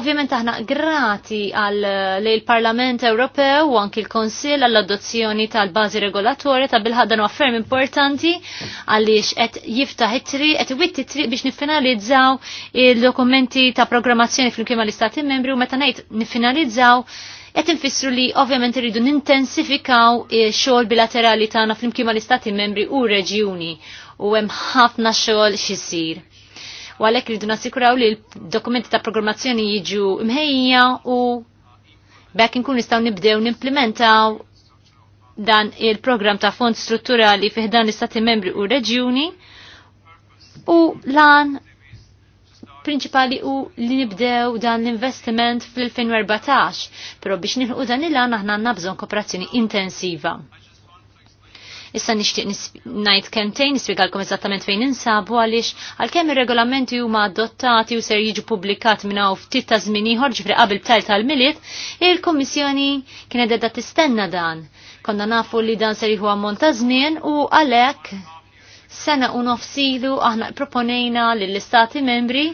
ovvjament aħna grati għal li il parlament Ewropew u anki l-Konsil għall-adozzjoni tal-bażi regolatorja ta' bil-ħadan u affermi importanti għaliex qed jiftaħ it-triq qed iwitti triq biex niffinalizzaw il-dokumenti ta' programmazzjoni fl-kien mal-Istati Membri u meta ngħid niffinalizzaw qed infissru li ovvjament rridu nintensifikaw xogħol bilaterali tagħna flimkien mal-istati membri u reġjuni u hemm ħafna xogħol xisir. U għalhekk rridu nassikuraw li l-dokumenti ta' programmazzjoni jiġu mħejja u bekk inkun nistgħu nibdew nimplementaw dan il-programm ta' fond strutturali fiħdan l-istati membri u reġjuni u lan prinċipali u li nibdew dan l-investiment fl-2014, pero biex nilħu dan il-għan aħna għanna bżon kooperazzjoni intensiva. Issa nixtieq ngħid kemtejn nispjegalkom eżattament fejn insabu għaliex għalkemm ir-regolamenti huma adottati u ser jiġu publikat minn hawn ftit ta' żmien ieħor ġifri qabel tal tal milied il-Kummissjoni kienet edha tistenna dan. Konna nafu li dan ser jieħu ammont ta' żmien u għalhekk sena u nofsilu aħna proponejna lill-istati membri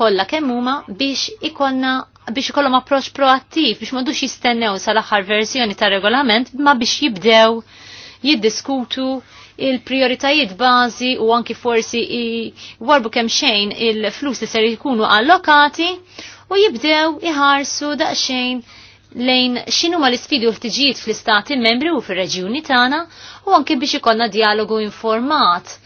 kollha kemm huma biex ikollna biex ikollhom approċċ proattiv biex m'għandux jistennew sal-aħħar verżjoni tar regolament ma biex jibdew jiddiskutu il-prioritajiet bażi u anki forsi warbu kemm xejn il-flus li ser jkunu allokati u jibdew iħarsu daqsxejn lejn xinu ma l isfidi u l fl-istati membri u fil-reġjuni tagħna u anke biex ikollna dialogu informat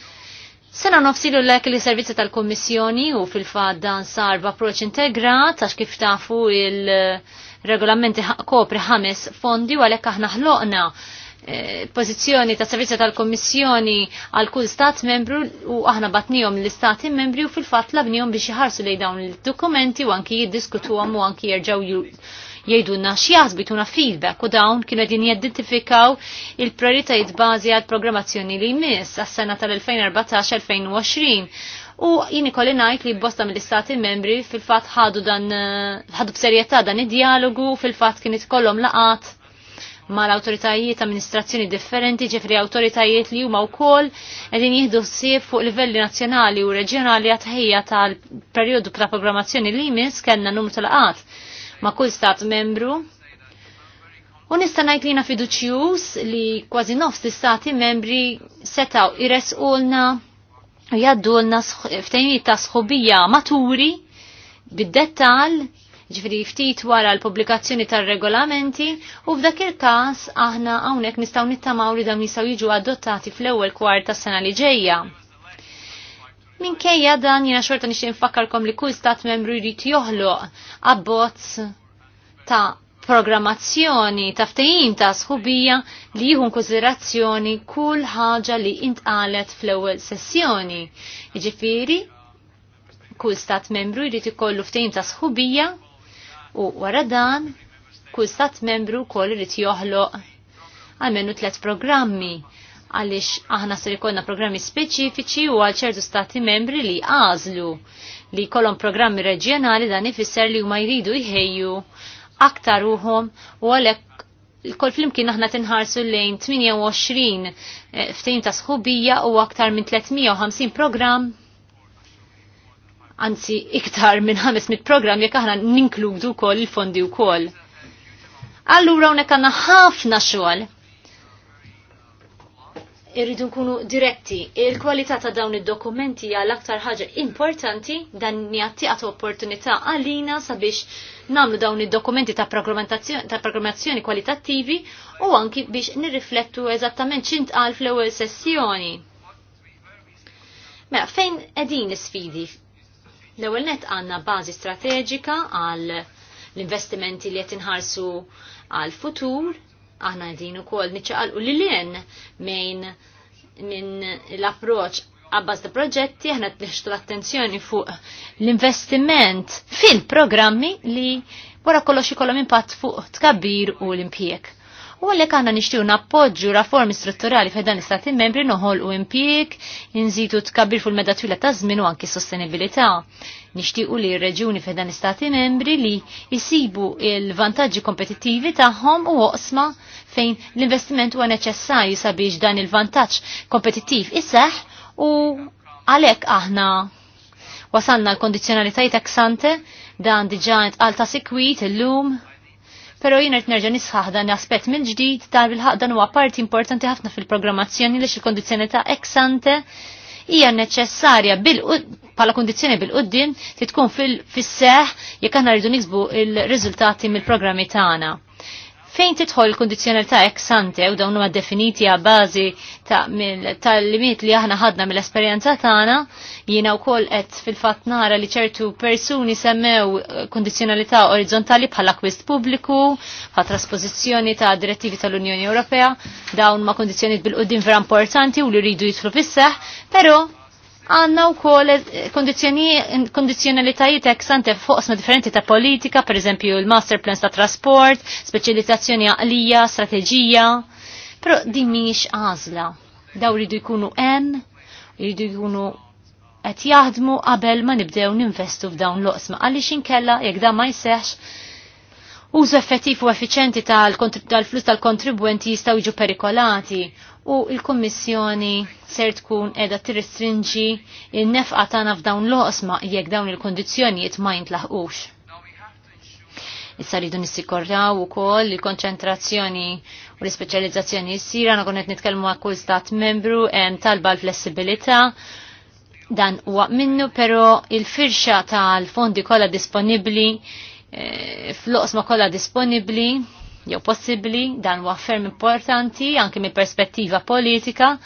Sena nofsilu l-ek li servizzi tal-Kommissjoni u fil fad dan sar b'approċ integrat għax kif tafu il-regolamenti kopri ħames fondi u għalek aħna ħloqna eh, pozizjoni ta' servizja tal-Kommissjoni għal kull stat membru u aħna batnijom l-istati membri u fil-fat labnijom biex jħarsu lej dawn il-dokumenti u anki jiddiskutuhom u anki jirġaw jgħidulna x'jaħsbu jtuna feedback u dawn kienu qegħdin jidentifikaw il-prioritajiet bażi għal programmazzjoni li jmiss għas-sena tal-2014-2020 U jini kolli najt li bosta mill-istati membri fil-fat ħadu dan, ħadu b'serjetà dan id-dialogu, fil-fat kien kollom laqat ma l-autoritajiet amministrazzjoni differenti ġifri autoritajiet li huma wkoll qegħdin jieħdu ssieb fuq livelli nazzjonali u reġjonali għat ħejja tal-perjodu ta' programmazzjoni li jmiss kellna numru tal-qat ma' kull stat membru. U nista' ngħid lina fiduċjuż li kważi nofs l-istati membri setaw iresqulna u jaddulna ftejnijiet ta' sħubija maturi bid-dettal ġifri ftit wara l-publikazzjoni tal-regolamenti u f'dak il-każ aħna hawnhekk nistgħu nittamaw li dawn jistgħu jiġu adottati fl-ewwel kwart tas-sena li ġejja. Minkejja dan jiena xorta nixtieq infakkarkom li kull stat membru jrid joħloq abbozz ta' programmazzjoni ta' ftehim ta' sħubija li jieħu konsiderazzjoni kull ħaġa li intqalet fl-ewwel sessjoni. Jiġifieri, kull stat membru jrid ikollu ftehim ta' sħubija u wara dan kull stat membru kol jrid joħloq għalmenu tliet programmi għaliex aħna ser ikollna programmi speċifiċi u għal ċertu stati membri li għażlu li kolom programmi reġjonali dan ifisser li huma jridu jħejju aktar ruhom u għalhekk il-kol flimkien aħna tinħarsu lejn 28 eh, ftejn ta' sħubija u aktar minn 350 program anzi iktar minn 500 program jekk aħna ninkludu wkoll il-fondi wkoll. Allura unek għandna ħafna xogħol irridu nkunu diretti. Il-kwalità ta' dawn id-dokumenti hija l-aktar ħaġa importanti dan jagħti għat opportunità għalina sabiex nagħmlu dawn id-dokumenti ta' programmazzjoni kwalitattivi u anki biex nirriflettu eżattament x'int qal fl-ewwel sessjoni. Mela fejn qegħdin is-sfidi? L-ewwel net għandna bażi strateġika għal l-investimenti li qed inħarsu għal futur Aħna għedin u kol niċċaqalqu li l-in minn min l-approċ għabbas da proġetti aħna t l-attenzjoni fuq l-investiment fil-programmi li wara kollox ikollhom impatt fuq tkabbir u l-impjek. U għallek għanna nishtiju nappoġġu raformi strutturali f'dan l-istati membri noħol u impjek, inżitu tkabbir fil meda twila ta' żmien u s sostenibilità. Nixtiequ li r-reġuni f'dan istati membri li jisibu il-vantaġġi kompetittivi tagħhom u oqsma fejn l-investiment huwa neċessarju sabiex dan il-vantaġġ kompetittiv isseħ u għalhekk aħna wasalna l-kondizjonalitajiet eksante dan diġà għalta sikwit illum pero jina nerġa' nisħaħ dan aspett mill ġdid tal ħaq dan huwa parti importanti ħafna fil-programmazzjoni li xil kondizzjonalità ta' ex ante hija neċessarja bil pala kondizjoni bil-qoddim li tkun fil-seħ jekk aħna rridu niksbu il-riżultati mill-programmi tagħna fejn titħol kondizjonalità ex ante u dawn huma definiti għal bażi tal-limit li aħna ħadna mill-esperjenza tagħna, jiena wkoll qed fil-fatt nara li ċertu persuni semmew eh, kondizjonalità orizzontali bħal akwist pubbliku, bħal trasposizzjoni ta' direttivi tal-Unjoni Ewropea, dawn ma' kondizjonijiet bil-qudiem vera importanti u li rridu jidħlu fisseħ, pero però għanna u kol kondizjonalitajiet eksante fuqsma differenti ta' politika, per eżempju il-master plans ta' trasport, specializzazzjoni għalija, strategija, pero din miex għazla. Daw ridu jkunu en, ridu jkunu qed jaħdmu qabel ma nibdew ninvestu f'dawn l osma għaliex inkella jekk dan ma jsex, użu effettiv u effiċenti tal-flus tal kontribuenti jistgħu jiġu perikolati u il-Kommissjoni ser tkun edha tirrestrinġi il-nefqa tagħna f'dawn l-oqsma jekk dawn il-kondizzjonijiet ma jintlaħqux. Issa rridu nissikorraw ukoll il-konċentrazzjoni u l-ispeċjalizzazzjoni jsir għandna qed nitkellmu għal kull stat membru hemm talba l-flessibilità dan huwa minnu pero il-firxa tal-fondi kollha disponibbli eh, fl-oqsma kollha disponibbli jew possibbli, dan huwa ferm importanti anke mill perspettiva politika,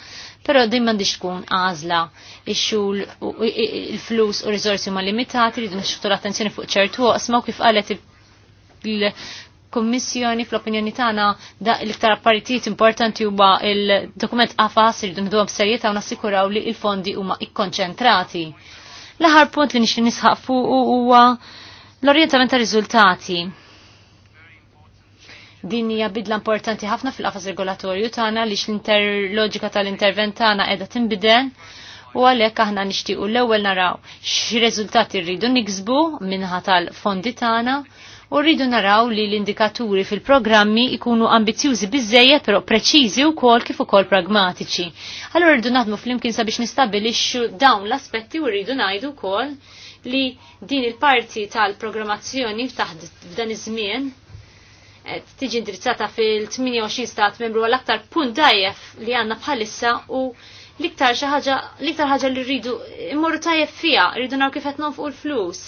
però din m'għandix tkun għażla ix-xul il-flus u riżorsi huma limitati, rridu nixtu l-attenzjoni fuq ċertu oqsma u kif qalet il-Kommissjoni fl-opinjoni tagħna l-iktar partijiet importanti huwa il-dokument qafas irridu nħduhom b'serjetà u nassikuraw li l-fondi huma ikkonċentrati. L-aħħar punt li nixtieq nisħaq fuq huwa l-orjentament ta' riżultati Din hija bidla importanti ħafna fil-qafas regolatorju tagħna li l-interloġika tal-intervent tagħna qiegħda tinbidel u għalhekk aħna nixtiequ l-ewwel naraw x'riżultati rridu niksbu minħa tal-fondi tagħna u rridu naraw li l-indikaturi fil-programmi ikunu ambizjużi bizzejja però preċiżi u kol kif ukoll pragmatiċi. Allora rridu naħdmu flimkien sabiex nistabilixxu dawn l-aspetti u rridu ngħidu wkoll li din il-parti tal-programmazzjoni f'dan iż-żmien tiġi indirizzata fil-28 stat membru għal-aktar punt dajef li għanna bħalissa u liktar xaħġa, liktar ħaġa li rridu immorru tajjeb fija, rridu naw kif qed fuq il-flus.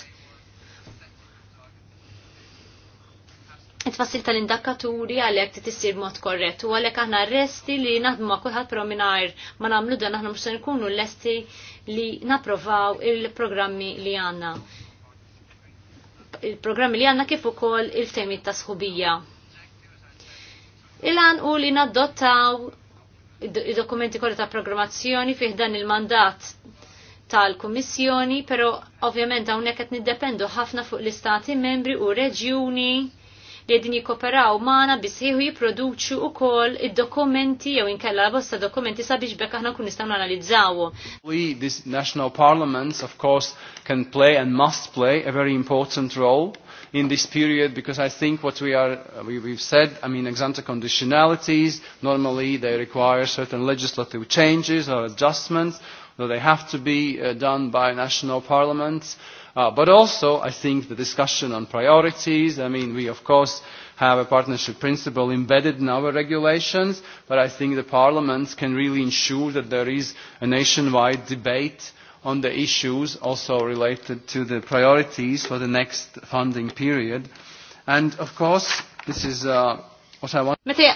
it tal-indakaturi għalek t-tissir mod korret u għalek aħna resti li naħdmu kulħadd kullħat minnajr ma namlu dan aħna mux nkunu l-esti li naprovaw il-programmi li għanna. Il-programmi li għanna kif ukoll il-temi ta' sħubija il-għan u li naddottaw id-dokumenti kollha ta' programmazzjoni fih dan il-mandat tal-Kummissjoni, pero ovvjament hawnhekk qed niddependu ħafna fuq l-istati membri u reġjuni li din jikoperaw magħna bisħiħu jiproduċu u kol id-dokumenti jew inkella bosta dokumenti sabiex bekk aħna kun nistgħu analizzawu. We, these national parliaments, of course, can play and must play a very important role in this period because I think what we are, uh, we, we've said, I mean, exante conditionalities, normally they require certain legislative changes or adjustments, though they have to be uh, done by national parliaments. Uh, but also, I think the discussion on priorities, I mean, we of course have a partnership principle embedded in our regulations, but I think the parliaments can really ensure that there is a nationwide debate on the issues also related to the priorities for the next funding period. And of course, this is uh, what I want. Mattia.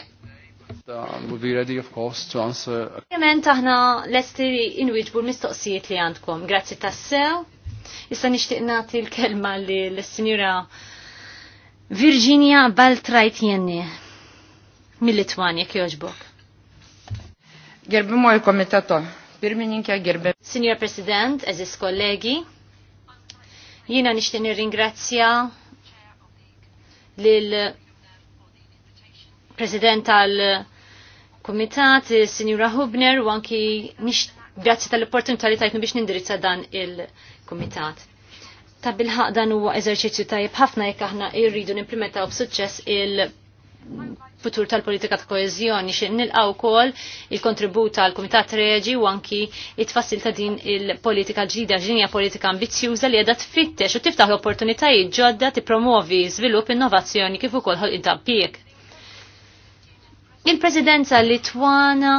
Uh, we'll be ready, of course, to answer. Jemen taħna l-esti inwiġbu l-mistoqsijiet li għandkom. Grazzi tassew. Issa nishtiq nati l-kelma li l-Sinjura Virginia Baltrajt Jenni mill-Litwanja kjoġbok. Gerbimu il-komitato pirmininkja gerbe. Signor President, eżis kollegi, jina nishtin ringrazzja lil President tal-Kumitat, Signora Hubner, u anki grazzi tal-opportunità li tajtnu biex nindirizza dan il-Kumitat. Ta' bilħaq dan huwa eżerċizzju tajjeb ħafna jekk aħna irridu nimplementaw b'suċċess il futur tal-politika ta' koezjoni xi nilqgħu wkoll il-kontribut tal-Kumitat Reġi u anki it fassil ta' din il-politika ġdida ġinja politika ambizjuza li qiegħda tfittex u tiftaħ opportunitajiet ġodda tippromovi żvilupp innovazzjoni kif ukoll id tampijek. Il-Presidenza Litwana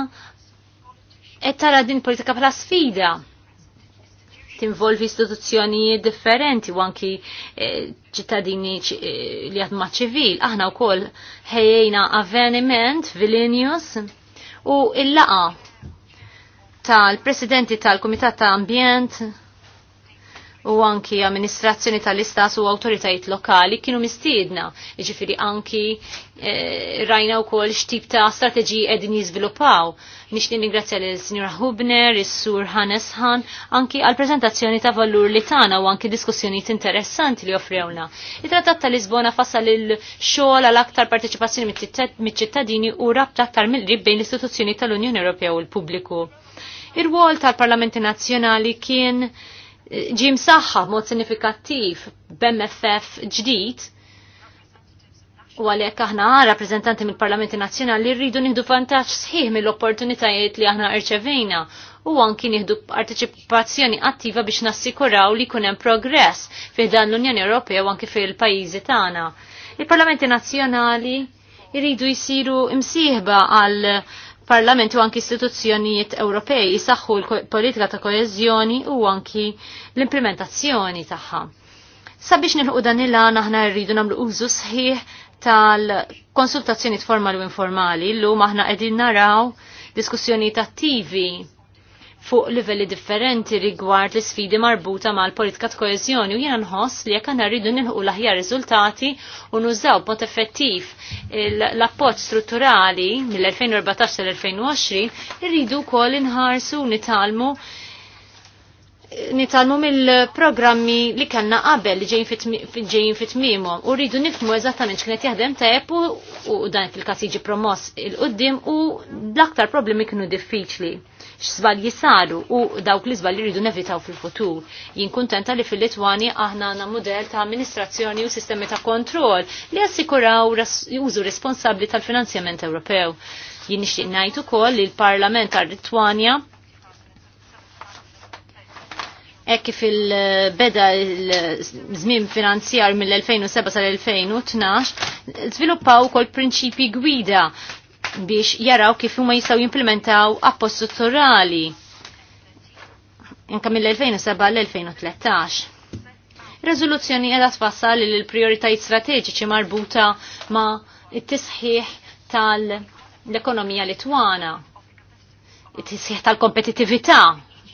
qed tara din politika bħala sfida tinvolvi istituzzjonijiet differenti u anki eh, ċittadini eh, li għadma ċivil. Aħna u koll ħejjina avveniment Vilnius u il-laqa tal-presidenti tal-Komitat ta' Ambjent u anki amministrazzjoni tal istas u autoritajiet lokali kienu mistiedna. Iġifiri anki eh, rajna u kol xtib ta' strategi edin jizvilupaw. Nixni ningrazzja l-Sinjur Hubner, il-Sur Hannes Han, anki għal-prezentazzjoni ta' valur li tana u anki diskussjoniet interessanti li offrewna. Il-Trattat ta' Lisbona fassa l-xol għal-aktar partecipazzjoni mit-ċittadini u rabta aktar mill-rib bejn l-istituzzjoni tal-Unjoni Ewropea u l-pubbliku. Ir-wol tal-Parlamenti Nazzjonali kien ġim saħħa mod sinifikattiv b'MFF ġdid u għalhekk aħna rappreżentanti mill-Parlamenti Nazzjonali rridu nieħdu vantaġġ sħiħ mill-opportunitajiet li aħna rċevejna u anki nieħdu partecipazzjoni attiva biex nassikuraw li jkun hemm progress fih dan l-Unjoni Ewropea u anki fil-pajjiżi tagħna. Il-Parlamenti Nazzjonali jridu jisiru imsieħba għal parlament u anki istituzzjonijiet Ewropej saħħu l-politika ta' koezjoni u anki l-implementazzjoni tagħha. Sabiex nilħu dan il-għan aħna rridu nagħmlu użu sħiħ tal-konsultazzjoni formali u informali, l-lum aħna qegħdin naraw diskussjoni attivi fuq livelli differenti rigward l sfidi marbuta mal-politika ta' koezjoni u jena nħoss li jekk għandna rridu nilħu l-aħjar riżultati u nużaw b'mod effettiv l-appoġġ strutturali mill-2014 tal-2020 irridu wkoll inħarsu nitalmu nitalmu mill-programmi li kanna qabel li ġejjin fit-tmimhom u rridu nifmu eżattament x'kienet jaħdem tajb u dan fil-każ jiġi promoss il-qudiem u l-aktar problemi kienu diffiċli x'żbalji saru u dawk li żbalji jiridu nevitaw fil-futur. Jien kuntenta li fil-Litwani aħna għandna mudell ta' amministrazzjoni u sistemi ta' kontrol li assikuraw użu responsabbli tal-finanzjament Ewropew. Jien nixtieq ngħid ukoll li l-Parlament tar-Litwanja ekki fil-beda l-żmien finanzjar mill-2007 sal-2012, zviluppaw kol prinċipi gwida biex jaraw kif huma jistgħu jimplementaw appost strutturali Inka mill-2007 l-2013. Rezoluzzjoni qiegħda tfassal li l-prijoritajiet strateġiċi marbuta ma' it-tisħiħ tal-ekonomija Litwana, it-tisħiħ tal-kompetittività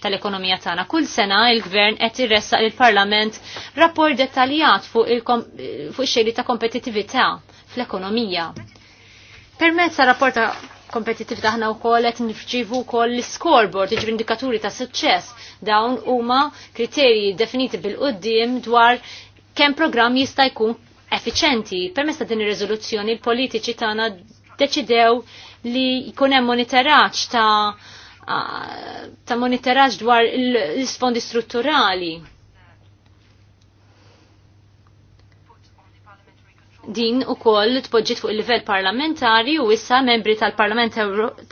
tal-ekonomija tagħna. Kull sena il-Gvern qed irressaq il-Parlament rapport dettaljat fuq il-xejri ta' kompetittività fl-ekonomija Permezz ta' rapport ta' kompetitiv taħna u kol għet nifġivu kol l-scoreboard, iġib indikaturi ta' suċċess. Dawn huma kriterji definiti bil-qoddim dwar kemm programm jista' jkun effiċenti. Permezz ta' din ir-riżoluzzjoni l-politiċi tagħna deċidew li jkun hemm monitoraġġ ta' ta' monitoraġġ dwar l-sfondi strutturali din u koll tpoġġiet fuq il-livell parlamentari u issa membri tal-Parlament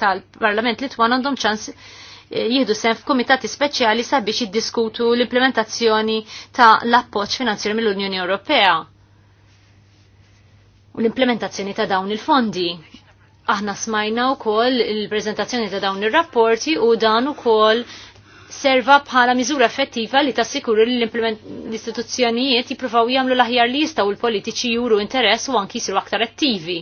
tal-Parlament Litwan għandhom ċans eh, jihdu sen f'komitati speċjali sabiex jiddiskutu l-implementazzjoni ta' l-appoġġ finanzjari mill-Unjoni Ewropea u l-implementazzjoni ta' dawn il-fondi. Aħna smajna u koll il-prezentazzjoni ta' dawn il-rapporti u dan u koll serva bħala miżura effettiva li tassikuru li l-istituzzjonijiet jippruvaw jagħmlu l-aħjar li jistgħu l-politiċi juru interess u anki jisiru aktar attivi.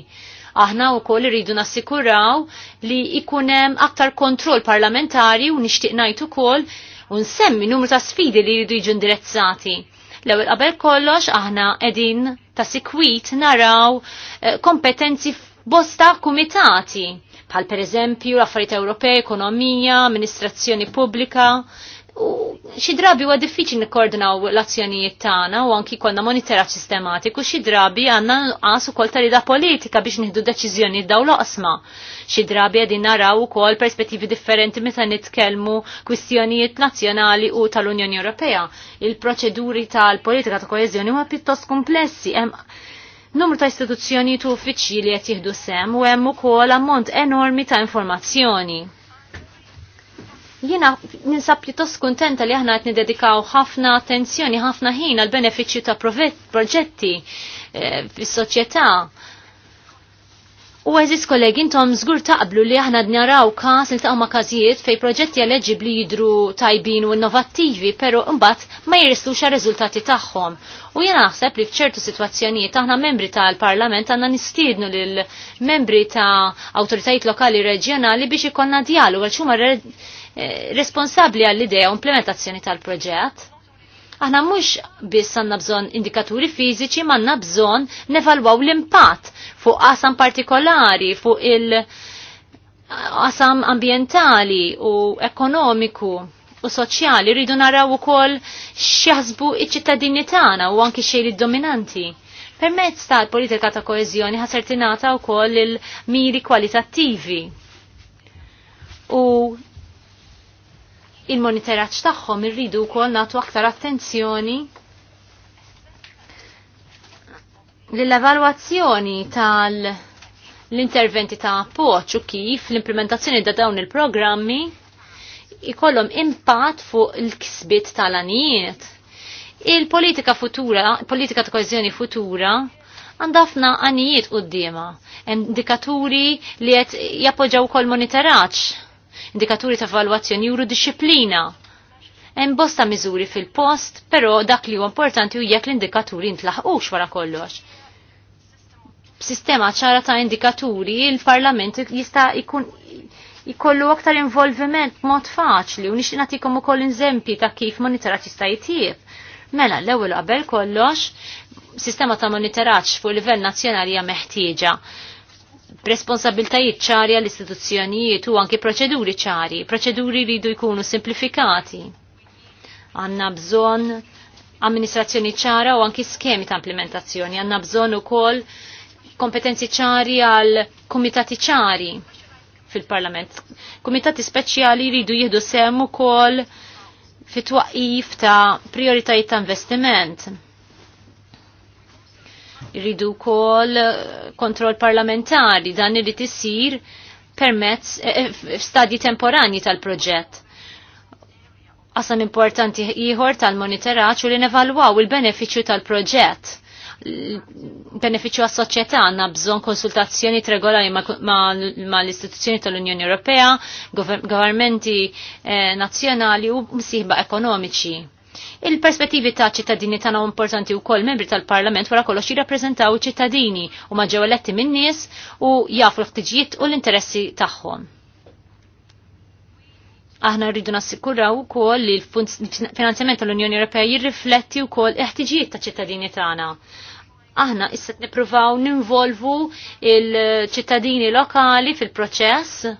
Aħna u koll rridu nassikuraw li ikunem aktar kontroll parlamentari u nixtieq ngħid ukoll u nsemmi numru ta' sfidi li jridu jiġu indirizzati. L-ewwel qabel kollox aħna qegħdin ta' sikwit naraw eh, kompetenzi bosta kumitati bħal pereżempju l-affarijiet Ewropej, ekonomija, amministrazzjoni pubblika, U xi drabi huwa diffiċli nikkoordinaw l-azzjonijiet tagħna u anki konna monitorat sistematiku xi drabi għandna nqas ukoll tarida politika biex nieħdu deċiżjoni daw l-oqsma. Xi drabi qegħdin naraw ukoll perspettivi differenti meta nitkellmu kwistjonijiet nazzjonali u tal-Unjoni Ewropea. Il-proċeduri tal-politika ta' koeżjoni huwa pjuttost komplessi numru ta' istituzzjoni u uffiċċji li qed jieħdu sem u hemm ukoll ammont enormi ta' informazzjoni. Jiena ninsab pjuttost kuntenta li aħna qed nidedikaw ħafna attenzjoni, ħafna ħin għal benefiċċju ta' proġetti eh, fis-soċjetà U għaziz kollegi, intom zgur taqblu li aħna d-naraw kas il ma' kazijiet fej proġetti eleġibli jidru tajbin u innovattivi, pero mbagħad ma xa riżultati tagħhom. U jena naħseb li fċertu situazzjoniet aħna membri tal-Parlament għandna nistiednu l membri ta' awtoritajiet lokali reġjonali biex ikollna dialu għal xuma eh, responsabbli għall-idea u implementazzjoni tal-proġett. Aħna mhux biss għandna bżonn indikaturi fiżiċi, ma għandna bżonn nevalwaw l-impatt fuq qasam partikolari, fuq il- qasam ambientali u ekonomiku u soċjali rridu naraw ukoll x'jaħsbu iċ-ċittadini tagħna u anki xejn id-dominanti. Permezz tal-politika ta' koeżjoni ħasertinata wkoll il-miri kwalitattivi. U il-monitoraġġ tagħhom irridu wkoll nagħtu aktar attenzjoni l-evalwazzjoni tal- l-interventi ta' appoċ u kif l-implementazzjoni da' dawn il-programmi ikollhom impatt fuq il-kisbit tal-anijiet. Il-politika futura, politika ta' koezjoni futura, għandafna għanijiet u d-dima, indikaturi li jappoġaw kol monitoraċ indikaturi ta' valwazzjoni juru disċiplina. Hemm bosta miżuri fil-post, però dak li huwa importanti hu jekk l-indikaturi ntlaħqux wara kollox. Sistema ċara ta' indikaturi, il-Parlament jista' jkun jkollu aktar involviment mod faċli u nix natikom u koll inżempi ta' kif monitorat jista' jitjieb. Mela, l ewwel qabel kollox, sistema ta' monitoraġġ fuq livell nazzjonali hija meħtieġa responsabiltajiet ċari għall-istituzzjonijiet u anki proċeduri ċari, proċeduri li du jkunu simplifikati. Għanna bżon amministrazzjoni ċara u anki skemi ta' implementazzjoni. Għanna bżon u kol kompetenzi ċari għal komitati ċari fil-parlament. Komitati speċjali li du jihdu semmu kol fit-twaqif ta' prioritajiet ta' investiment Rridu wkoll eh, kontroll parlamentari dan irid isir permezz eh, eh, f'stadji temporani tal-proġett. Qasam importanti ieħor tal monitoraċ u li nevalwaw il-benefiċċju tal-proġett beneficju għas soċjetà għandna bżonn konsultazzjoni regolari ma' l-istituzzjoni tal-Unjoni Ewropea, governmenti nazjonali nazzjonali u msieħba ekonomiċi. Il-perspettivi ta' ċittadini tagħna importanti wkoll membri tal-Parlament wara kollox jirrappreżentaw ċittadini u ma ġew eletti min-nies u jafu l-ħtiġijiet u l-interessi tagħhom. Aħna rridu nassikuraw ukoll li l-finanzjament tal-Unjoni Ewropea jirrifletti wkoll il-ħtiġijiet ta' ċittadini tagħna. Aħna issa nippruvaw ninvolvu il-ċittadini lokali fil-proċess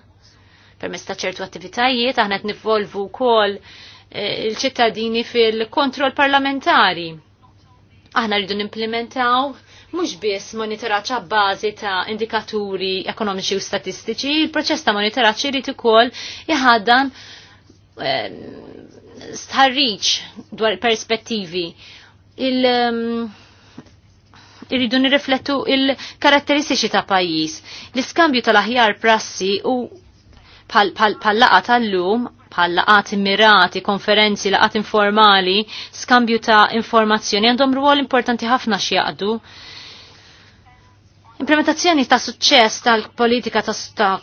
permezz ta' ċertu attivitajiet, aħna qed nivolvu wkoll Eh, il-ċittadini fil-kontroll parlamentari. Aħna rridu nimplementaw mhux biss monitoraċċa bażi ta' indikaturi ekonomiċi u statistiċi, il-proċess ta' monitoraġġ jrid ukoll jħaddan eh, starriċ dwar perspettivi. Il, ehm, irridu nirriflettu il-karatteristiċi ta' pajjiż. L-iskambju tal-aħjar prassi u pal-laqa tal-lum bħal laqat immirati, konferenzi, laqat informali, skambju ta' informazzjoni għandhom rwol importanti ħafna x'jaqdu Implementazzjoni ta' suċċess tal-politika ta'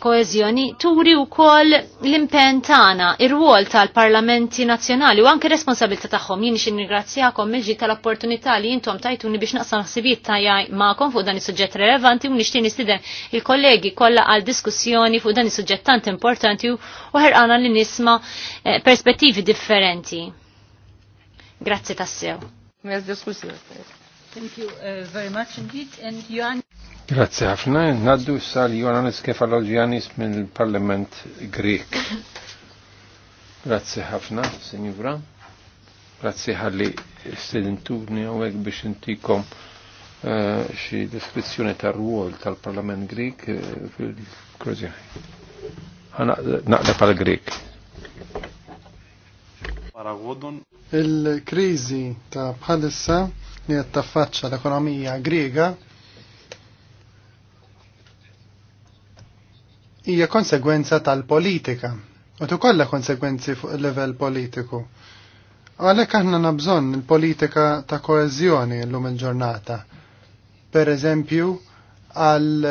koezjoni turi u kol l-impen tana, ir-wol tal-parlamenti nazjonali u anke responsabilta tagħhom. jini xin ringrazzjakom milġi tal-opportunità li jintom tajtuni biex naqsam ta' jaj ma'kom fuq dan is-suġġett relevanti u nixtieq istide il-kollegi kollha għal diskussjoni fuq dan is-suġġett tant importanti u ħerqana li nisma' eh, perspettivi differenti. Grazzi tassew. Mezz diskussjoni. Thank you uh, very much indeed. And Johan... Grazie ħafna. Naddu sal Johannes Kefalogianis minn il-Parlament Grek. Grazie ħafna, Signora. Grazie ħalli s-sedintuni għawek biex intikom uh, xi deskrizzjoni ta' ruol tal-Parlament Grek uh, fil-Krozjani. Naqda pal-Grek. Il-krizi ta' bħalissa li taffaċċa l-ekonomija Griega hija konsegwenza tal-politika u tkollha konsegwenzi fuq il-livell politiku. Għalhekk aħna nabżon il-politika ta' koeżjoni llum il-ġurnata. Per eżempju, għal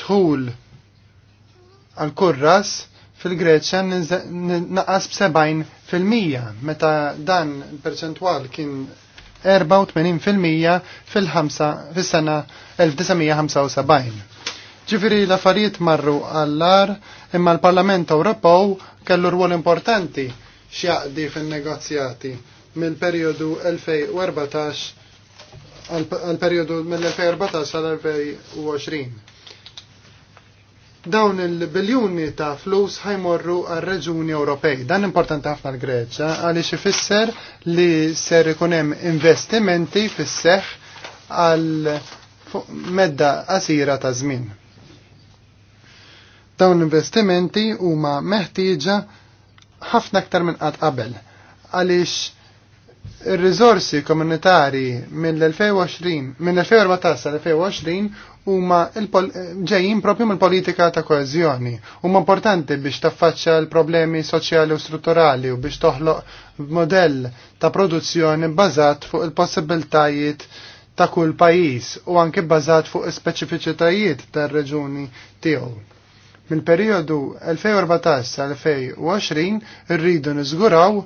tħul eh, għal kurras fil-Greċja naqas b-70% meta dan il-perċentwal kien 84% fil-ħamsa fis-sena 1975. Ġifiri l-affarijiet marru għallar imma l-Parlament Ewropew kellu rwol importanti x'jaqdi fin-negozjati mill-perjodu 2014 għal-periodu mill-2014 għal-2020 dawn il-biljuni ta' flus ħajmorru għal reġuni Ewropej. Dan importanti ħafna l-Greċja għaliex ifisser li ser ikun hemm investimenti fis-seħħ għal medda qasira ta' żmien. Dawn l-investimenti huma meħtieġa ħafna aktar minn qatt qabel għaliex ir rizorsi komunitari mill-2020 mill-2014 sal-2020 huma ġejjin propju mill-politika ta' koeżjoni. Huma importanti biex taffaċċja l-problemi soċjali u strutturali u biex toħloq modell ta' produzzjoni bbażat fuq il-possibiltajiet ta' kull pajjiż u anke bbażat fuq is-speċifiċitajiet tar-reġuni tiegħu. Mill-perjodu 2014 sal-2020 irridu niżguraw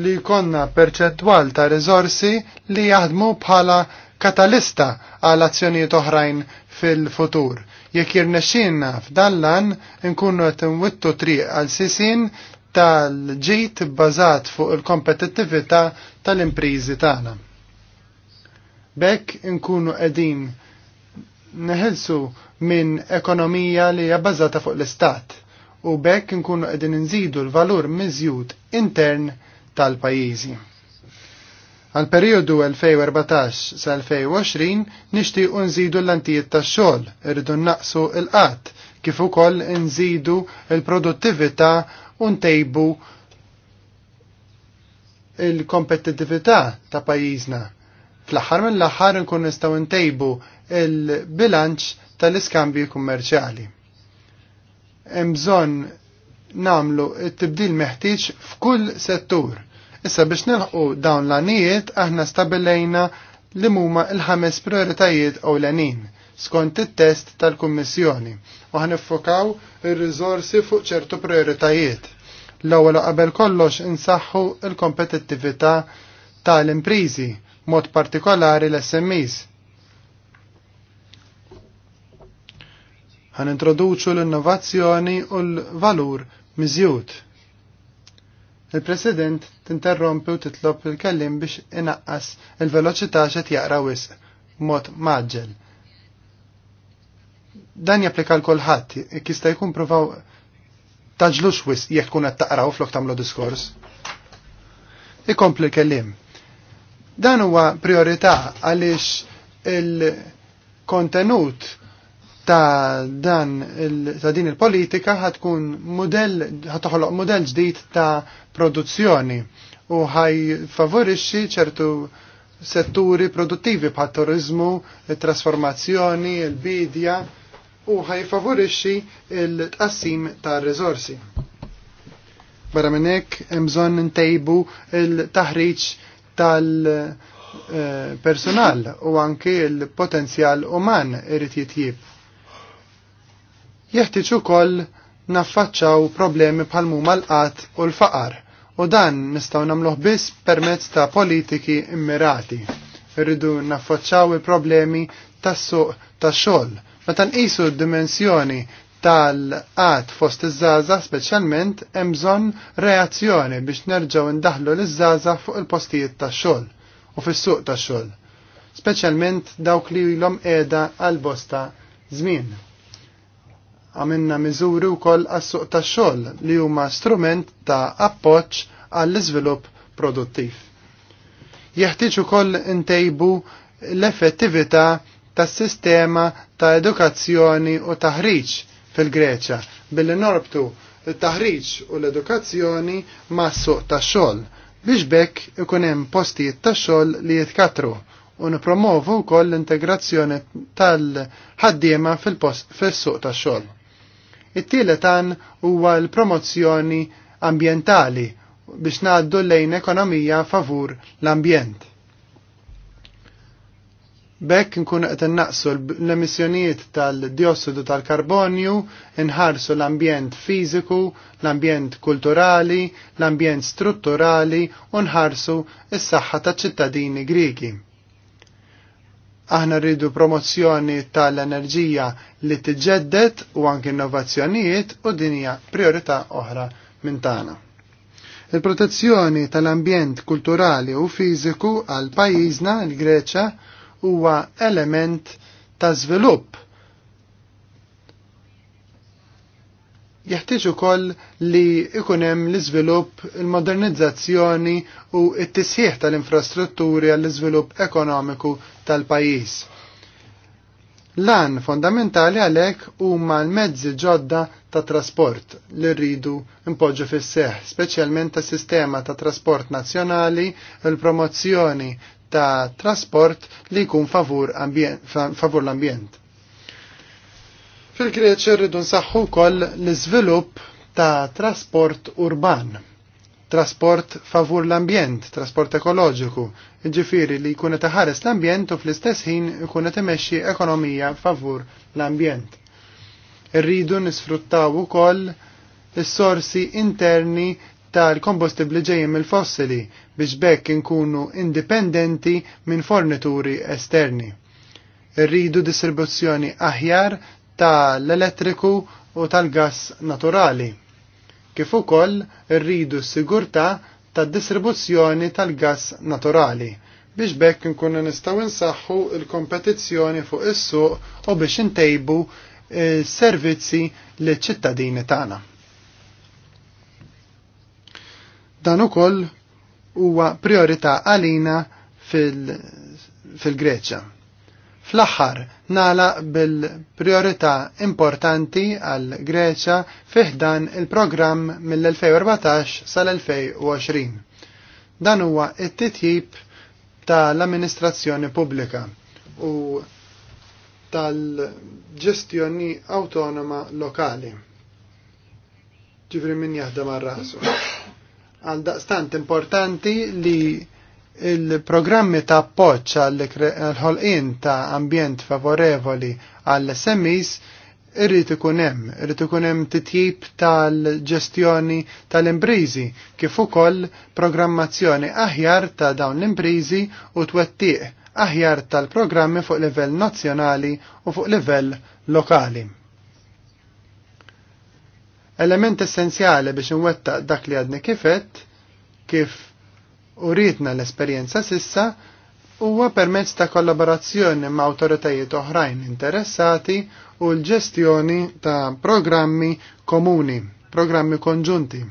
li konna perċetwal ta' rizorsi li jaħdmu bħala katalista għal azzjonijiet oħrajn fil-futur. Jekk jirnexxinna f'dan inkunu qed inwittu triq għal sisin tal-ġit bbażat fuq il-kompetittività tal-imprizi tagħna. Bekk nkunu qegħdin neħilsu minn ekonomija li hija bbażata fuq l-istat u bekk nkunu qegħdin inżidu l-valur miżjud intern tal-pajjiżi. Għal periodu 2014 sa 2020 nixtiequ nżidu l-antijiet tax-xogħol, irridu naqsu l-qatt kif ukoll nżidu l-produttività u ntejbu il-kompetitività ta' pajjiżna. Fl-aħħar mill-aħħar nkun nistgħu ntejbu il-bilanċ tal-iskambji kummerċjali. Hemm bżonn namlu t-tibdil meħtieġ f'kull settur. Issa biex nilħu dawn l-anijiet aħna stabilejna li huma l-ħames prioritajiet ewlenin skont it-test tal-Kummissjoni u ħanifokaw ir-riżorsi fuq ċertu prioritajiet. L-ewwel qabel kollox insaħħu l-kompetittività tal-imprizi, mod partikolari l-SMEs. Għan introduċu l-innovazzjoni u l-valur Mizjud. Il-President tinterrompi u titlob il-kellim biex inaqqas il-veloċità x'et jaqra wisq mod maġġel. Dan japplika l-kolħat, kista jkun provaw taġlux wisq jek tkun qed taqraw flok tagħmlu diskors. Ikompli l kellim. Dan huwa priorità għaliex il-kontenut ta' dan ta' din il-politika ħatkun modell ħatoħloq model ġdid ta' produzzjoni u ħaj favorixxi ċertu setturi produttivi bħat turizmu, trasformazzjoni, il-bidja u ħajfavorixxi il-tqassim ta' rizorsi. Barra minn hekk hemm bżonn ntejbu il-taħriġ tal-personal eh, u anke il-potenzjal uman irid jitjib jeħtieġ ukoll naffaċċaw problemi bħal huma l-qatt u l-faqar u dan nistgħu nagħmluh biss permezz ta' politiki immirati. Irridu naffaċċaw il-problemi tas-suq tax-xogħol. Meta nqisu d-dimensjoni tal-qat fost iż żaża speċjalment hemm bżonn reazzjoni biex nerġgħu ndaħlu l żaża fuq il-postijiet tax-xogħol u fis-suq tax-xogħol, speċjalment dawk li ilhom qiegħda għal bosta żmien għamilna miżuri wkoll għas-suq tax-xogħol li huma strument ta' appoġġ għall-iżvilupp produttiv. Jeħtieġ ukoll intejbu l-effettività tas-sistema ta' edukazzjoni u taħriġ fil-Greċja billi norbtu il-taħriġ u l-edukazzjoni ma' suq tax-xogħol biex bekk ikun hemm postijiet tax-xogħol li jitkatru u nipromovu wkoll l-integrazzjoni tal-ħaddiema fil-suq tax-xogħol. It-tielet għan huwa l-promozzjoni ambientali biex ngħaddu lejn ekonomija favur l-ambjent. Bekk nkun qed innaqsu l-emissjonijiet tal-diossidu tal-karbonju, inħarsu l-ambjent fiżiku, l-ambjent kulturali, l-ambjent strutturali u nħarsu s-saħħa taċ-ċittadini Griegi aħna rridu promozzjoni tal-enerġija li tiġġeddet u anke innovazzjonijiet u dinja priorità oħra minn tagħna. Il-protezzjoni tal-ambjent kulturali u fiżiku għal pajjiżna l-Greċja huwa element ta' żvilupp. Jeħtieġ ukoll li ikun hemm l-iżvilupp, il-modernizzazzjoni u t-tisħiħ tal-infrastrutturi għall-iżvilupp ekonomiku tal-pajis. Lan fondamentali għalek huma l-mezzi ġodda ta' trasport li rridu impoġġu fis seħ speċjalment ta' sistema ta' trasport nazzjonali il-promozzjoni ta' trasport li jkun favur, favur l-ambjent. Fil-Greċi rridu nsaħħu wkoll l-iżvilupp ta' trasport urban trasport favur l-ambjent, trasport ekoloġiku, ġifiri li jkun qed l-ambjent u fl-istess ħin ikun qed imexxi ekonomija favur l-ambjent. Irridu nisfruttaw ukoll is-sorsi interni tal-kombustibli ġejjin mill-fossili biex bekk inkunu indipendenti minn fornituri esterni. Irridu distribuzzjoni aħjar tal-elettriku u tal-gas naturali kif ukoll rridu s-sigurtà tad-distribuzzjoni tal-gass naturali biex bekk nkunu nistgħu nsaħħu l-kompetizzjoni fuq is-suq u biex intejbu servizzi li ċittadini tagħna. Dan ukoll huwa priorità għalina fil-Greċja. Fil Fl-aħħar nala bil-priorità importanti għal Greċja fiħdan il-programm mill-2014 sal-2020. Dan huwa it-titjib tal-amministrazzjoni pubblika u tal-ġestjoni autonoma lokali. Ġivri min jaħdem għal rasu. Għal daqstant importanti li il-programmi ta' appoċ għall-ħolqien ta' ambjent favorevoli għall-SMEs irrid ikun hemm, irrid ikun hemm titjib tal-ġestjoni tal-imprizi kif ukoll programmazzjoni aħjar ta' dawn l-imprizi u twettieq aħjar tal-programmi fuq livell nazzjonali u fuq livell lokali. Element essenzjali biex nwettaq dak li għadni kifet kif u rritna l-esperjenza sissa huwa permezz ta' kollaborazzjoni ma' autoritajiet oħrajn interessati u l-ġestjoni ta' programmi komuni, programmi konġunti.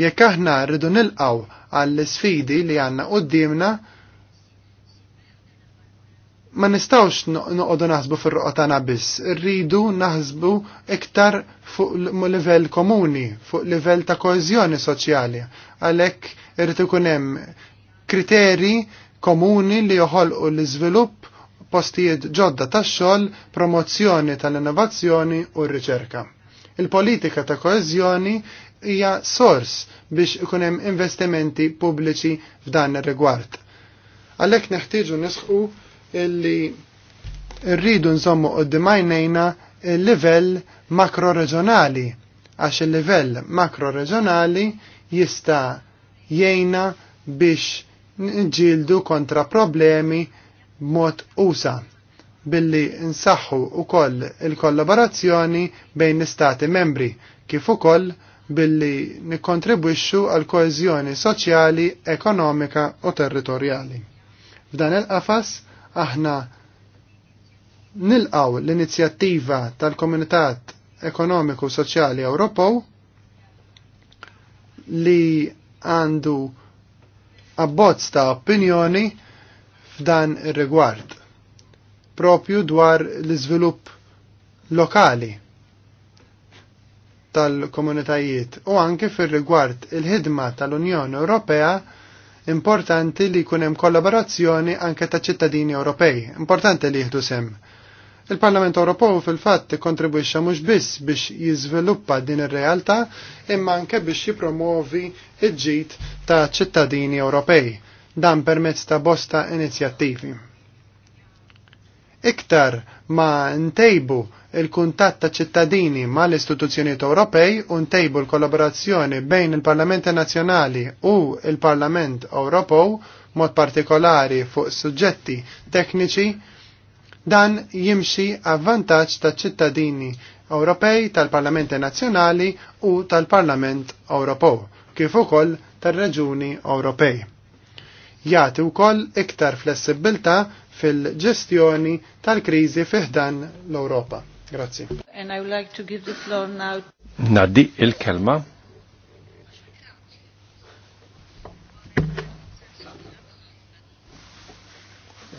Jekk aħna rridu nilqaw għall-sfidi li għanna qudiemna, ma nistawx noqogħdu naħsbu fir-roqa tagħna biss, rridu naħsbu iktar fuq livell komuni, fuq livell ta' koeżjoni soċjali, għalhekk irrid ikun hemm kriteri komuni li joħolqu l-iżvilupp postijiet ġodda tax-xogħol, promozzjoni tal-innovazzjoni u r-riċerka. Il-politika ta' koeżjoni hija sors biex ikun hemm investimenti pubbliċi f'dan ir-rigward. Għalhekk neħtieġu nisħu illi rridu nżommu qudiem għajnejna il-livell makroreġjonali għax il-livell reġjonali jista' jiena biex nġildu kontra problemi b'mod usa billi nsaħħu koll il-kollaborazzjoni bejn l-istati membri kif ukoll billi nikkontribwixxu għal koeżjoni soċjali, ekonomika u territorjali. F'dan il-qafas aħna nilqaw l-inizjattiva tal-Komunitat Ekonomiku Soċjali Ewropew li għandu abbozz ta' opinjoni f'dan ir-rigward, propju dwar l-iżvilupp lokali tal-komunitajiet u anke fir-rigward il-ħidma tal-Unjoni Ewropea importanti li jkun hemm kollaborazzjoni anke ta' ċittadini Ewropej. Importanti li jieħdu sem Il-Parlament Ewropew fil-fatt kontribwixxa mhux biss biex jiżviluppa din ir-realtà imma anke biex l ġid ta' ċittadini Ewropej dan permezz ta' bosta inizjattivi. Iktar ma ntejbu il-kuntat ta' ċittadini ma l-istituzzjonijiet Ewropej u ntejbu l-kollaborazzjoni bejn il-Parlament Nazzjonali u il-Parlament Ewropew mod partikolari fuq suġġetti tekniċi Dan jimxi avvantaġġ taċ-ċittadini Ewropej, tal-Parlamenti Nazzjonali u tal-Parlament Ewropew, kif ukoll tar-Reġuni Ewropej. Jagħti wkoll iktar flessibilità fil-ġestjoni tal-kriżi fiħdan l-Ewropa. Grazzi. And I would like to give the floor now. Naddi il-kelma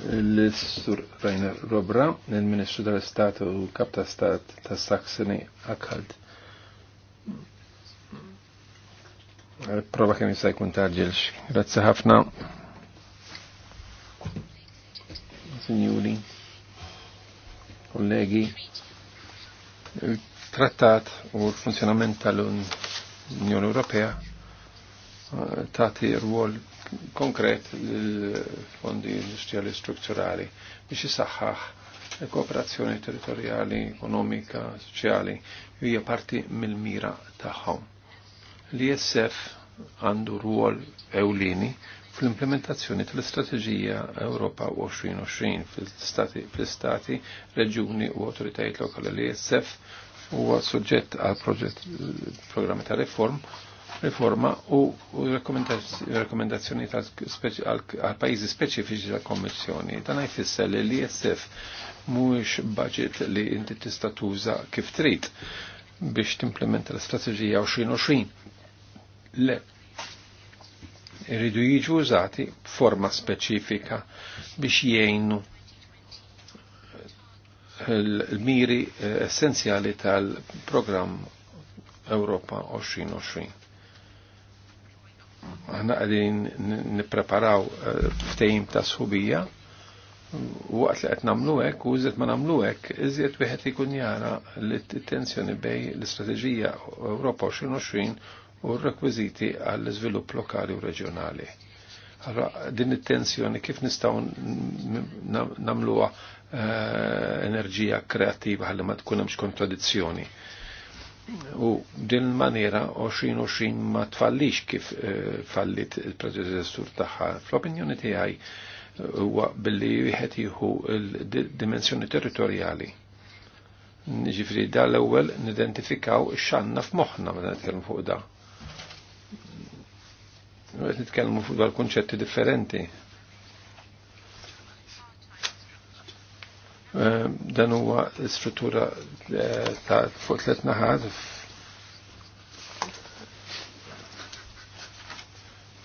l-Sur Rainer Robra, il-Ministru tal-Stat u Kap ta' Stat ta' Saxony Akkad. Prova kemm jista' jkun tarġilx. Grazzi ħafna. Signori, kollegi, il-trattat u l-funzjonament tal-Unjoni Ewropea eh, tagħti rwol konkret l-fondi industriali strutturali biex jisaxħaħ kooperazzjoni territoriali, ekonomika, soċjali hija parti mill-mira tagħhom. L-ISF għandu ruol ewlieni fl-implementazzjoni tal-Istrateġija Ewropa 2020 fl-Stati, Reġjuni u Autoritajiet Lokali. L-ISF huwa suġġett għal proġett programmi ta' reform riforma u rekomendazzjoni għal pajjiżi speċifiċi tal-Kommissjoni. Dan jfisser li l-ISF mhuwiex budget li inti tista' tuża kif trid biex timplementa l strategija 2020. Le, irridu jiġu użati b'forma speċifika biex jgħinu l-miri essenzjali tal-programm Europa 2020. Aħna qegħdin nippreparaw eh, ftehim ta' sħubija u waqt li qed nagħmlu hekk u iżjed ma nagħmlu hekk iżjed wieħed ikun jara li t-tensjoni bej l-istrateġija Ewropa 2020 u r-rekwiżiti għall-iżvilupp lokali u reġjonali. Allora, din it-tensjoni kif nistgħu nagħmluha eh, enerġija kreattiva ħalli ma tkun hemmx kontradizzjoni U din il 20-20 ma tfallix kif eh, fallit il-predeċessur tagħha. Fl-opinjoni tiegħi eh, huwa billi wieħed jieħu l-dimensjoni territorjali. Ġifri dal-ewwel nidentifikaw x'għandna f'moħħna meta nitkellmu fuq da. nitkellmu fuq dal-kunċetti differenti Ehm, dan huwa struttura eh, ta' fuq tliet naħat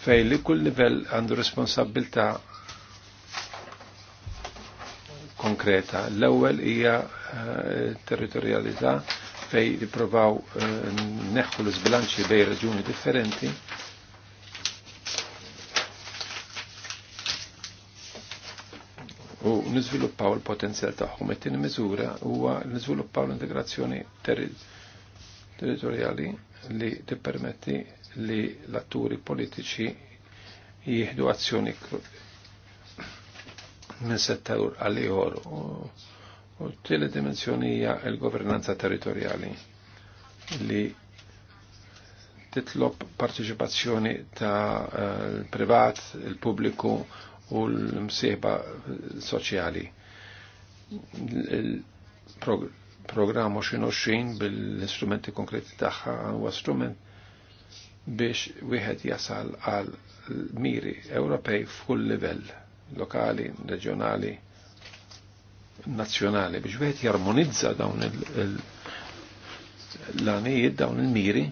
fej li kull livell għandu responsabilità konkreta. L-ewwel hija eh, territorjalità fej jippruvaw eh, neħħu l-sbilanċi bej reġuni differenti u nizviluppaw il-potenzjal tagħhom. It-tieni miżura huwa nizviluppaw l-integrazzjoni territoriali li tippermetti li l-atturi politiċi jieħdu azzjoni minn settur għal ieħor. U t-tieli dimensjoni hija l-governanza territoriali li titlob partiċipazzjoni ta' eh, il-privat, il-pubbliku u l msieba soċjali. Il-programm xin bil instrumenti konkreti tagħha huwa strument biex wieħed jasal għal miri Ewropej f'kull livell, lokali, regionali, nazzjonali, biex wieħed jarmonizza dawn il-lanijiet, dawn il-miri,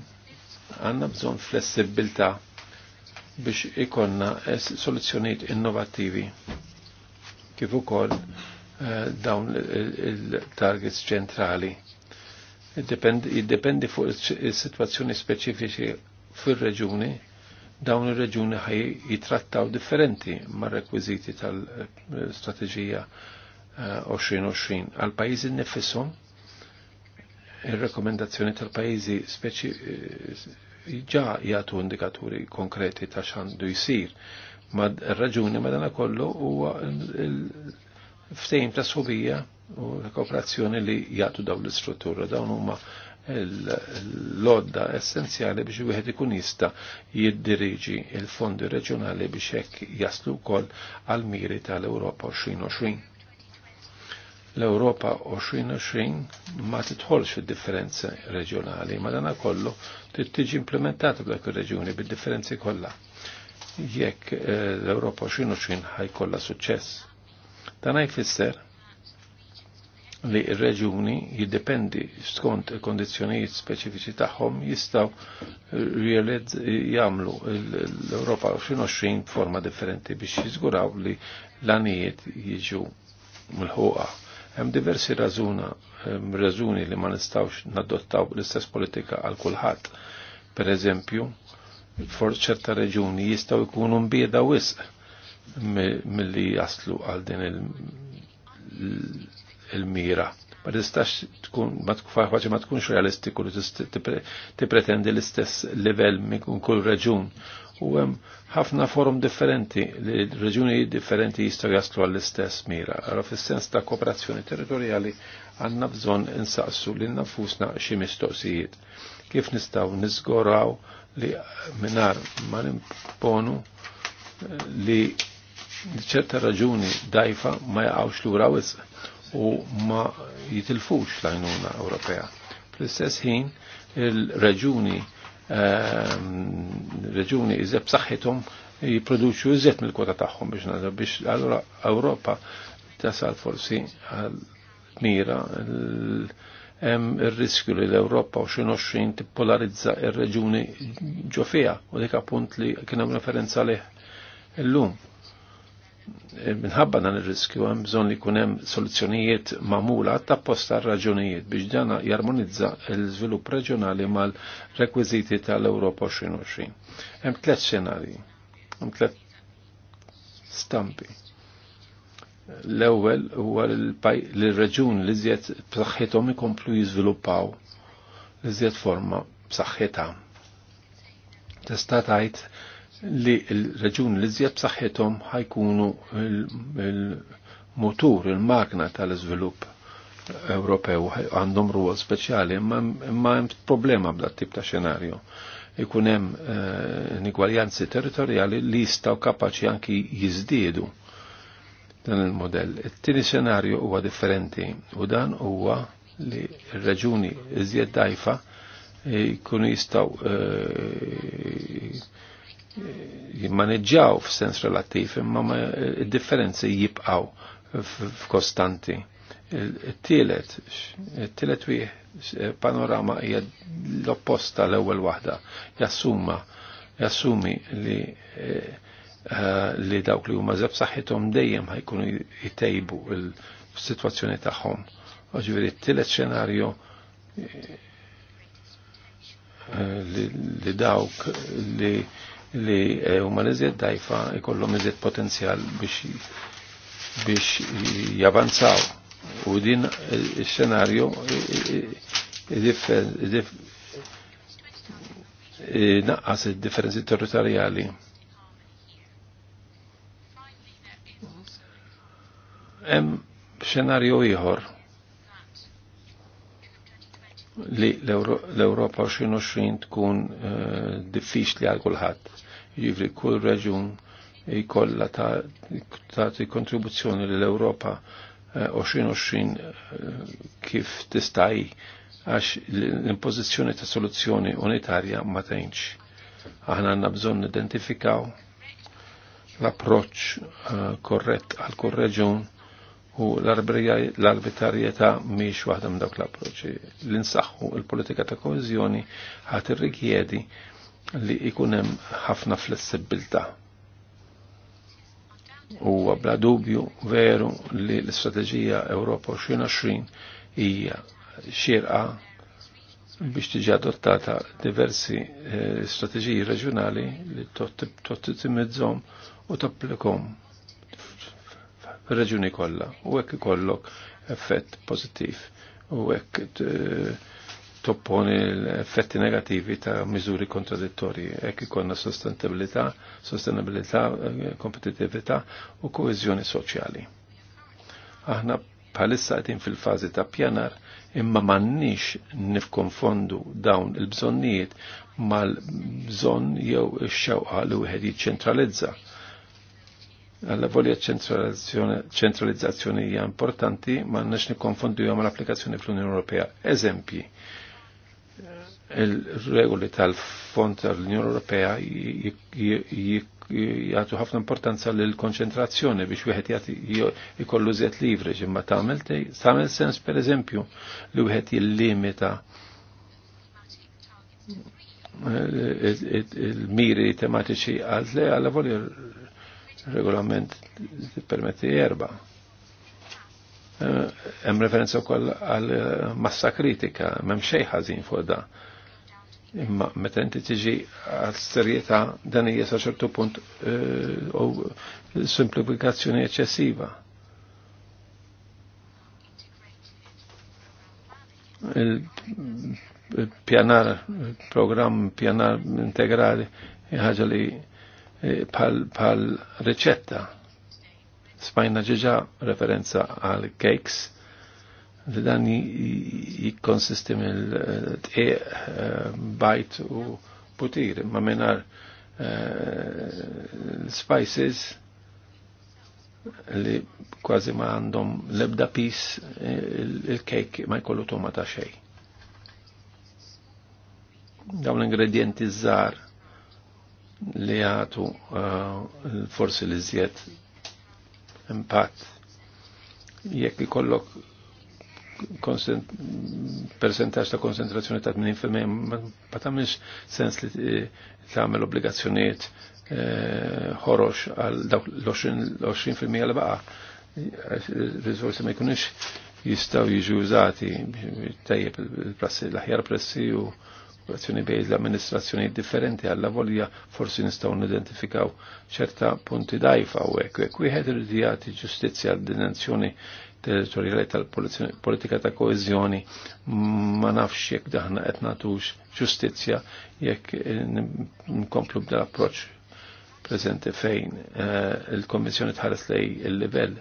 għandna bżonn flessibilta' biex ikonna soluzzjonijiet innovativi kif ukoll eh, dawn il-targets ċentrali. Jiddependi fuq is-sitwazzjoni speċifiċi fir-reġuni, dawn ir-reġuni ħaj jitrattaw differenti mar-rekwiżiti tal-strateġija 2020 eh, għal pajjiżi nifisom ir-rekomendazzjoni tal-pajjiżi eh, ġa jgħatu indikaturi konkreti ta' xandu jisir. Ma raġuni dana kollu huwa il-ftejn ta' subija u l-kooperazzjoni li jgħatu daw l-istruttura dawn huma l-lodda essenzjali biex wieħed ikun jista' jiddiriġi il-fondi reġjonali biex hekk jaslu wkoll għal miri tal europa 2020 l-Europa 2020 ma titħolx fil differenza reġjonali, ma dana kollu tiġi implementata b'dak il-reġjuni bil-differenzi kollha. Jekk eh, l-Europa 2020 ħajkollha suċċess. Dan jfisser li r reġjuni jiddependi skont il-kondizjonijiet speċifiċi tagħhom jistgħu jagħmlu l-Europa 2020 forma differenti biex jiżguraw li l-anijiet jiġu mlħuqa Hemm diversi rażuna, razuni li ma nistawx nadottaw l-istess politika għal kulħadd. Per eżempju, for ċerta reġuni jistaw ikunu mbieda wisq mill-li jaslu għal din il-mira. Ma tistax tkun, ma tkunx ma tkunx realistiku li tippretendi l-istess livell minn kull reġun u hemm ħafna forum differenti li reġuni differenti jistgħu jaslu għall-istess mira. Ara fis-sens ta' kooperazzjoni territorjali għandna bżonn insaqsu li nafusna xi mistoqsijiet. Kif nistgħu niżgoraw li minar ma nimponu eh, li ċerta raġuni dajfa ma jaqgħux lura wisq u ma jitilfux l-għajnuna Ewropea. Fl-istess ħin il-raġuni Ehm, reġuni iżeb saħħithom jipproduċu iżjed mill-kwota tagħhom biex nagħdu biex allura Ewropa tasal forsi għal mira hemm ir-riskju li l-Ewropa u xi xin tippolarizza r-reġuni ġofija u dik appunt li kien hemm referenza lih illum minħabba dan ir-riskju hemm bżonn li jkun hemm soluzzjonijiet magħmula tapposta raġunijiet biex dana jarmonizza l-żvilupp reġjonali mal-rekwiżiti tal-Ewropa 2020. Hemm tliet xenarji, hemm tliet stampi. L-ewwel huwa l-reġun li żjed b'saħħithom ikomplu jiżviluppaw li żjed forma b'saħħitha. Tista' tgħid li l-reġuni li zjed b'saħħithom ħajkunu il-motur, il-magna tal-iżvilupp Ewropew għandhom ruol speċjali, imma hemm problema b'da tip ta' xenarju. Ikun hemm eh, inigwaljanzi territorjali li jistgħu kapaċi anki jiżdiedu dan il-modell. It-tieni xenarju huwa differenti u dan huwa li r-reġuni iżjed dajfa eh, jkunu jistgħu eh, jimmaneġġaw f'sens relattiv imma differenzi jibqaw f'kostanti. Il-tielet, il-tielet wieħ panorama hija l-opposta l-ewwel waħda. Jassuma, jassumi li eh, eh, li dawk li huma żeb saħħithom dejjem ħajkunu jtejbu il-sitwazzjoni tagħhom. Ġifieri t-tielet xenarju eh, li dawk li li e, huma li iżjed dajfa ikollhom iżjed potenzjal biex biex javanzaw. U din e, il-xenarju e, naqqas il-differenzi territoriali. Hemm xenarju ieħor li l-Europa 2020 tkun eh, diffiċli għal kulħadd. Jivri kull reġun jkollha tagħti kontribuzzjoni li l-Europa 2020 kif tista' għax l-impożizzjoni ta' soluzzjoni unitarja ma tgħinx. Aħna għandna bżonn identifikaw l-approċċ eh, korrett għal kull reġun u l-arbitrarjetà miex waħda minn dawk l approċi l insaxħu l-politika ta' koezjoni ħadd irrikjedi li ikunem hemm ħafna flessibilità. Huwa bla dubju veru li l-istrateġija Ewropa 2020 hija xirqa biex tiġi adottata diversi eh, strateġiji reġjonali li tottimizzom u topplikom fil-reġuni kollha u hekk ikollok effett pożittiv u hekk eh, topponi l-effetti negativi ta' miżuri kontradittorji. Għek ikonna sostenibilità, sostenibilità, eh, kompetitività u koezjoni soċjali. Aħna bħalissa qegħdin fil-fażi ta' pjanar imma mannix nifkonfondu dawn il-bżonnijiet mal-bżonn jew ix-xewqa li wieħed jiċċentralizza Għalla volja ċentralizzazzjoni hija importanti, ma nix nikonfondu jom l-applikazzjoni fl-Unjoni Ewropea. Eżempji, il-regoli tal-fond tal-Unjoni Ewropea jgħatu ħafna importanza l-konċentrazzjoni biex wieħed jagħti jkollu żed livre imma tagħmel tagħmel sens pereżempju li wieħed jillimita il-miri tematiċi għal-le għal-voli regolament permetti erba. Eh, hemm referenza wkoll għal eh, massa kritika, m'hemm xejn ħażin fuq da. Imma meta inti tiġi għal serjetà dan hija sa ċertu punt eh, u simplifikazzjoni eċċessiva. Il-pjanar, il-programm pjanar integrali, ħaġa li Eh, pal riċetta. Spajna ġeġa referenza għal cakes li dan jikkonsisti mill eh, tqieq eh, bajt u putir ma minar spices li kważi ma għandhom lebda pis il cake ma jkollu tomata xej. Dawn l-ingredienti zzar li għatu eh, forsi li zjed impatt. Jekk ikollok percentax ta' konsentrazzjoni ta' 80% ma tamilx sens li tagħmel obbligazzjonijiet eh, ħorox għal dawk l-20% li baqa' risorsi ma jkunux jistaw jiġu użati tajjeb il-prassi l-aħjar prassi u relazzjoni bej l-amministrazzjoni differenti għalla volja forsi nistaw nidentifikaw ċerta punti dajfa u ek. Ek wieħed irid jagħti ġustizzja għal dimensjoni territorjali tal-politika ta' koeżjoni ma nafx jekk daħna qed nagħtux ġustizzja jekk nkomplu l approċċ preżenti fejn eh, il-Kommissjoni tħares lej il-livell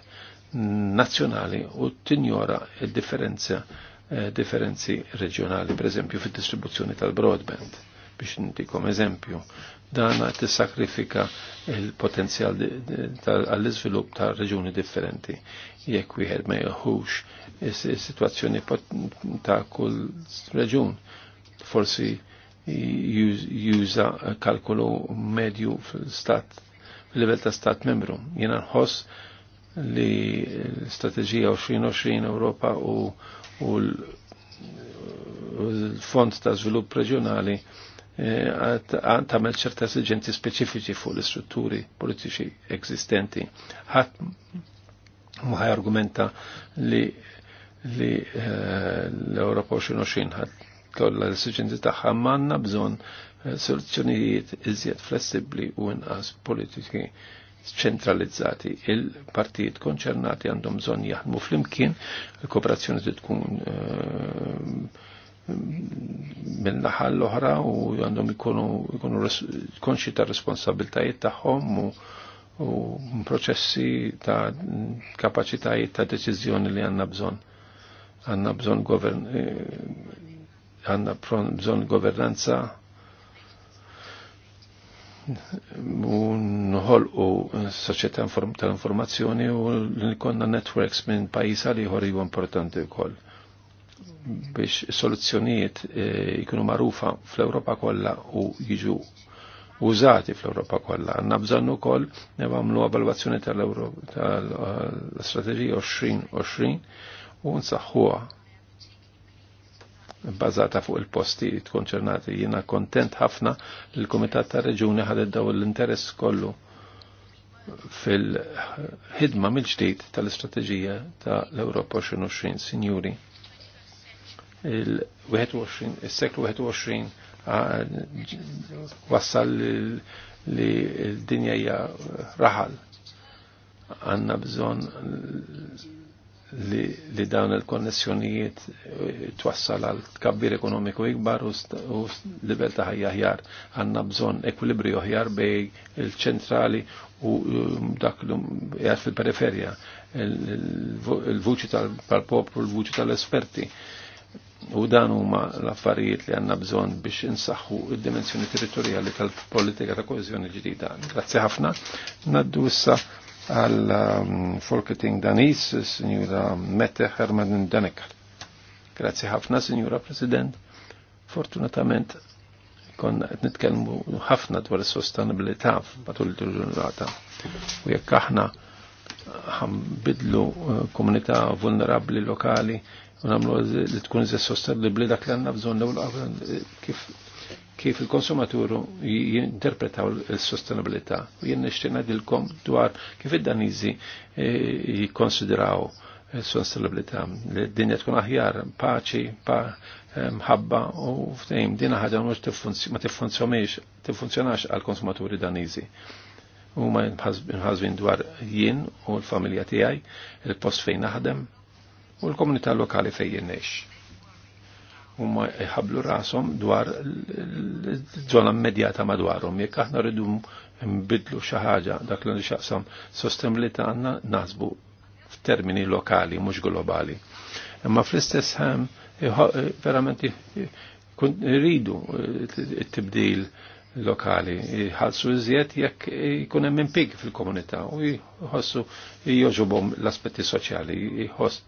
nazzjonali u tinjora il-differenza il differenza Eh, differenzi reġjonali, per eżempju fil-distribuzzjoni tal-broadband, biex nintikom eżempju, dana tissakrifika il-potenzjal għall-iżvilupp ta' reġuni differenti. Jekk wieħed ma jeħux is-sitwazzjoni ta' kull reġun, forsi juża kalkulu medju fil-stat, fil-level ta' stat membru. Jena nħoss li l-strategija 2020 Ewropa u u l-Fond ta' Zvilupp Reġjonali eh, tagħmel ċerta esiġenti speċifiċi fuq l-istrutturi politiċi eksistenti. Ħadd muħaj argumenta li li eh, l-Europa 2020 ħad kolla l-esiġenti tagħha m'għandna bżonn eh, soluzzjonijiet iżjed flessibli u inqas politiċi ċentralizzati. Il-partijiet konċernati għandhom bżonn jaħdmu flimkien, il-kooperazzjoni trid tkun eh, mill-naħa l-oħra u għandhom ikunu konxi ta' responsabiltajiet tagħhom u processi proċessi ta' kapacitajiet ta' deċiżjoni li għanna bżon. Għanna bżon eh, għanna bżon governanza u nħolqu tal-informazzjoni u l-konna networks minn pajisa li għor ju importanti wkoll biex soluzzjonijiet ikunu eh, magħrufa fl-Ewropa kollha u jiġu użati fl-Ewropa kollha. Għandna bżonn ne nagħmlu evalwazzjoni tal-Strateġija eh, 2020 u nsaħħuha bazata fuq il-posti konċernati. Jina kontent ħafna li l-Komitat ta' Reġuni ħadet daw l-interess kollu fil-ħidma mill-ġdid tal-istrateġija ta' l-Europa 2020, signuri. Il-seklu 21 wassal li l-dinja hija raħal. Għanna bżon li, li dawn il-konnessjonijiet eh, twassal għal tkabbir ekonomiku ikbar u, u livell ta' ħajja ħjar. Għanna bżon ekwilibrju ħjar bej il-ċentrali u um, dak l fil-periferja, il-vuċi tal-poplu, il-vuċi tal-esperti. U dan huma l-affarijiet li għanna bżon biex insaħħu id-dimensjoni territorjali tal-politika ta' koezjoni ġdida. Grazzi ħafna. Naddu issa għal um, Folketing Danis, Signora Mette Hermann Danekal. Grazie ħafna, Signora President. Fortunatament, kon nitkelmu ħafna dwar is-sostenibilità matul il-ġurnata. U jekk aħna ħam bidlu uh, komunità vulnerabli lokali u nagħmlu li tkun iżda sostenibbli dak li għandna bżonn uh, kif kif il-konsumaturu jinterpretaw il-sostenabilità. U jien nixtieq ngħidilkom dwar kif id-Daniżi eh, jikkonsidraw il-sostenabilità. Dinja tkun aħjar, paċi, pa eh, mħabba u ftehim din mhux ma tiffunzjonax għal-konsumaturi Daniżi u ma nħazbin dwar jien u l-familja tijaj, il-post fejn naħdem u l-komunità lokali fejn jennex huma jħablu rasom dwar l-żona immedjata madwarhom. Jekk aħna rridu nbidlu xi ħaġa dak li nixaqsam sostenibilità għandna nasbu f'termini lokali mhux globali. Imma fl-istess hemm eh, verament rridu eh, t-tibdil lokali jħalsu iżjed jekk jkun hemm impig fil-komunità u jħossu joġobhom l-aspetti soċjali jħoss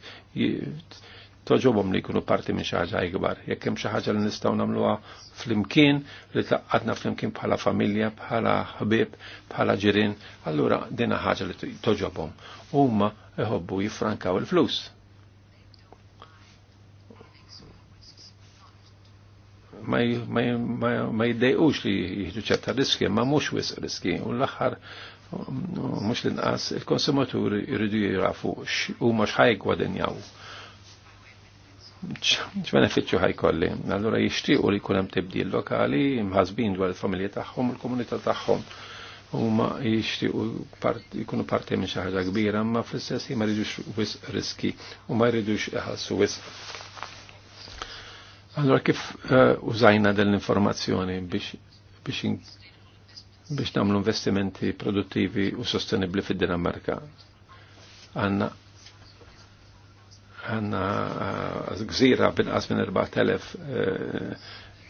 toġobom li jkunu parti minn xi ħaġa ikbar. Jekk hemm xi ħaġa li nistgħu nagħmluha flimkien li tlaqqadna flimkien bħala familja, bħala ħbieb, bħala ġirin, allura dina ħaġa li toġobhom. Huma iħobbu jiffrankaw il-flus. ma jiddejqux li jihdu ċerta riski, ma mux wis riski. U l axar mux l-inqas, il-konsumaturi jridu jirafu u ma xħajk jawu ċ-beneficju ħajkolli. Allora jishtiqu li kunem tibdil lokali, mħazbin dwar il-familja taħħom, il-komunità komunita tagħhom. Huma jishtiqu jkunu parti minn xaħġa kbira, ma fl-istess ma rridux wis riski u ma rridux iħassu wis. Allora kif eh, użajna dell informazzjoni biex biex namlu investimenti produttivi u sostenibli fid-Dinamarka? Għanna għanna eh, gżira bin għazmin 4000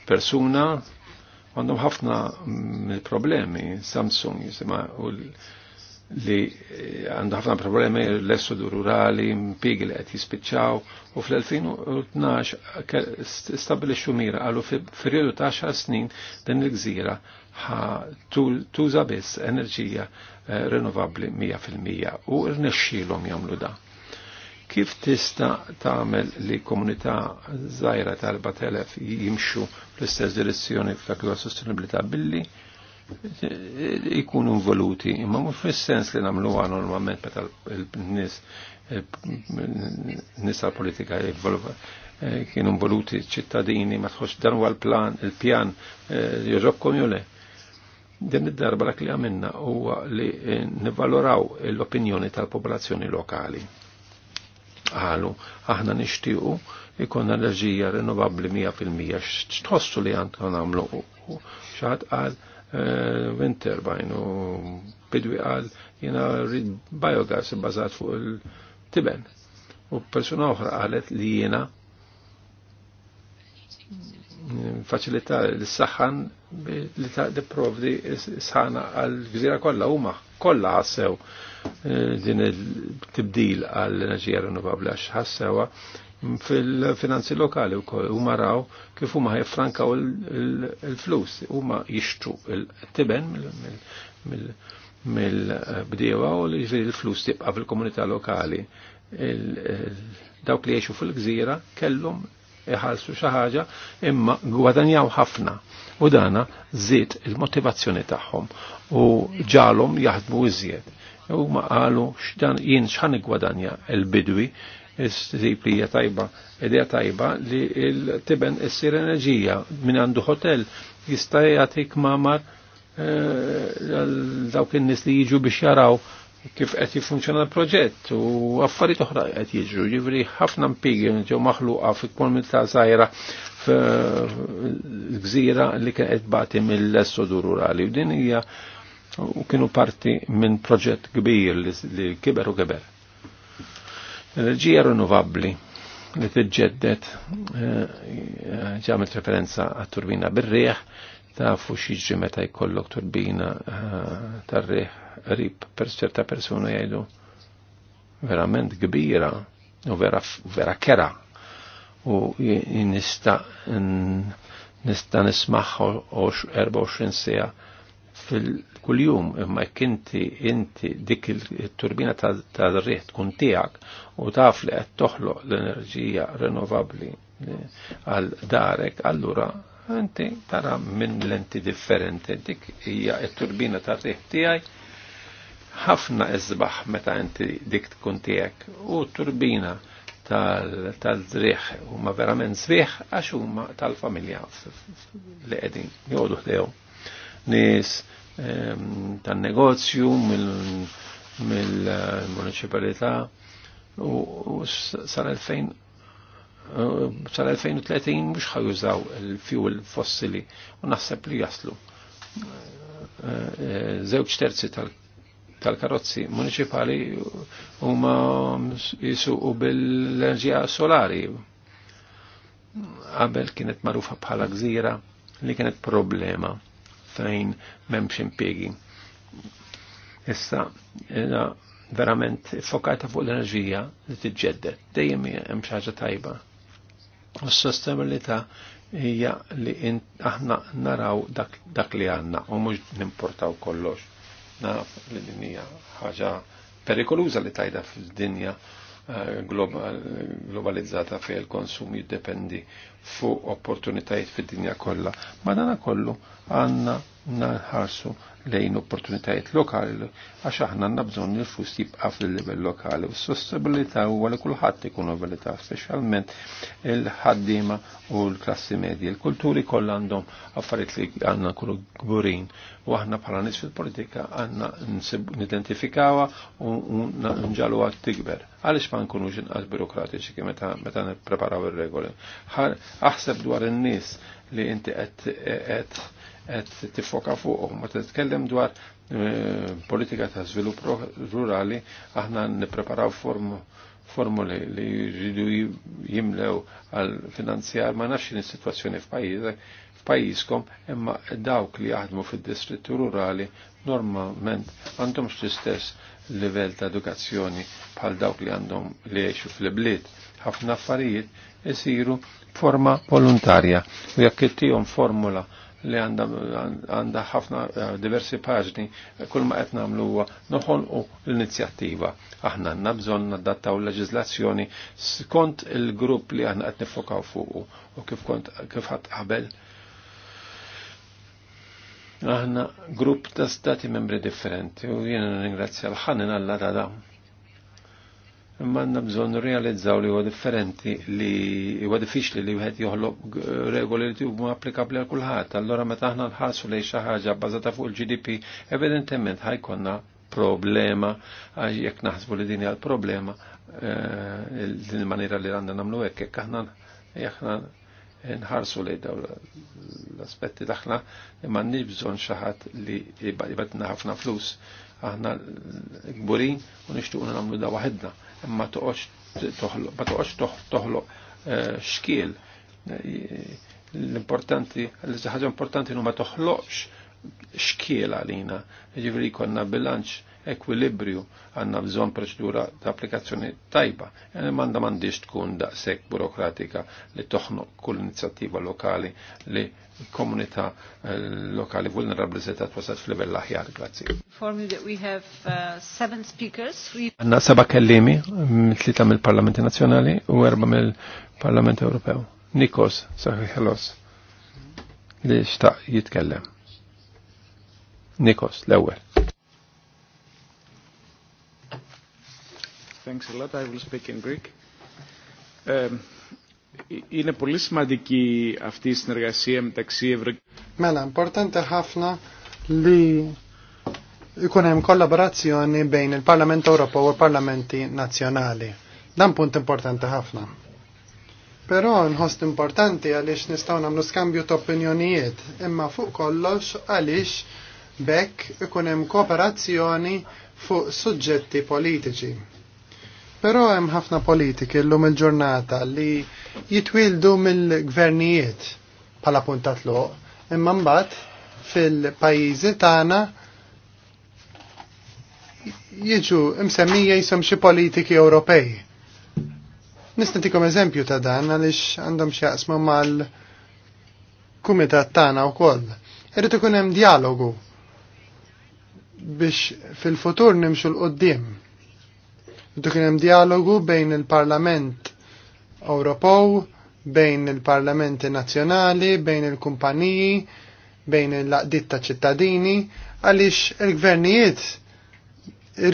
persuna għandhom ħafna mm, problemi Samsung jisima u li eh, għandu ħafna problemi l-essodu rurali, mpigi li qed jispiċċaw u fl-2012 stabilixxu mira għallu fil-periodu ta' 10 snin din il-gżira tuża biss enerġija eh, rinnovabbli 100% u rnexxielhom jagħmlu da kif tista tagħmel li komunità żgħira tal-4000 jimxu fl-istess direzzjoni f'dak li sostenibilità billi eh, ikunu involuti, imma mhux fis-sens li nagħmluha normalment meta l-nies eh, nisa politika eh, kienu involuti ċittadini ma tħoċ dan huwa l-plan, il-pjan joġobkom komjule Din id-darba dak li għamilna huwa li nivvaloraw l-opinjoni tal-popolazzjoni lokali għalu aħna nixtiequ ikon enerġija rinnovabbli 100% x'tħossu li għandna għamlu xaħat għal wind turbine u bidwi qal jiena rrid biogas bbażat fuq il-tiben. U persona oħra qalet li jiena faċilita l-saħħan li ta' diprovdi sħana għal-gżira kollha huma kollha ħassew eh, din il-tibdil għall-enerġija rinnovabli għax ħassewa fil-finanzi lokali wkoll u maraw kif huma u il-flus huma jixtru il-tiben mill-bdiewa u li l-flus tibqa' fil-komunità lokali. Dawk li jgħixu fil-gżira kellhom iħallsu xi ħaġa imma gwadanjaw ħafna u dana żied il-motivazzjoni tagħhom u ġalhom jaħdmu iżjed. U ma qalu x'dan jien x'ħan gwadanja l-bidwi is li hija tajba, idea tajba li l-tiben issir enerġija minn għandu hotel jista' jagħtik mamar eh, dawk in-nies li jiġu biex jaraw kif qed jiffunzjona l-proġett u affarijiet oħra qed jiġru, jiġri ħafna impigi ġew maħluqa fi ta' żgħira f'gżira li kienet bati mill-essodu rurali u din hija u kienu parti minn proġett kbir li kiber u kiber. Enerġija rinnovabbli li tiġġeddet eh, ġamet referenza għat-turbina bir ta' tafu xieġi meta jkollok turbina eh, tar-rieħ rib per ċerta persuna jgħidu verament kbira u vera, vera kera u nista nista nismaħħu 24 sija fil-kuljum imma kinti inti dik il-turbina ta' riħ tkun tiegħek u taf li qed toħloq l-enerġija renovabli għal darek, allura inti tara minn lenti differenti dik hija t-turbina ta' rieħ tijaj ħafna izbaħ meta inti dik tkun tiegħek u turbina tal-driħ huma verament sriħ għax huma tal-familja li qegħdin jgħodu ħdejhom. Nies tan-negozju mill-municipalità u sal-2000 sal-2030 eh, mhux ħajużaw il-fuel fossili u naħseb li jaslu. Eh, eh, zewġ terzi tal-karozzi municipali huma jisuqu bil-enerġija solari. Qabel kienet marufa bħala gżira li kienet problema fejn m'hemmx impiegi. Issa verament fokata fuq l-enerġija li tiġġedded. Dejjem hemm xi ħaġa tajba. Is-sostenibilità hija li aħna naraw dak, li għandna u mhux nimportaw kollox naf li din hija ħaġa perikoluża li tajda fid-dinja eh, globalizzata fej il-konsum jiddependi fuq opportunitajiet fid-dinja kollha. Ma dana kollu għandna nħarsu lejn opportunitajiet lokali għax aħna għandna bżonn il fus jibqa' fil-livell lokali u s-sostenibilità li kulħadd ikun abilità speċjalment il-ħaddiema u l-klassi medji. Il-kulturi kollha għandhom affarijiet li għandna nkunu gburin u aħna bħala nies fil-politika għandna nidentifikawha u nġalu tikber. Għaliex ma nkunux inqas birokratiċi meta meta nippreparaw ir-regoli. Aħseb dwar in-nies li inti qed qed tifoka fuqhom t tkellem dwar e, politika ta' svilup rurali aħna nippreparaw formuli li jridu jimlew għal finanzjar ma nafx is-sitwazzjoni f'pajjiżek f'pajjiżkom imma dawk li jaħdmu fid-distritti rurali normalment għandhom l-istess livell ta' edukazzjoni bħal dawk li għandhom li jgħixu fl-bliet. Ħafna affarijiet isiru forma volontarja u jekk formula li għandha ħafna eh, diversi paġni, eh, kull ma qed nagħmlu huwa noħolqu l-inizjattiva. Aħna għandna bżonn nadattaw l-leġiżlazzjoni skont il-grupp li aħna qed nifokaw fuqu u kif kont kif ħadd qabel. Aħna grupp ta' stati membri differenti u jiena ningrazzja l-ħanin għalla ta' dawn manna bżon realizzaw li huwa differenti li huwa diffiċli li wieħed joħloq regoli li huma applikabbli għal kulħadd. Allora meta aħna nħassu lejn xi ħaġa bbażata fuq il-GDP, evidentement ħajkonna problema għax jekk naħsbu li din għal problema eh, din il-maniera li għandna nagħmlu hekk jekk aħna aħna nħarsu lejn daw l-aspetti daħna m'għandniex bżonn xi ħadd li jibgħatna ħafna flus aħna gburin u nixtuq namlu da waħedna ma toqgħodx toħlo, ma toqgħodx toħloq eh, xkiel. L-importanti, l-ħaġa importanti huma toħloqx xkiel għalina, ġifieri konna bilanċ ekwilibrju għanna bżon proċedura ta' applikazzjoni tajba. E, manda mandiġ tkun sek burokratika li toħnu kull inizjattiva lokali li komunità eh, lokali vulnerabli se ta' twasat fil-level aħjar. Grazie. Uh, għanna seba kellimi, tlita mill-Parlamenti Nazjonali u erba mill-Parlament Ewropew. Nikos, saħħiħalos, li xta' jitkellem. Nikos, l-ewel. Thanks a lot. I will speak in Greek. Um, Είναι πολύ σημαντική αυτή η συνεργασία μεταξύ Ευρωπαϊκών. Μέλα, importante ħafna li ikun hemm kollaborazzjoni bejn il-Parlament Ewropew u e l-Parlamenti Nazzjonali. Dan punt importanti ħafna. Però nħost importanti għaliex nistgħu nagħmlu skambju ta' opinjonijiet, imma fuq kollox għaliex bekk ikun hemm kooperazzjoni fuq suġġetti politiċi Però hemm ħafna politiki llum il-ġurnata li jitwildu mill-gvernijiet bħala puntat loq, imma mbagħad fil-pajjiżi tagħna jiġu msemmija jisom xi politiki Ewropej. Nistatikom eżempju ta' dan għaliex għandhom xjaqsmu mal-kumitat tagħna wkoll. Irid ikun hemm dialogu biex fil-futur nimxu l-qoddim Idu kien hemm dialogu bejn il-Parlament Ewropew, bejn il-Parlamenti Nazzjonali, bejn il-kumpaniji, bejn il-laqdiet ta' ċittadini, għaliex il-gvernijiet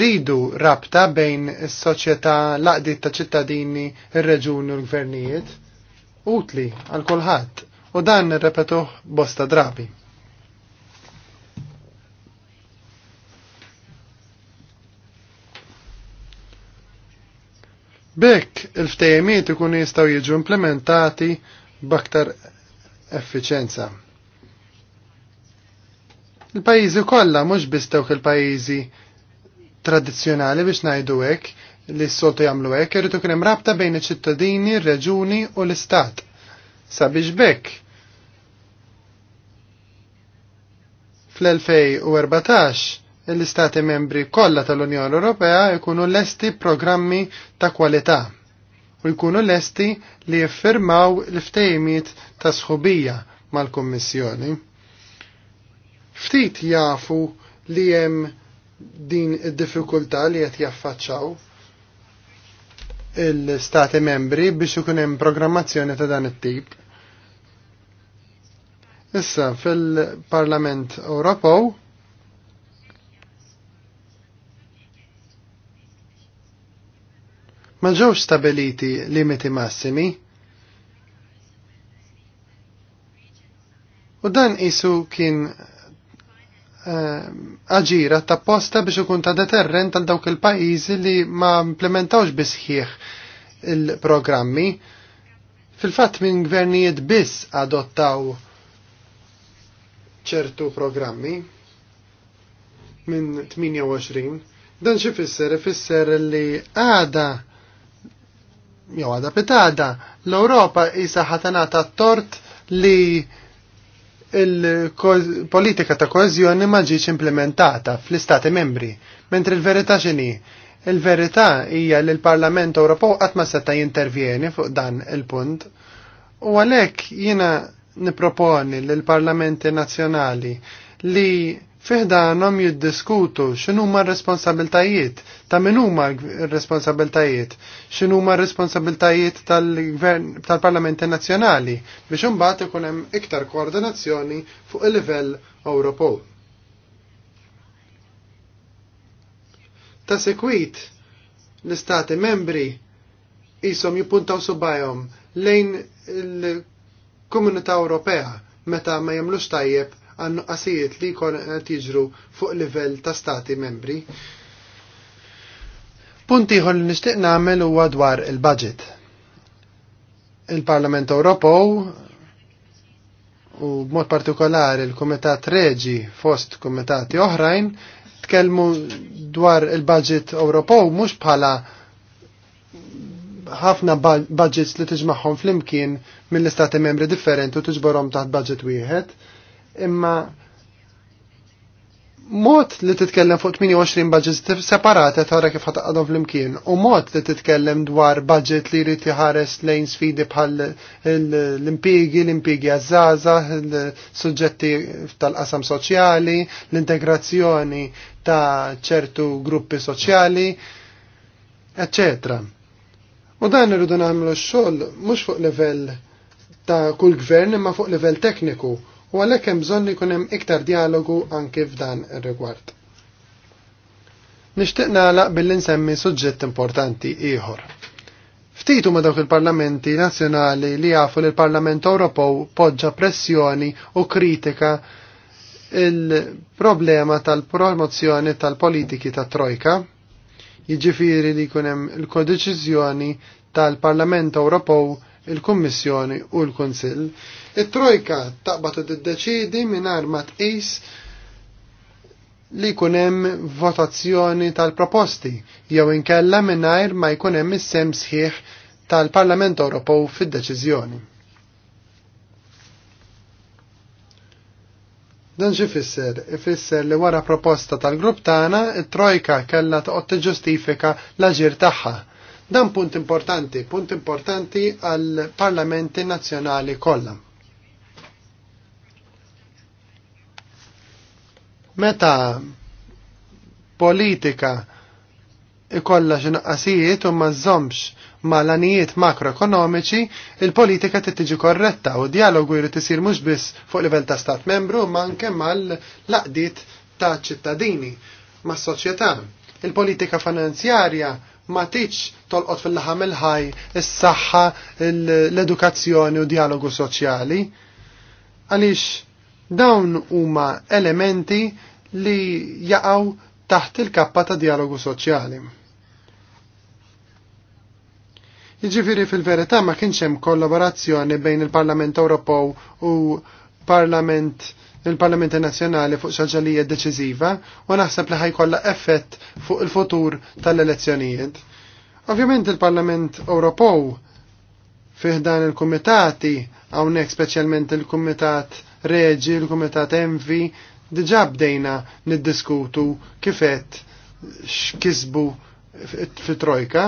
ridu rabta bejn is-soċjetà l-aqdit ta' ċittadini, ir-reġun u l-gvernijiet, utli għal kulħadd u dan nirrepetuh bosta drabi. Bekk il ftejmiet ikun jistgħu jiġu implementati b'aktar effiċenza. Il-pajjiżi kollha mhux biss dawk il-pajjiżi tradizzjonali biex ngħidu hekk li s-soltu jagħmlu hekk irid ikun hemm rabta bejn iċ-ċittadini, ir-reġuni u l-istat. Sabiex bekk fl-2014 l-istati membri kollha tal-Unjoni Ewropea jkunu lesti programmi ta' kwalità u jkunu lesti li jiffirmaw l-ftejmiet ta' sħubija mal-Kommissjoni. Ftit jafu li hemm din id-diffikultà li qed jaffaċċaw l-Istati membri biex ikun hemm programmazzjoni ta' dan it-tip. Issa fil-Parlament Ewropew ma ġewx stabiliti limiti massimi. U dan isu kien eh, aġira ta' posta biex ikun ta' deterrent għal dawk il-pajjiżi li ma implementawx bisħieħ il-programmi. Fil-fatt minn gvernijiet biss adottaw ċertu programmi minn 28. Dan xifisser, fisser? Fisser li għada jew għada pitada l-Ewropa isa ħatanata tort li il-politika ta' koezjoni ma implementata fl-istati membri, mentri il-verità xini. Il-verità hija li l-Parlament Ewropew qatt ma seta' jintervjeni fuq dan il-punt. U għalhekk jiena niproponi lill-Parlamenti Nazzjonali li fiħdanom jiddiskutu xinu ma responsabiltajiet, ta' minu ma responsabiltajiet, xinu ma responsabiltajiet tal-Parlamenti tal Nazjonali biex unbat ikunem iktar koordinazzjoni fuq il-livell Ewropo. Ta' sekwit l-istati membri jisom jipuntaw subajom lejn il komunita Ewropea meta ma jemlux tajjeb għan nuqqasijiet li kon tiġru fuq livell ta' stati membri. Punti ħol li nishtiq namel huwa dwar il-budget. Il-Parlament Ewropew u b'mod partikolar il-Kumitat Reġi fost kumitati oħrajn tkellmu dwar il-budget Ewropew mhux bħala ħafna budgets li tiġmaħħom flimkien mill-istati membri differenti u tiġborhom taħt budget wieħed imma mod li titkellem fuq 28 budgets separati tara kif ħataqadhom flimkien u mod li titkellem dwar budget li jrid jħares lejn sfidi bħal l-impigi, l-impigi għazzaza, l-suġġetti tal-qasam soċjali, l-integrazzjoni ta' ċertu gruppi soċjali, eccetera. U dan irridu nagħmlu x-xogħol mhux fuq livell ta' kull gvern imma fuq livell tekniku u għalhekk hemm bżonn li jkun hemm iktar dialogu anke f'dan ir-rigward. Nixtieq nagħlaq billi nsemmi suġġett importanti ieħor. Ftitu ma dawk il-parlamenti nazzjonali li jafu li l-Parlament Ewropew poġġa pressjoni u kritika il-problema tal-promozzjoni tal-politiki ta' trojka, jiġifieri li jkun hemm il-kodeċiżjoni tal-Parlament Ewropew, il-Kummissjoni u l-Kunsill, it-trojka taqbad u d-deċidi mingħajr ma tqis li jkun hemm votazzjoni tal-proposti jew inkella mingħajr ma jkun hemm is-sem sħiħ tal-Parlament Ewropew fid-deċiżjoni. Dan ġifisser, ifisser li wara proposta tal-grupp tagħna, it-trojka kellha toqgħod tiġġustifika l-aġir tagħha. Dan punt importanti, punt importanti għall parlamenti nazzjonali kollha. Meta politika ikolla x'inqasijiet u ma żommx mal-anijiet makroekonomiċi, il-politika trid tiġi korretta u dialogu jrid isir mhux biss fuq livell ta' stat membru ma anke mal-laqdiet ta' ċittadini mas-soċjetà. Il-politika finanzjarja ma tiċ tolqot fil-laħam il-ħaj, is-saħħa, l-edukazzjoni u dialogu soċjali. Għaliex Dawn huma elementi li jaqgħu taħt il-kappa ta' dialogu soċjali. Jiġifieri fil-verità ma kienx hemm kollaborazzjoni bejn il-Parlament Ewropew u Parlament il-Parlamenti Nazzjonali fuq xaġalija deċiżiva u naħseb li ħajkollha effett fuq il-futur tal-elezzjonijiet. Ovvjament il-Parlament Ewropew fih dan il-kumitati hawnhekk speċjalment il-kumitat Reġi, l-Kumitat Envi, diġà bdejna niddiskutu kifet x'kisbu fit-trojka.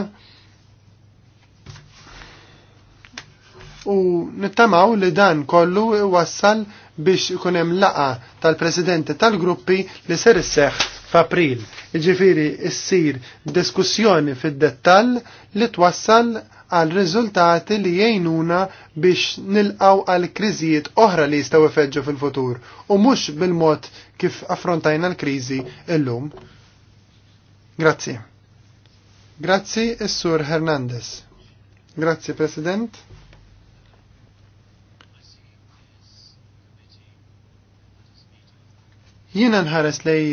U nittamaw li dan kollu wassal biex ikun hemm laqa tal-presidenti tal-gruppi li ser isseħħ f'April. Jiġifieri ssir diskussjoni fid-dettall li twassal għal riżultati li jgħinuna biex nilqaw għal kriżijiet oħra li jistgħu ifeġġu fil-futur u mhux bil-mod kif affrontajna l-kriżi llum. Grazzi. Grazzi is-Sur Hernandez. Grazzi President. Jiena nħares lej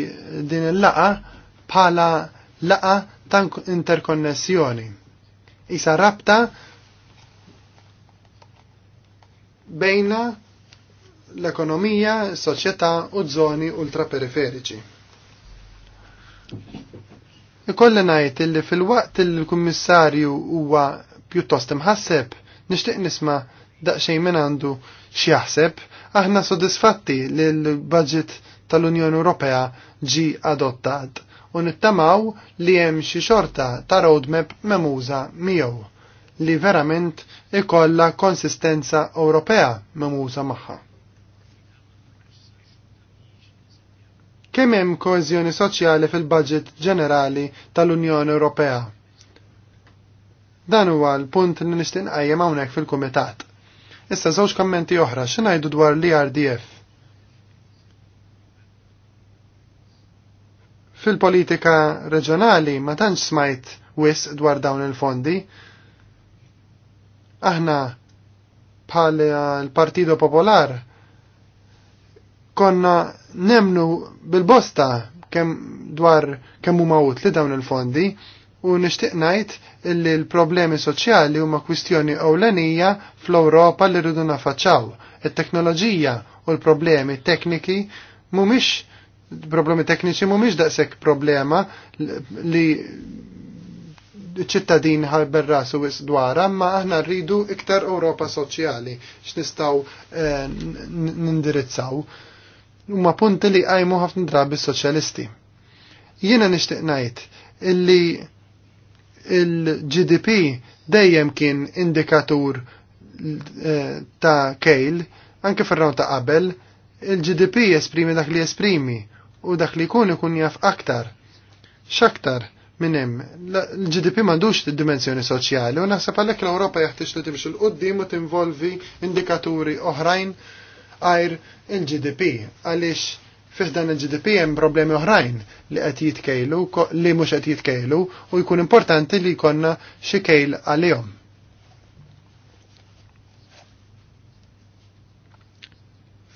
din il-laqa bħala laqa ta' interkonnessjoni isa rabta bejna l-ekonomija, s-soċjetà u żoni ultraperiferiċi. Ikolli ngħid li fil-waqt il kummissarju huwa pjuttost imħasseb, nixtieq nisma' daqsxejn minn għandu x'jaħseb, aħna sodisfatti li l-budget tal-Unjoni Ewropea ġi adottat u nittamaw li hemm xi xorta ta' roadmap memuża miegħu li verament ikolla konsistenza Ewropea memuża magħha. Kemm hemm koeżjoni soċjali fil-budget ġenerali tal-Unjoni Ewropea? Dan huwa l-punt li nixtieq hawnhekk fil-kumitat. Issa żewġ kommenti oħra x'ingħidu dwar l-IRDF. Fil-politika reġjonali ma tantx smajt wis dwar dawn il-fondi. Aħna bħal l-Partito Popolar konna nemnu bil-bosta kem dwar kemm huma utli dawn il-fondi u nixtieq ngħid illi l-problemi soċjali huma kwistjoni ewlenija fl-Ewropa li rridu nafaċċaw. It-teknoloġija u l-problemi tekniki mhumiex problemi tekniċi mhumiex daqshekk problema li ċittadin ħarber rasu wis dwara, ma aħna rridu iktar Ewropa soċjali x'nistgħu eh, nindirizzaw. Huma punti li qajmu ħafna drabi soċjalisti. Jiena nixtieq ngħid illi il-GDP dejjem kien indikatur eh, ta' kejl, anke fir ta' qabel, il-GDP esprimi dak li esprimi u dak li jkun ikun jaf aktar. X'aktar minn hemm l-GDP m'għandux id-dimensjoni soċjali u naħseb għalhekk l-Ewropa jaħtieġ li timxi l qudiem u tinvolvi indikaturi oħrajn għajr il-GDP għaliex fih dan il-GDP hemm problemi oħrajn li qed jitkejlu li mhux qed jitkejlu u jkun importanti li jkollna xi kejl għalihom.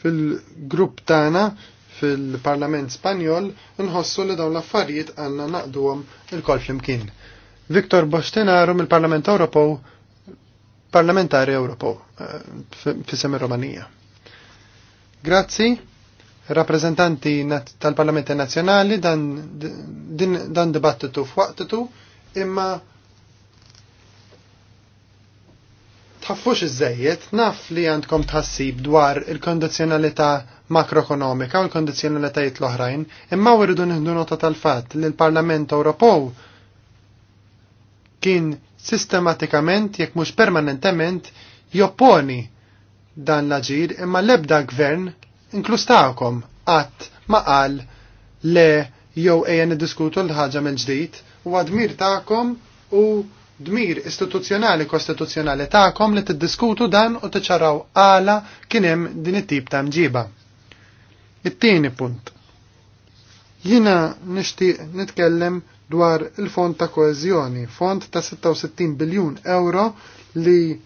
Fil-grupp tagħna fil-Parlament Spanjol nħossu li dawn l-affarijiet għandna naqduhom il-kol flimkien. Viktor Bostenaru mill-Parlament Ewropew parlamentari Ewropew eh, fisem ir-Romanija. Grazzi, rappresentanti tal-Parlamenti Nazzjonali dan, dibattitu f'waqtitu imma tħaffux iż-żejjed naf li għandkom tħassib dwar il-kondizjonalità makroekonomika u l-kondizjonalitajiet l-oħrajn, imma rridu nieħdu nota tal-fatt li l-Parlament Ewropew kien sistematikament, jekk mhux permanentement, jopponi dan l-aġir imma l-ebda gvern inklustawkom għat ma qal le jew id niddiskutu l-ħaġa mill-ġdid u għadmir tagħkom u dmir istituzzjonali kostituzzjonali tagħkom li tiddiskutu dan u t-ċaraw għala kien hemm din it-tip ta' mġiba. It-tieni punt. Jina nixtieq nitkellem dwar il-fond ta' koezjoni, fond ta' 66 biljun euro li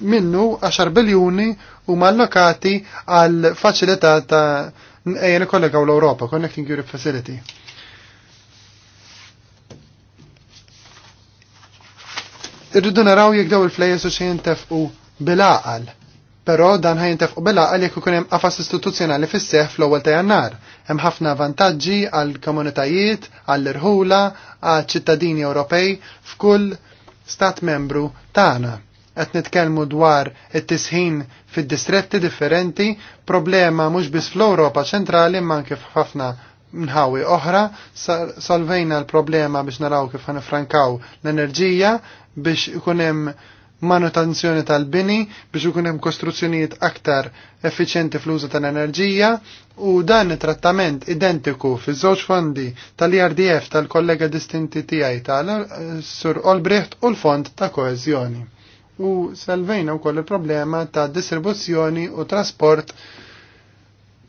minnu 10 biljuni u mallokati għal faċilità ta' ejja kollega l-Europa, Connecting Europe Facility. Irridu naraw jekdaw il-flejjes u tefqu bil-aqal Però dan ħajn u bela għal jekk ikun hemm qafas istituzzjonali fis-seħ fl-ewwel ta' jannar. Hemm ħafna vantaġġi għal komunitajiet, għall irħula għal ċittadini Ewropej f'kull stat membru tagħna. Qed nitkellmu dwar it-tisħin fid-distretti differenti, problema mhux biss fl-Ewropa ċentrali ma anke f'ħafna nħawi oħra, solvejna l-problema biex naraw kif ħanifrankaw l-enerġija biex ikun hemm manutenzjoni tal-bini biex ikun hemm kostruzzjonijiet aktar effiċjenti fl-użu tal-enerġija u dan it-trattament identiku fiż-żewġ fondi tal-IRDF tal-kollega distinti tiegħi tal-Sur Olbrecht u l-Fond ta' Koeżjoni. U salvejna wkoll il-problema ta' distribuzzjoni u trasport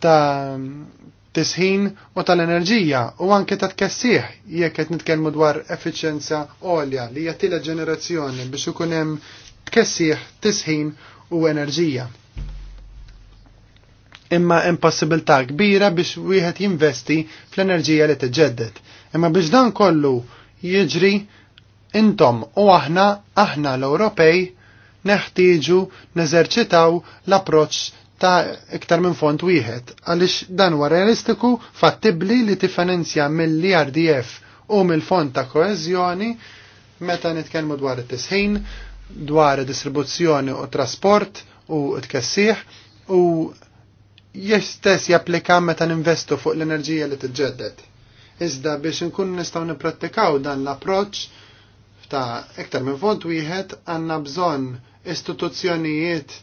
ta' tisħin u tal-enerġija u anke ta' tkessih jekk qed nitkellmu dwar effiċjenza għolja li hija tielet ġenerazzjoni biex ikun hemm tkessiħ, tisħin u enerġija. Imma impossibilità kbira biex wieħed jinvesti fl-enerġija li tiġġedded. Imma biex dan kollu jiġri intom u aħna, aħna l-Ewropej, neħtieġu neżerċitaw l-approċċ ta' iktar minn font wieħed, għaliex dan huwa realistiku fattibli li tiffinanzja mill RDF u mill-fond ta' koeżjoni meta nitkellmu dwar it-tisħin, dwar distribuzzjoni u trasport u tkessih u jistess japplika meta ninvestu fuq l-enerġija li tiġġedded. Iżda biex nkun nistgħu nipprattikaw dan l-approċċ ta' ektar minn font wieħed għandna bżonn istituzzjonijiet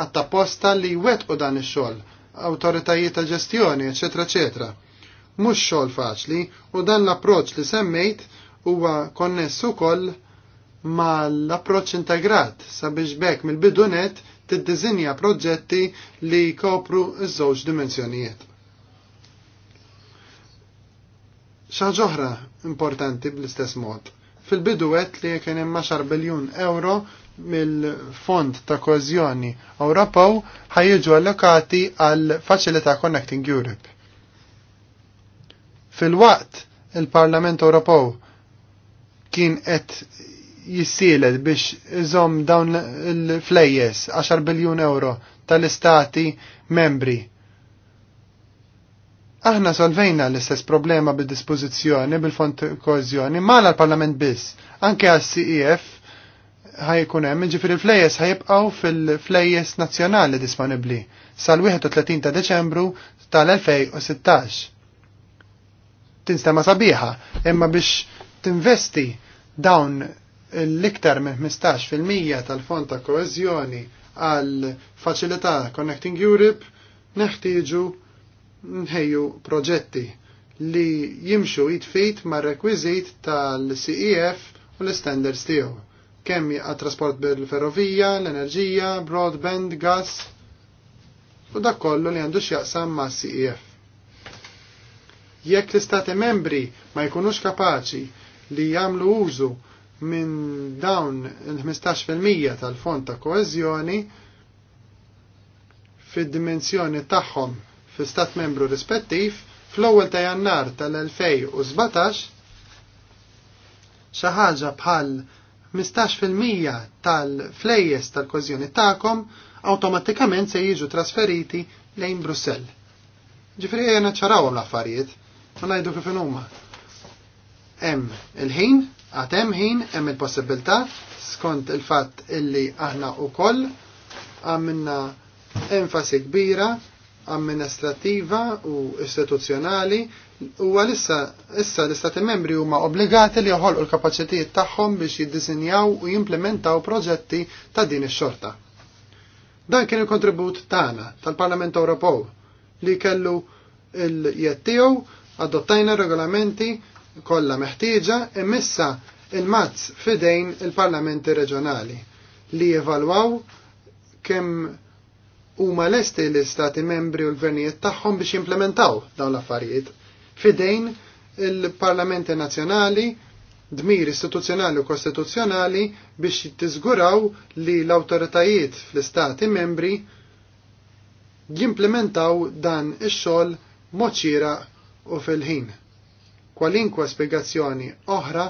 għatta posta li jwetqu dan ix-xogħol, awtoritajiet ta' ġestjoni, ecc. ecc. Mhux xogħol faċli u dan l-approċċ li semmejt huwa konness ukoll ma l-approċ integrat sabiex bekk mill-bidunet tiddizinja proġetti li kopru iż-żewġ dimensjonijiet. ċaġoħra importanti bl-istess mod. Fil-biduet li kien hemm 10 biljun euro mill-Fond ta' Kozjoni Ewropew ħajjiġu allokati għal Faċilità Connecting Europe. Fil-waqt il-Parlament Ewropew kien qed jissielet biex iżom dawn il-flejjes 10 biljun euro tal-istati membri. Aħna solvejna l-istess problema bil-dispozizjoni, bil-fond kozjoni, mala l-parlament biss, anke għal-CEF ħajkun hemm, ġifieri l-flejjes ħajibqgħu fil-flejjes nazzjonali disponibbli sal-31 ta' Deċembru tal-2016. Tinstema sabiħa, imma biex tinvesti dawn l-iktar minn 15% tal-fond ta' koezjoni għal faċilità Connecting Europe neħtieġu nħejju proġetti li jimxu jitfit ma' rekwizit tal-CEF u l-standards tiegħu. Kemm għat trasport bil-ferrovija, l-enerġija, broadband, gas u dak kollu li għandu x'jaqsam ma' CEF. Jekk l-istati membri ma jkunux kapaċi li jagħmlu użu minn dawn il-15% tal-fond ta' koezjoni fid-dimensjoni tagħhom fil stat membru rispettiv fl-ewwel ta' jannar tal-2017 xi ħaġa bħal 15% tal-flejjes tal koezjoni tagħkom awtomatikament se jiġu trasferiti lejn Brussell. Ġifri jena ċarawhom l-affarijiet, ma ngħidu kif huma. Hemm il-ħin Għatem ħin hemm il-possibilità skont il-fatt illi aħna wkoll għamilna enfasi kbira amministrativa u istituzzjonali u għalissa issa l-istati membri huma obbligati li joħolqu l-kapaċitijiet tagħhom biex jiddisinjaw u jimplementaw proġetti ta' din ix-xorta. Dan kien il-kontribut tagħna tal-Parlament Ewropew li kellu il-jett tiegħu adottajna regolamenti Kolla meħtieġa imissa il-mazz fidejn il-parlamenti reġjonali li jevalwaw kemm huma lesti l-istati membri u l-gvernijiet tagħhom biex jimplementaw dawn l-affarijiet fidejn il-parlamenti nazzjonali dmir istituzzjonali u kostituzzjonali biex jittiżguraw li l-awtoritajiet fl-istati membri jimplementaw dan ix-xogħol moċira u fil-ħin. Kwalinkwa spiegazzjoni oħra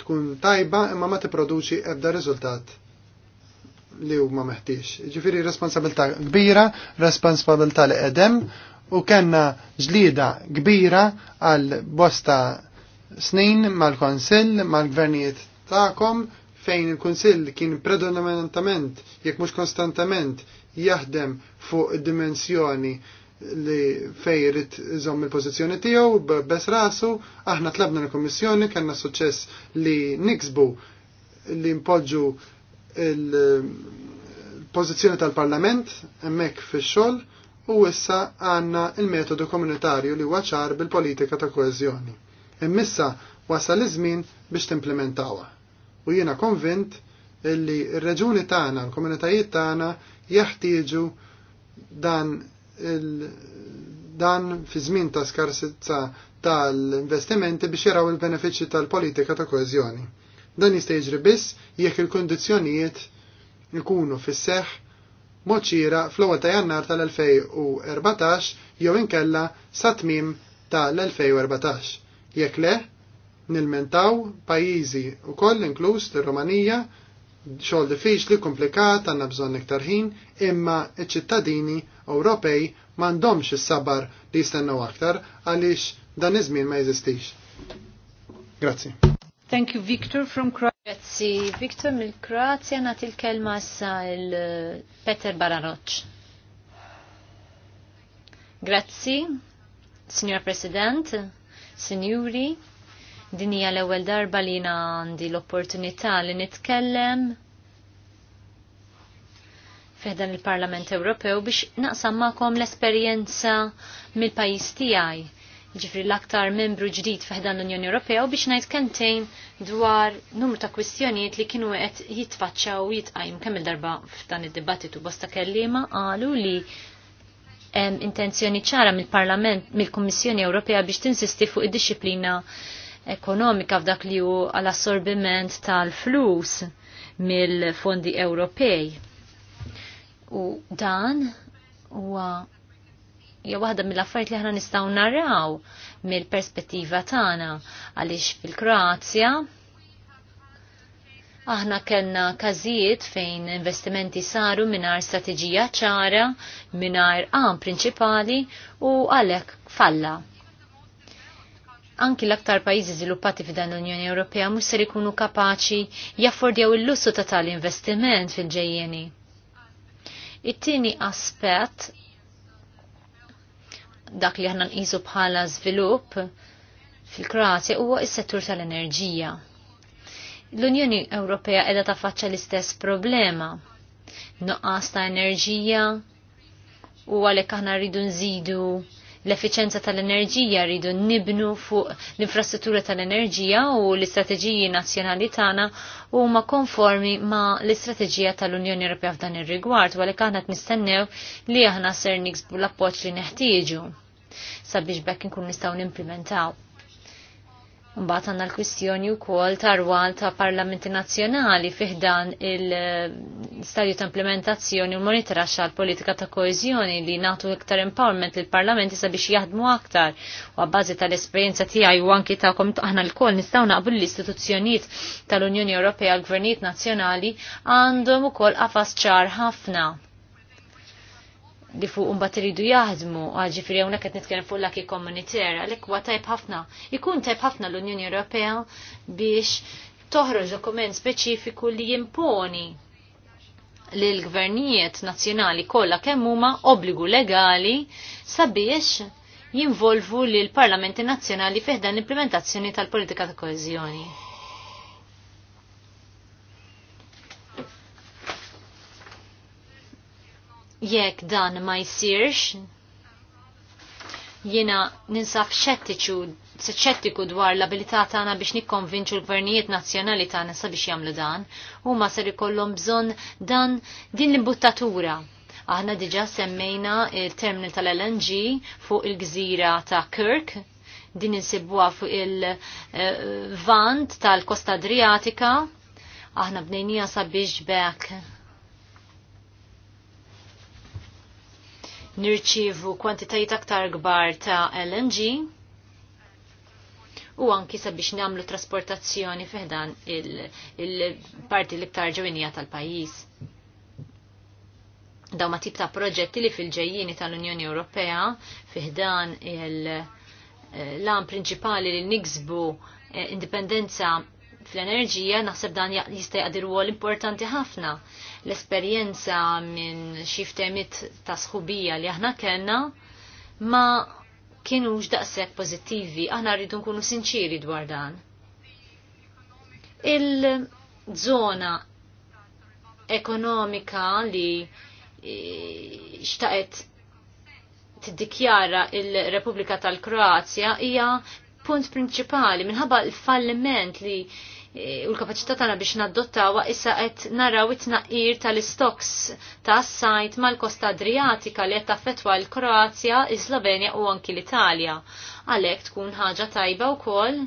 tkun tajba imma ma tipproduċi ebda riżultat li huma meħtiex. Ġifieri responsabilità kbira, responsabilità li qedem u kenna ġlida kbira għal bosta snin mal-Konsill, mal-gvernijiet tagħkom, fejn il-Konsill kien predominantament, jekk mhux konstantament, jaħdem fuq id dimensjoni li fej irid iżomm il-pożizzjoni tiegħu bes rasu, aħna tlabna l komissjoni kellna suċċess li niksbu li npoġġu il-pożizzjoni tal-Parlament hemmhekk fix-xogħol u issa għandna il-metodu komunitarju li huwa ċar bil-politika ta' koezjoni. Immissa wasal iż-żmien biex timplementawha. U jiena konvint li r-reġuni tagħna, l-komunitajiet tagħna jeħtieġu dan dan fi żmien ta' skarsità tal-investimenti biex jaraw il-benefiċċji tal-politika ta' koeżjoni. Dan jista' jiġri biss jekk il-kondizzjonijiet ikunu fis-seħħ moċira fl-ewwel ta' Jannar tal-2014 jew inkella sa tmiem tal-2014. Jekk le, nilmentaw pajjiżi wkoll inkluż ir rumanija xogħol diffiċli, komplikat, għandna bżonn iktar ħin, imma iċ-ċittadini Ewropej m'għandhomx is-sabar li jistennew aktar għaliex dan iż-żmien ma jeżistix. Grazzi. Thank you Victor from Grazzi Victor mill Kroazja nagħti l-kelma sa il-Peter eh, Baranoċ. Grazzi, Signor President, Signori, Din hija l-ewwel darba li jina għandi l-opportunità li nitkellem fiħdan il-Parlament Ewropew biex naqsam ma'kom l-esperjenza mill-pajis tiegħi. Ġifri l-aktar membru ġdid fiħdan l-Unjoni Ewropew biex ngħid kentejn dwar numru ta' kwistjonijiet li kienu qed u jitqajm kemm il-darba f'dan id-dibattitu bosta kellima qalu li intenzjoni ċara mill-Parlament, mill-Kummissjoni Ewropea biex tinsisti fuq id-disciplina ekonomika f'dak li hu għall-assorbiment tal-flus mill-fondi Ewropej. U dan huwa jew waħda mill-affarijiet li aħna nistgħu naraw mill-perspettiva tagħna għaliex fil-Kroazja aħna kellna każijiet fejn investimenti saru mingħajr strateġija ċara, mingħajr qan prinċipali u għalhekk falla anki l-aktar pajjiżi żviluppati f'dan l-Unjoni Ewropea mhux ser ikunu kapaċi jaffordjaw il-lussu ta' tal-investiment fil-ġejjeni. It-tieni aspett dak li aħna nqisu bħala żvilupp fil-Kroazja huwa s-settur tal-enerġija. L-Unjoni Ewropea qiegħda tafaċċa l-istess problema. Noqqas ta' enerġija u għalhekk aħna rridu nżidu l-efficienza tal-enerġija rridu nibnu fuq l-infrastruttura tal-enerġija u l-istrateġiji nazzjonali tagħna huma konformi ma' l-istrateġija tal-Unjoni Ewropea f'dan ir-rigward u għalhekk aħna nistennew li aħna ser niksbu l-appoġġ li neħtieġu sabiex bekk nkun nistgħu nimplementaw. Mbagħad għandna l-kwistjoni wkoll tarwal ta' parlamenti nazzjonali fiħdan il- stadju ta' implementazzjoni u monitora għal politika ta' koezjoni li natu iktar empowerment parlament parlamenti sabiex jaħdmu aktar u għabbazi tal-esperjenza tiegħi u anki komitu aħna l-koll nistgħu naqbu l-istituzzjonijiet tal-Unjoni Ewropea l-Gvernijiet Nazzjonali għandhom ukoll għafas ċar ħafna li fuq un iridu jaħdmu, firja unak għet nitkellem fuq l-aki komunitera, li huwa tajb ħafna, ikun tajb ħafna l-Unjoni Ewropea biex toħroġ dokument speċifiku li jimponi li l-gvernijiet nazzjonali kollha kemm huma obbligu legali sabiex jinvolvu li l-parlamenti nazzjonali fiħdan l-implementazzjoni tal-politika ta' koezjoni. jekk dan ma jsirx, jiena ninsab xettiċu seċċettiku dwar l-abilità tagħna biex nikkonvinċu l-gvernijiet nazzjonali tagħna sabiex jagħmlu dan, huma ser ikollhom bżonn dan din l-imbuttatura. Aħna diġà semmejna il-terminal tal-LNG fuq il-gżira ta' Kirk, din insibuha fuq il-vant tal-Kosta Adriatika, aħna bnejnija sabiex back nirċivu kwantitajiet aktar kbar ta' LNG u anki sabiex namlu trasportazzjoni fiħdan il-parti li btar ġewinija tal-pajis. Daw ma tip ta' proġetti li fil-ġejjini tal-Unjoni Ewropea fiħdan il-lan eh, prinċipali li niksbu eh, indipendenza fl-enerġija naħseb dan jista' jaqdi rwol importanti ħafna. L-esperjenza minn xi ftehmiet ta' sħubija li aħna kellna ma kienu daqshekk pozittivi, aħna rridu nkunu sinċiri dwar dan. Il-żona ekonomika li e, xtaqet tiddikjara il-Repubblika tal-Kroazja hija punt prinċipali minħabba l-falliment li u l-kapacità tagħna biex naddottawha issa qed naraw it-tnaqqir tal-istoks ta' sajt mal-Kosta Adriatika li qed taffetwa l-Kroazja, Slovenja u anki l-Italja. Għalhekk tkun ħaġa tajba wkoll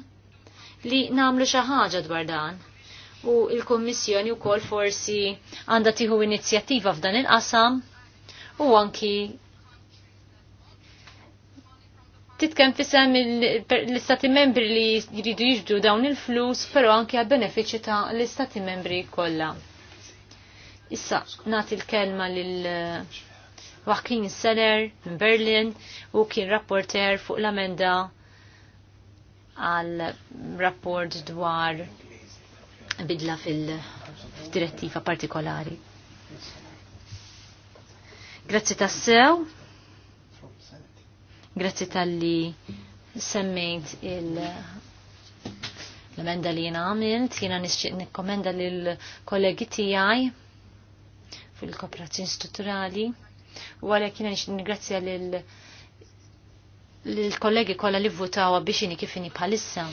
li nagħmlu xi ħaġa dwar dan u l kommissjoni wkoll forsi għandha tieħu inizjattiva f'dan il-qasam u anki titkem fisem l-istati membri li jridu jiġdu dawn il-flus, pero anki għal benefiċi ta' l-istati membri kollha. Issa, nati l-kelma lil eh, Joaquin Seller minn Berlin u kien rapporter fuq l-amenda għal rapport dwar bidla fil-direttiva partikolari. Grazzi tassew. Grazzi tal-li semmejt il-emenda li jina għamilt, jina nisċiq nikkomenda l-kollegi tijaj fil-kooperazzjoni strutturali u għalek jina nisċiq ningrazzja l-kollegi kolla li votaw biex jini kifini palissa,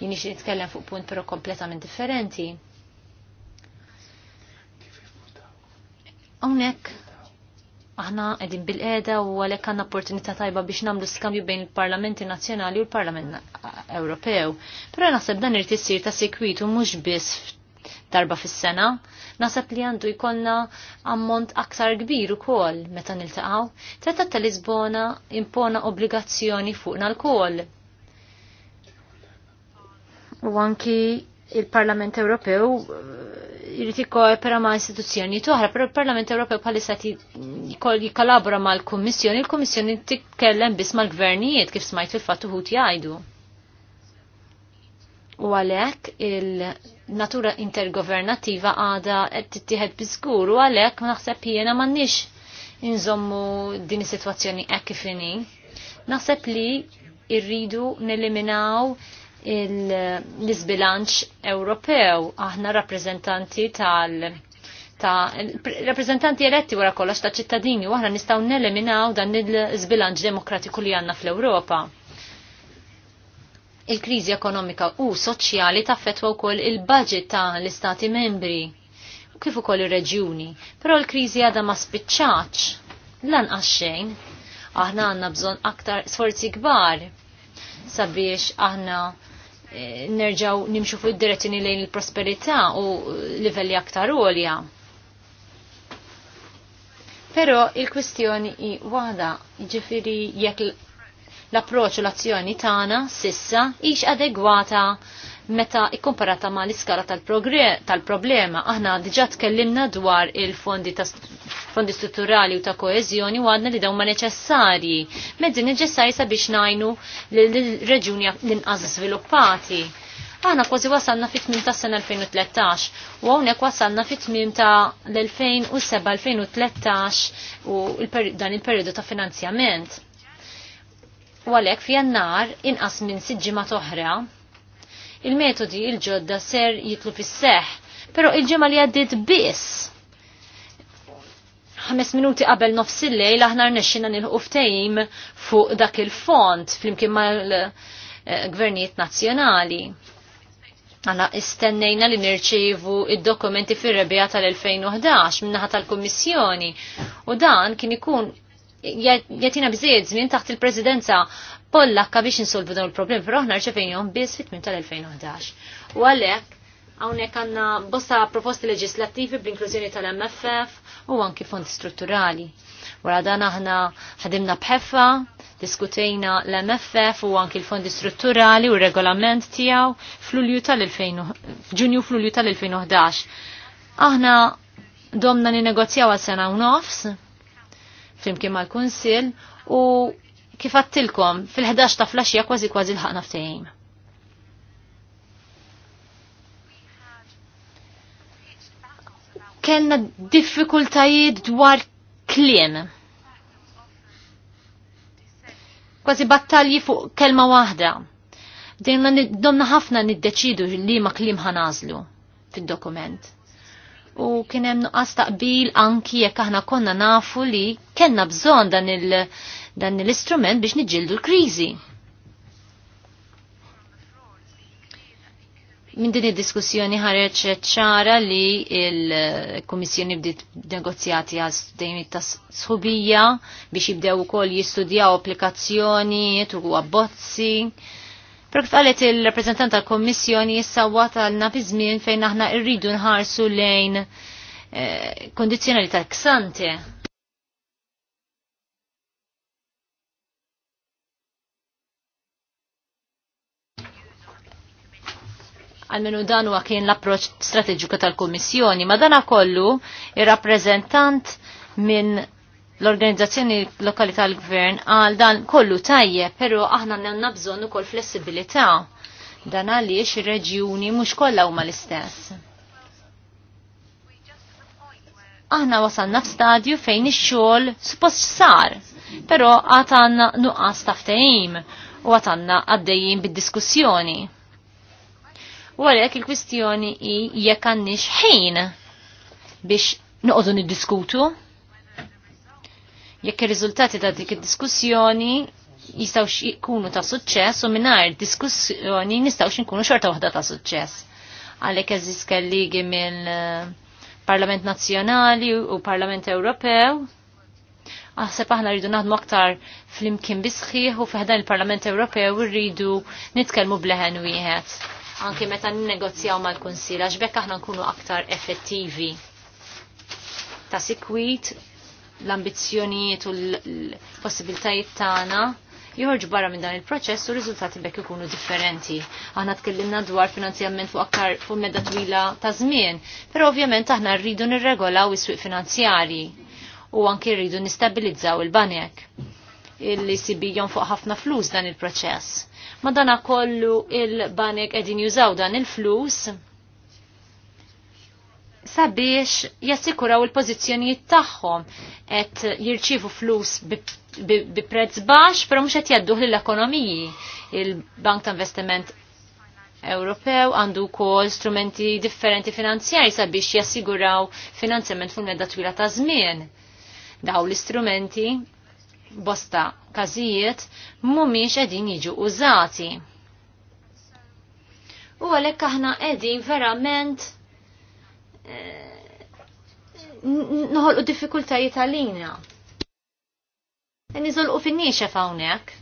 jini xie nitkellem fuq punt pero kompletament differenti. Onek, Aħna qegħdin bil-qeda u għalhekk għandna opportunità tajba biex nagħmlu skambju bejn il-Parlamenti Nazzjonali u l-Parlament Ewropew. Però naħseb dan irid sir ta' sekwitu mhux biss darba fis-sena. Naħseb li għandu jkollna ammont aktar kbir ukoll meta niltaqgħu. Trattat ta' Lisbona impona obbligazzjoni fuqna l-kol. U anki il-Parlament Ewropew jrid ikkopera ma' istituzzjoni toħra, però il-Parlament Ewropew bħalissa jikkolabora mal-Kummissjoni, il-Kummissjoni tikkellem biss mal-gvernijiet kif smajt fil-fatt uħud jgħidu. U għalhekk il-natura intergovernativa għada qed tittieħed biżgur u għalhekk naħseb jiena m'għandniex inżommu din is-sitwazzjoni hekk kif Naħseb li irridu neliminaw l-izbilanċ Ewropew. Aħna rappreżentanti tal- ta' rappresentanti eletti wara kollox ta' ċittadini u aħna nistgħu neleminaw dan il-żbilanċ demokratiku li għandna fl-Ewropa. Il-kriżi ekonomika u soċjali taffetwa wkoll il-budget ta' l-istati membri u kif ukoll ir-reġjuni, però l-kriżi għadha ma spiċċaċ lanqas xejn. Aħna għandna bżonn aktar sforzi kbar sabiex aħna Eh, nerġaw nimxu fuq id-direzzjoni lejn il-prosperità u livelli aktar għolja. Però il-kwistjoni i wada ġifiri jekk l approċċ u l-azzjoni tagħna sissa hix adegwata meta ikkomparata ma l-iskala tal-problema. Aħna diġa tkellimna dwar il-fondi ta' fondi strutturali u ta' koezjoni u għadna li daw ma neċessarji. Medzi neċessarji sabiex najnu l-reġuni l-inqas sviluppati. Għana kważi wasalna fit tmim ta' sena 2013 u għonek wasalna fit tmim ta' l-2007-2013 u dan il-periodu ta' finanzjament. U għalek fjannar inqas minn siġġima toħra il-metodi il-ġodda ser jitlu fis-seħ, pero il-ġimgħa li għaddiet biss. Ħames minuti qabel nofs il-lejl aħna rnexxina nilħu ftehim fuq dak il-font flimkien mal-gvernijiet nazzjonali. Għana istennejna li nirċivu id-dokumenti fir-rebija tal-2011 minnaħa tal-Kommissjoni u dan kien ikun jatina bżied żmien taħt il-Presidenza pollakka biex insolvu dawn il-problemi, però aħna rċevejhom biss fit tal-2011. U għalhekk hawnhekk għandna bosta proposti leġislattivi bl-inklużjoni tal-MFF u anki fondi strutturali. Wara dan aħna ħadimna bħeffa, diskutejna l-MFF u anki l-fondi strutturali u regolament tiegħu fl-Ulju tal-2011. Ġunju fl-Ulju tal-2011. Aħna domna negozjaw għal sena u nofs, flimkien mal-Kunsil, u Kif għattilkom, fil-11 ta' flaxija kważi kważi l-ħakna ftejim. Kenna diffikultajiet dwar kliem. Kważi battalji fuq kelma waħda. Dejna domna ħafna niddeċidu li ma klim ħanażlu fil-dokument u kien hemm nuqqas taqbil anki jekk aħna konna nafu li kellna bżonn dan il dan l-istrument biex nġildu l-kriżi. Min din id-diskussjoni ħareġ ċara li il-Kummissjoni bdiet negozjati għal studejmiet ta' sħubija biex jibdew ukoll jistudjaw applikazzjoni, u abbozzi. Prok kif qalet il-rappreżentant tal-Kommissjoni issa watalna fi fejn aħna rridu nħarsu lejn eh, kondizjonalità ksante għalmenu dan huwa kien l-approċ strateġiku tal-Kummissjoni, ma dana kollu ir-rappreżentant minn l-organizzazzjoni lokali tal-gvern għal dan kollu tajje, pero aħna nanna bżonn ukoll flessibilità. Dan għaliex ir-reġjuni mhux kollha huma l-istess. Aħna wasalna f'stadju fejn ix-xogħol suppost sar, però għad għandna nuqqas taftajim u għatanna għandna għaddejjin bid-diskussjoni. U għalhekk il-kwistjoni hi jekk għandniex ħin biex noqogħdu niddiskutu. Jekk ir-riżultati ta' dik id-diskussjoni jistgħu jkunu ta' suċċess u mingħajr diskussjoni nistgħux inkunu xorta waħda ta' suċċess. Għalhekk eżis kelligi mill eh, Parlament Nazzjonali u Parlament Ewropew. Aħseb aħna rridu naħdmu aktar fl-imkien bisħiħ u fiħdan il-Parlament Ewropew rridu nitkellmu bleħen wieħed anke meta nnegozjaw mal-Kunsil għax bekk aħna nkunu aktar effettivi. Ta' sikwit l-ambizzjonijiet u l-possibiltajiet tagħna joħorġu barra minn dan il-proċess u riżultati bekk ikunu differenti. Aħna tkellimna dwar finanzjament fuq aktar fuq medda twila ta' żmien, però ovvjament aħna rridu nirregolaw is-swieq finanzjarji u anki rridu nistabilizzaw il-banek. Il-li sibi fuq ħafna flus dan il-proċess madana kollu il-banek edin jużaw dan il-flus sabiex jassikuraw il-pozizjonijiet tagħhom qed jirċivu flus bi prezz baxx, però mhux qed jadduh lill-ekonomiji. Il-Bank ta' Investiment Ewropew għandu wkoll strumenti differenti finanzjari sabiex jassiguraw finanzjament fuq medda twila ta' żmien. Daw l-istrumenti bosta każijiet mhumiex qegħdin jiġu użati. U għalhekk aħna qegħdin verament eh, noħolqu diffikultajiet għalina. Nizolqu fin-niexa hawnhekk.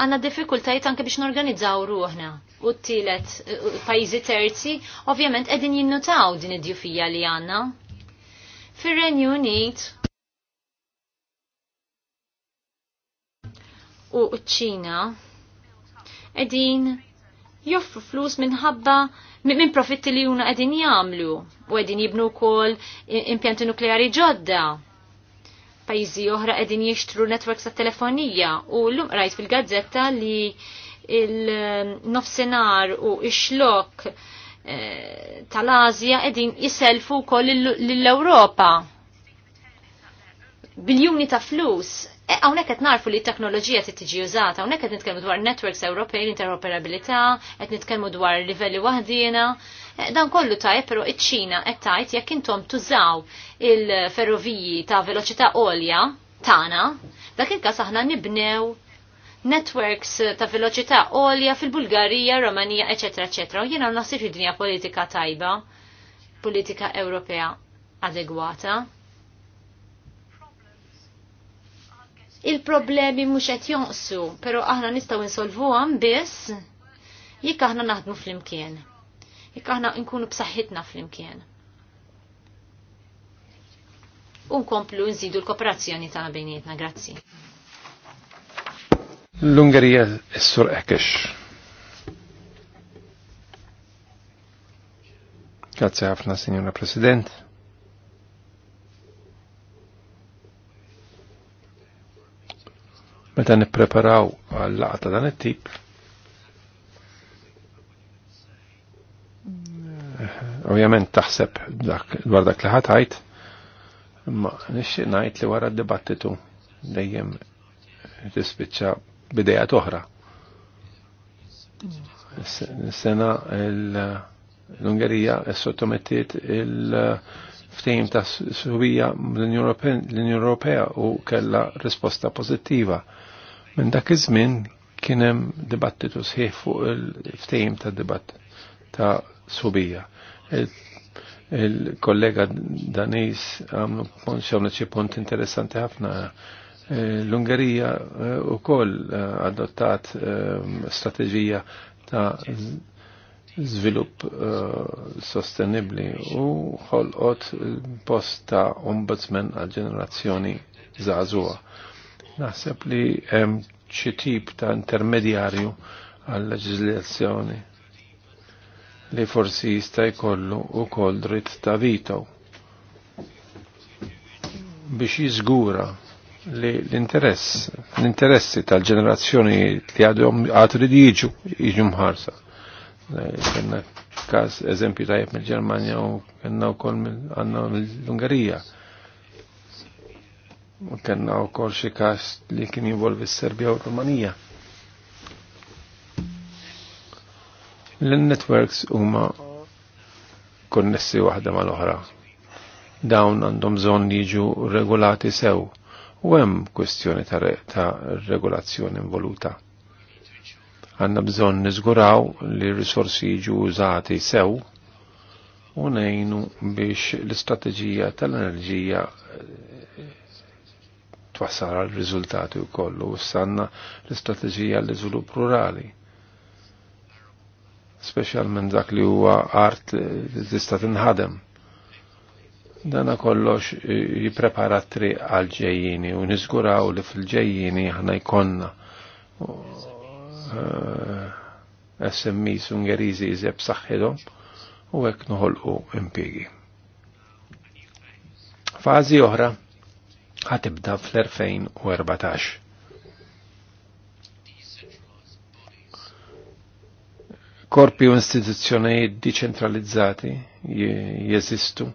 Għanna diffikultajiet anke biex norganizzaw ruħna u t tilet eh, pajjiżi terzi, ovvjament qegħdin jinnutaw din id-djufija li għandna. Fir-Renju Unit u ċ-Ċina qegħdin joffru flus minħabba minn profitti li juna qegħdin jagħmlu u edin jibnu wkoll impjanti nukleari ġodda. Pajjiżi oħra qegħdin jixtru netwerks ta' telefonija u lum rajt fil-gazzetta li il-nofsenar u ix eh, tal-Azja edin jiselfu kol l-Europa. Biljoni ta' flus Hawnhekk e, qed narfu li t-teknoloġija trid tiġi użata, hawnhekk qed nitkellmu dwar networks Ewropej, interoperabilità, qed nitkellmu dwar livelli wahdina. E, dan kollu tajb, però iċ-Ċina qed tajt jekk intom tużaw il-ferroviji ta' veloċità għolja tagħna, dak il-każ aħna nibnew networks ta' veloċità għolja fil-Bulgarija, Romanija, eċetera, eċetera. U jiena naħsib id-dinja politika tajba, politika Ewropea adegwata. il-problemi mhux qed jonqsu, pero aħna nistgħu insolvuhom biss jekk aħna naħdmu flimkien. Jekk aħna nkunu b'saħħitna flimkien. U nkomplu nżidu l-kooperazzjoni tagħna bejnietna, grazzi. L-Ungerija s-sur ekkex. Grazie ħafna, Signora President. Meta nippreparaw għal laqta ta' dan it-tip, ovvjament taħseb dak dwar dak li ħatajt, ma nixtieq ngħid li wara d-dibattitu dejjem tispiċċa b'idejat oħra. Sena l-Ungerija s sottomettiet il-ftejm ta' subija l unjon Ewropea u kella risposta pożittiva Minn dak iż-żmien kien hemm dibattitu sħiħ fuq il-ftehim ta' dibatt ta' subija. Il-kollega Danis għamlu xamlu xi punt interessanti ħafna l-Ungerija eh, u koll eh, adottat eh, strateġija ta' zvilup sostenibli u ħolqot post ta' ombudsman għal ġenerazzjoni zazua. Naħseb li hemm xi tip ta' intermedjarju għal leġiżlazzjoni li forsi jista' jkollu wkoll dritt ta' vito biex jiżgura li l-interess, l-interessi tal-ġenerazzjoni li għadhom għatri li jiġu, jiġu mħarsa. Kenna kas eżempju tajjeb mill ġermania u kenna u koll mill-Ungarija. U kena u kol xie kas li kien jinvolvi s serbja u Rumanija. L-networks huma konnessi waħda mal-oħra. Dawn għandhom bżonn jiġu regolati sew u hemm kwestjoni ta', re, ta regolazzjoni involuta. Għanna bżonn niżguraw li r-risorsi jiġu użati sew u nejnu biex l-istrateġija tal-enerġija twassal għal riżultati u kollu u sanna l-istrateġija l iżvilupp rurali. minn dak li huwa art tista' tinħadem. Dana kollox jipprepara għal ġejjini u niżguraw li fil-ġejjini aħna jkollna eh, SMEs Ungeriżi jżeb saħħithom u hekk noħolqu impjiegi. Fażi oħra ħatibda fl-2014. Korpi u istituzzjonijiet diċentralizzati jeżistu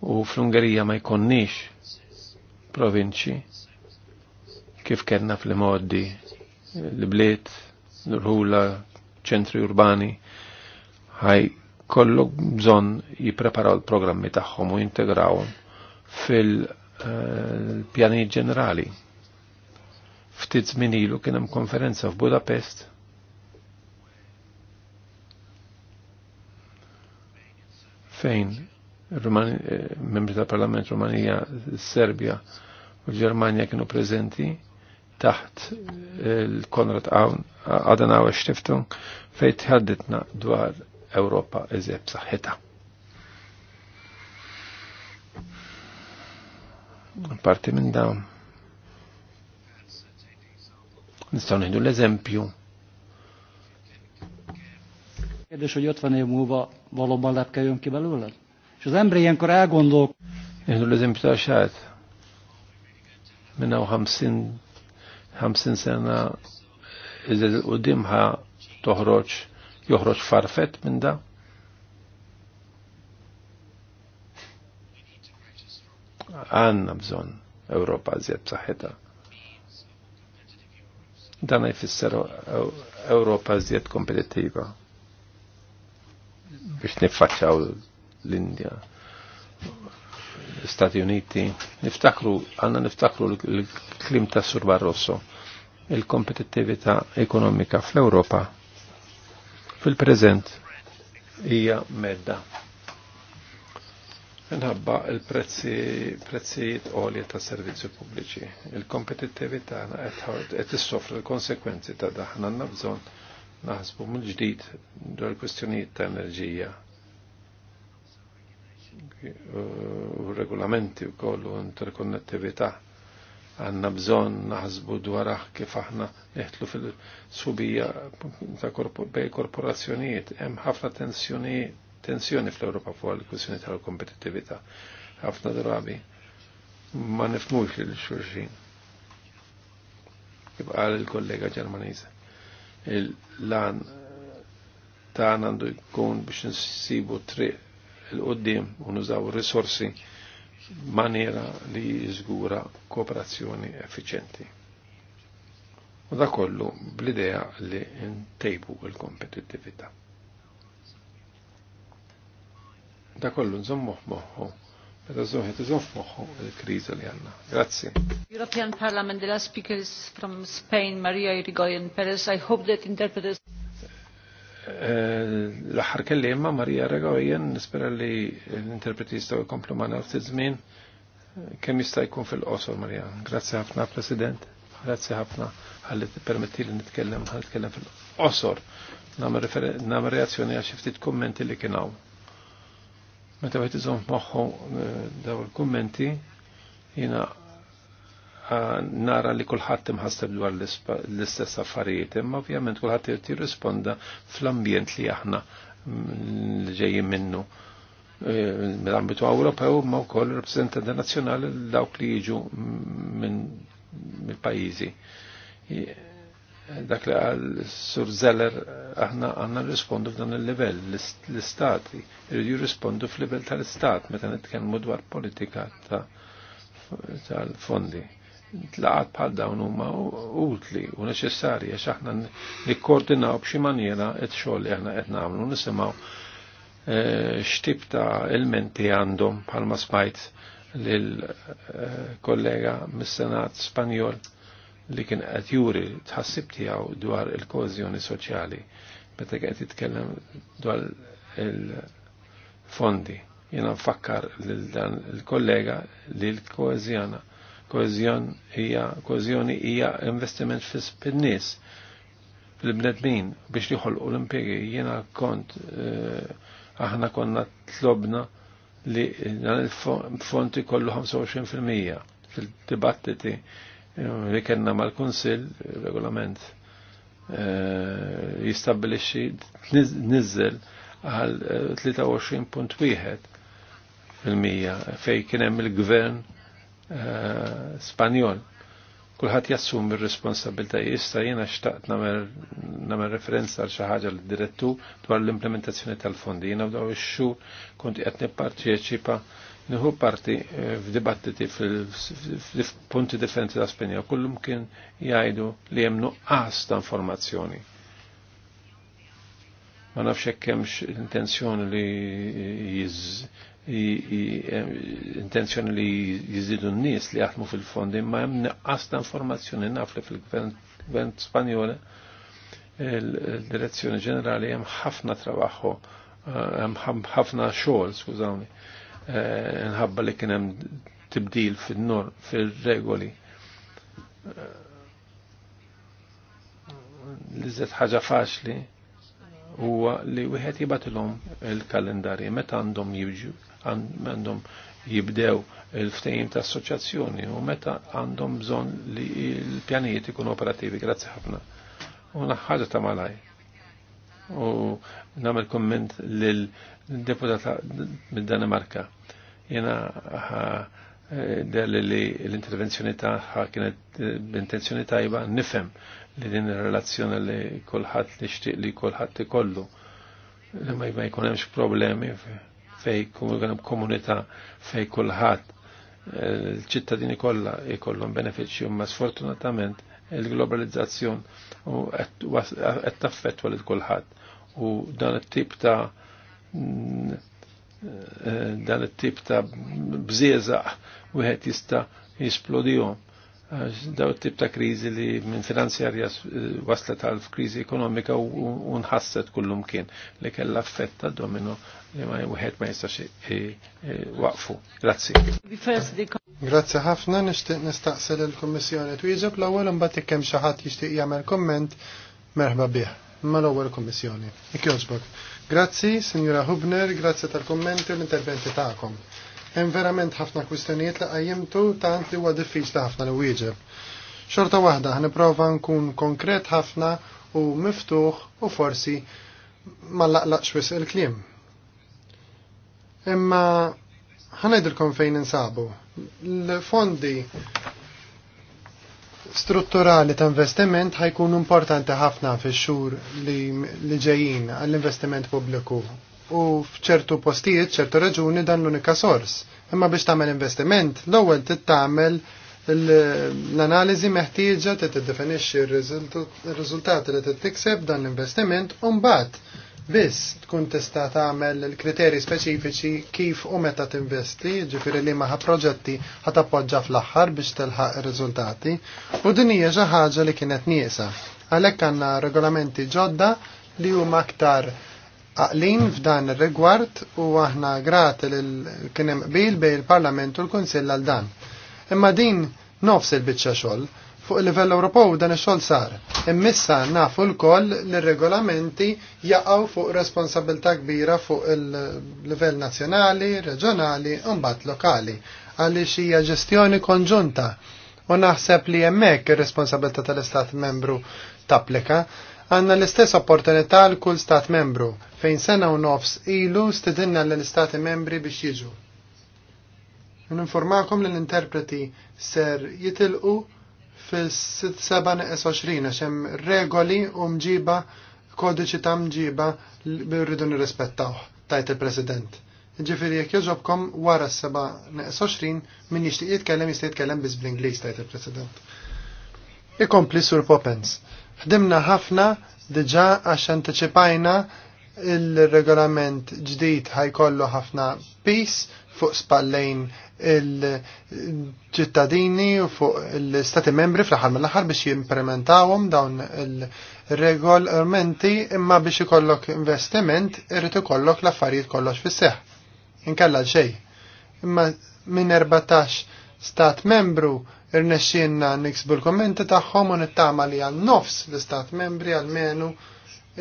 u fl-Ungerija ma jkonniex provinċi kif kellna fl-modi l-bliet, l-rħula, ċentri urbani ħaj kollu bżon jipreparaw l-programmi tagħhom u jintegrawhom fil- l-pjani ġenerali. Ftit zminilu ilu kien hemm konferenza f'Budapest fejn eh, membri tal-Parlament Rumanija, Serbia u l-Ġermanja kienu prezenti taħt eh, il-Konrad Adenauer Stiftung fejn ħaddetna dwar Europa eżeb saħħitha. Parti minn dawn. Nistaw nieħdu l-eżempju. Kérdés, hogy 50 év múlva valóban lepkeljön ki belőle? És az ember ilyenkor elgondol. Néhol az imtását. Minna 50 50 sena iżel u dimħa toħroġ joħroġ farfet minn da. għanna bżon Ewropa għazjed b'saħħitha. Dan jfisser Ewropa għazjed kompetitiva biex niffaċċaw l-Indja, Stati Uniti. Niftakru, għanna niftakru l-klim ta' Surba Rosso, il-kompetittività ekonomika fl-Europa fil-prezent hija medda minħabba il-prezzijiet prezzi għolja ta' servizzi pubbliċi. Il-kompetittività qed issofra l-konsekwenzi ta' daħna għanna bżon naħsbu mill-ġdid dwar kwestjonijiet ta' enerġija u regolamenti u kollu interkonnettività għanna bżon naħsbu dwar kif aħna neħtlu fil-subija ta' bej korporazzjonijiet, hemm ħafna tensjonijiet tensjoni fl-Europa fuq il-kwissjoni tal-kompetittività. Ħafna drabi ma nifmux li l xurxin. Kif qal il-kollega Ġermaniża. Il-lan ta' għandu jkun biex nsibu tri l qoddim u nużaw risorsi maniera li jizgura kooperazzjoni effiċenti. U da kollu bl-idea li ntejbu il-kompetittività. da kollu nżomm moħħu. Meta zoħet iżomm moħħu il kriza li għanna. Grazzi. European Parliament, the last speaker is from Spain, Maria Irigoyen Perez. I hope that interpreters eh, l-aħħar kelliema Maria Irigoyen, nispera li l-interpreti jistaw jkomplu ma' ftit żmien Kem jista' jkun fil-qosor Maria. Grazzi ħafna President, grazzi ħafna t permetti li nitkellem ħalli nitkellem fil-qosor. Nam reazzjoni għal xi ftit kummenti li kienaw. Meta għet iżom moħħu eh, daw il-kommenti, jina eh, nara li kullħat imħasseb dwar l-istess affarijiet, imma ovvjament kullħat jirrisponda fl-ambjent li aħna mm, ġejjin minnu eh, mill-ambitu Ewropew ma wkoll rappreżentanti nazzjonali dawk li jiġu mm, minn mill-pajjiżi dak li għal sur Zeller aħna għanna rispondu f'dan il-level, l-istati, irridu jirrispondu f'level tal-istat, meta nitkellmu dwar politika tal-fondi. Tlaqat bħal dawn huma utli u neċessarji għax aħna nikkoordinaw b'xi maniera x-xogħol li aħna qed nagħmlu nisimgħu e, x'tip ta' elementi għandhom bħalma smajt lil e, kollega mis-Senat Spanjol li kien qed juri tħassib tiegħu dwar il-kożjoni soċjali meta qed jitkellem dwar il-fondi. Jiena nfakkar lil dan il-kollega li l-koeżjana koeżjon hija koeżjoni hija investiment fis-nies fil-bnedmin biex liħolqu l-impjegi jiena kont eh, aħna konna tlobna li dan il-fond kollu 25% fil-dibattiti li kena mal-Kunsil regolament eh, jistabilixi nizzel għal 23.1 eh, fil-mija fej kienem il-gvern eh, Spanjol. Kulħat jassum il-responsabilta jista jena xtaqt namer referenza għal xaħġa l-direttu dwar l-implementazzjoni tal-fondi. Jena b'daw ix-xur konti għetni parteċipa Nħu parti eh, f'dibattiti f'punti differenti ta' Spenja, kullum kien jgħidu li hemm nuqqas ta' informazzjoni. Ma nafx hekk hemmx intenzjoni li intenzjoni li jizidu n-nies li jaħdmu fil-fondi, ma hemm nuqqas ta' informazzjoni naf li fil-gvern Spanjola il-direzzjoni ġenerali hemm ħafna trabaħħu eh, hemm ħafna xogħol, skużawni Eh, nħabba li kien hemm tibdil fin-nor fir-regoli. Eh, l ħaġa faċli huwa li wieħed jibatilhom il-kalendarji meta għandhom jiġu għandhom jibdew il ftejim ta' assoċjazzjoni u meta għandhom bżonn li l-pjanijiet ikun operativi. Grazzi ħafna. U ħaġa ta' malaj u namel komment l-deputata mid danimarka Jena eh, dalli li l-intervenzjoni taħħa kienet eh, b'intenzjoni tajba nifem li din il relazzjoni li kolħat li xtiq li kulħadd ikollu li ma jkun hemmx problemi fej komunita fej kolħat eh, l-ċittadini kolla jkollhom benefiċi ma sfortunatament il-globalizzazzjon u qed taffettwa lil kulħadd u dan it-tip ta' mm, eh, dan it-tip ta' bżieżaq wieħed jista' jisplodihom daw tip ta' krizi li minn finanzjarja eh, waslet għal krizi ekonomika u nħasset kullum kien li kella affetta domino li ma wieħed ma jistax waqfu. Grazzi. Grazzi ħafna nixtieq nistaqsel il kommissjoni Twizok l-ewwel imbagħad ikkemm xi ħadd jixtieq jagħmel komment merħba bih. Ma l-ewwel Kommissjoni. Grazzi, Sinjura Hubner, grazzi tal-kommenti u l-interventi tagħkom. Hemm verament ħafna kwistjonijiet li qajjimtu tant li huwa diffiċli ħafna li wieġeb. Xorta waħda ħniprova nkun konkret ħafna u miftuħ u forsi ma laqlaqx wis il-kliem. Imma ħanajdilkom fejn insabu. L-fondi strutturali ta' investiment ħajkun importanti ħafna fix xhur li ġejjin għall-investiment pubbliku u f'ċertu postijiet, ċertu raġuni dan l-unika sors. Imma biex tagħmel investiment, l-ewwel tagħmel l-analiżi meħtieġa tiddefinixxi r-riżultati li tittikseb dan l-investiment u mbagħad biss tkun tista' tagħmel il-kriterji speċifiċi kif u meta tinvesti, ġifieri li maħa proġetti ħat appoġġa fl-aħħar biex telħaq ir-riżultati. U din hija xi ħaġa li kienet nieqsa. Għalhekk għandna regolamenti ġodda li huma aktar għaqlin f'dan ir-rigward u aħna grati l kien hemm qbil bejn il-Parlament u l-Kunsill għal dan. Imma din nofs il-biċċa xogħol fuq il-livell Ewropew dan ix-xogħol sar. Immissa nafu l-koll li regolamenti jaqgħu fuq responsabilità kbira fuq il-livell nazzjonali, reġjonali u mbagħad lokali għaliex hija ġestjoni konġunta. U naħseb li hemmhekk ir-responsabilità tal-Istat membru tapplika għanna l-istess opportunità l kull stat membru fejn sena u nofs ilu stedinna l-istati membri biex jiġu. Ninformakom li l-interpreti ser jitilqu fil-27 għaxem regoli u mġiba kodiċi ta' mġiba li rridu nirrispettaw, tajt il-President. Ġifiri, jek joġobkom wara s-27 min jishtiq jitkellem jista' jitkellem biz bl-Inglis tajt il-President. Ikompli sur Popens. Fdimna ħafna diġa għax anticipajna il-regolament ġdid ħajkollu ħafna pis fuq spallejn il-ċittadini u fuq il-stati membri fl-ħar mill-ħar biex jimplementawhom dawn il-regolamenti imma biex ikollok investiment irrid ikollok l-affarijiet kollox fis Inkella xejn. Imma minn 14 stat membru irnexxinna niksbu l-kommenti tagħhom u nittama li għal nofs l-istat membri għalmenu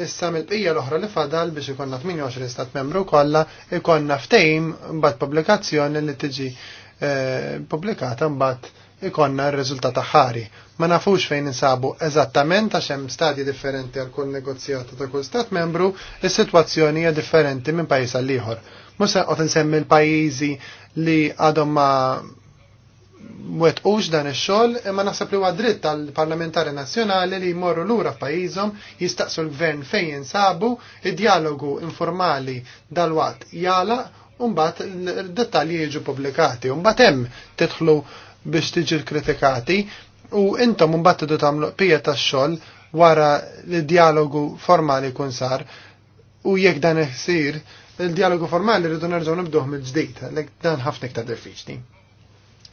issa mill-bqija l-oħra li fadal biex ikonna 28 istat membru kollha ikonna ftejm mbagħad pubblikazzjoni li tiġi eh, pubblikata mbagħad ikonna r-riżultat ħari. Ma nafux fejn insabu eżattament għax hemm stadji differenti għal kull negozjata ta' kull stat membru, is-sitwazzjoni hija differenti minn pajjiż għal ieħor. Mhux qed insemmi l-pajjiżi li għadhom ma' wetqux dan ix-xogħol imma naħseb li huwa dritt tal-parlamentari nazzjonali li jmorru lura f'pajjiżhom jistaqsu l-gvern fejn jinsabu id-dialogu informali dal wat jala u mbagħad dettalji jiġu pubblikati. U mbagħad hemm tidħlu biex tiġi kritikati u intom mbagħad tidu tagħmlu pija tax-xogħol wara l dialogu formali kun sar u jekk dan isir il-dialogu formali rridu nerġgħu nibduħ mill-ġdid, dan ħafna iktar diffiċli.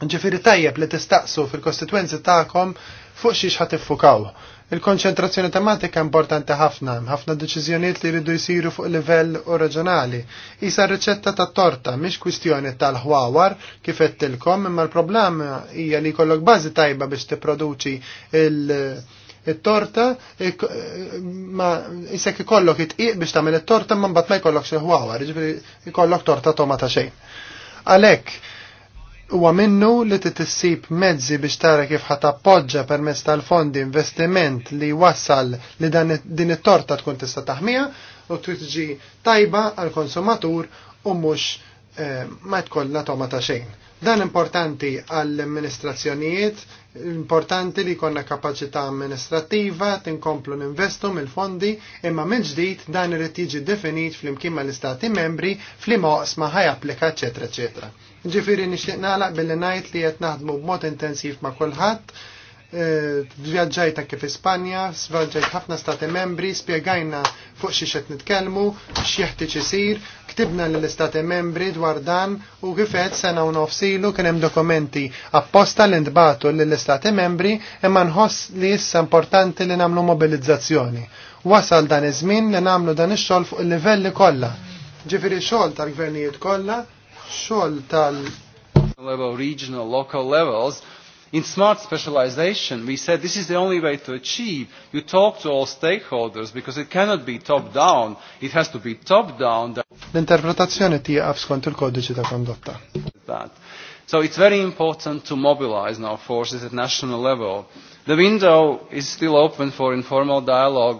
Ġifiri tajjeb li tistaqsu fil-kostituenzi ta'kom fuq xiex ħat iffukaw. Il-konċentrazzjoni tematika importanti ħafna, ħafna deċiżjonijiet li ridu jsiru fuq livell u reġjonali. Isa r-riċetta ta' torta mhix kwistjoni tal-ħwawar kif qedtilkom, imma l-problema hija li jkollok bażi tajba biex tipproduċi il-torta ma isek ikollok it iq biex tagħmel it-torta ma mbagħad ma jkollok il-ħwawar, jiġifieri jkollok torta tomata xejn. Għalhekk Huwa minnu li titissib mezzi biex tara kif ħat appoġġa permezz tal-fondi investiment li wassal li dan din it-torta tkun tista' taħmija u tiġi tajba għal konsumatur u mhux eh, ma tkollha toma ta' xejn. Dan importanti għall-amministrazzjonijiet, importanti li konna kapaċità amministrativa, tinkomplu ninvestu mill-fondi, imma minn ġdid dan irid jiġi definit fl-imkien mal-istati membri fl-imqosma applika, eċetera, eċetera. Ġifiri nixtieq nagħlaq billi ngħid li qed naħdmu b'mod intensiv ma' kulħadd. E, vjaġġajt anke fi Spanja, ħafna stati membri, spjegajna fuq xi qed nitkellmu, x'jeħtieġ isir, ktibna lill istati membri dwar dan u kif qed sena u nofsilu kien hemm dokumenti apposta li ntbatu lill istati membri imma nħoss li issa importanti li nagħmlu mobilizzazzjoni. Wasal dan iż-żmien li nagħmlu dan ix-xogħol fuq il-livelli kollha. Ġifieri xogħol tal-gvernijiet kollha xogħol tal level regional local levels In smart specialization, we said this is the only way to achieve. You talk to all stakeholders because it cannot be top-down. It has to be top-down. L-interpretazzjoni tiegħek skont il-kodiċi ta' kondotta. So it's very important to mobilize now forces at national level. The window is still open for informal dialogue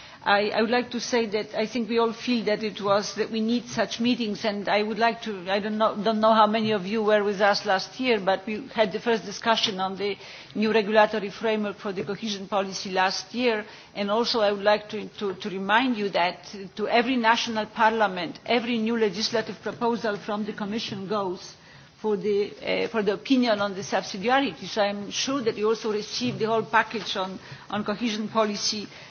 I, I would like to say that I think we all feel that it was that we need such meetings and I would like to, I don't know, don't know how many of you were with us last year but we had the first discussion on the new regulatory framework for the cohesion policy last year and also I would like to, to, to remind you that to every national parliament every new legislative proposal from the Commission goes for the, uh, for the opinion on the subsidiarity so I'm sure that you also received the whole package on, on cohesion policy uh,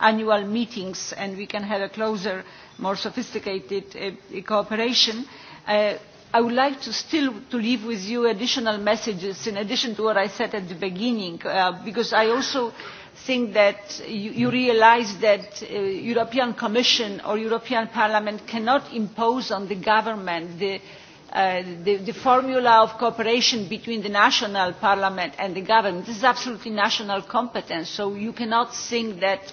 annual meetings and we can have a closer, more sophisticated uh, cooperation. Uh, I would like to still to leave with you additional messages in addition to what I said at the beginning, uh, because I also think that you, you realize that uh, European Commission or European Parliament cannot impose on the government the, uh, the, the formula of cooperation between the national parliament and the government. This is absolutely national competence, so you cannot think that uh,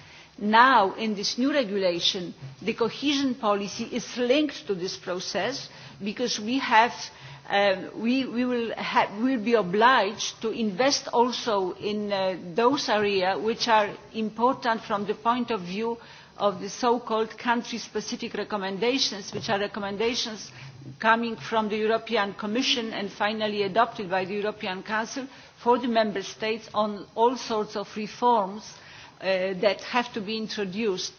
now in this new regulation the cohesion policy is linked to this process because we have um, we, we will, have, we'll be obliged to invest also in uh, those areas which are important from the point of view of the so-called country-specific recommendations, which are recommendations coming from the European Commission and finally adopted by the European Council for the Member States on all sorts of reforms uh, that have to be introduced.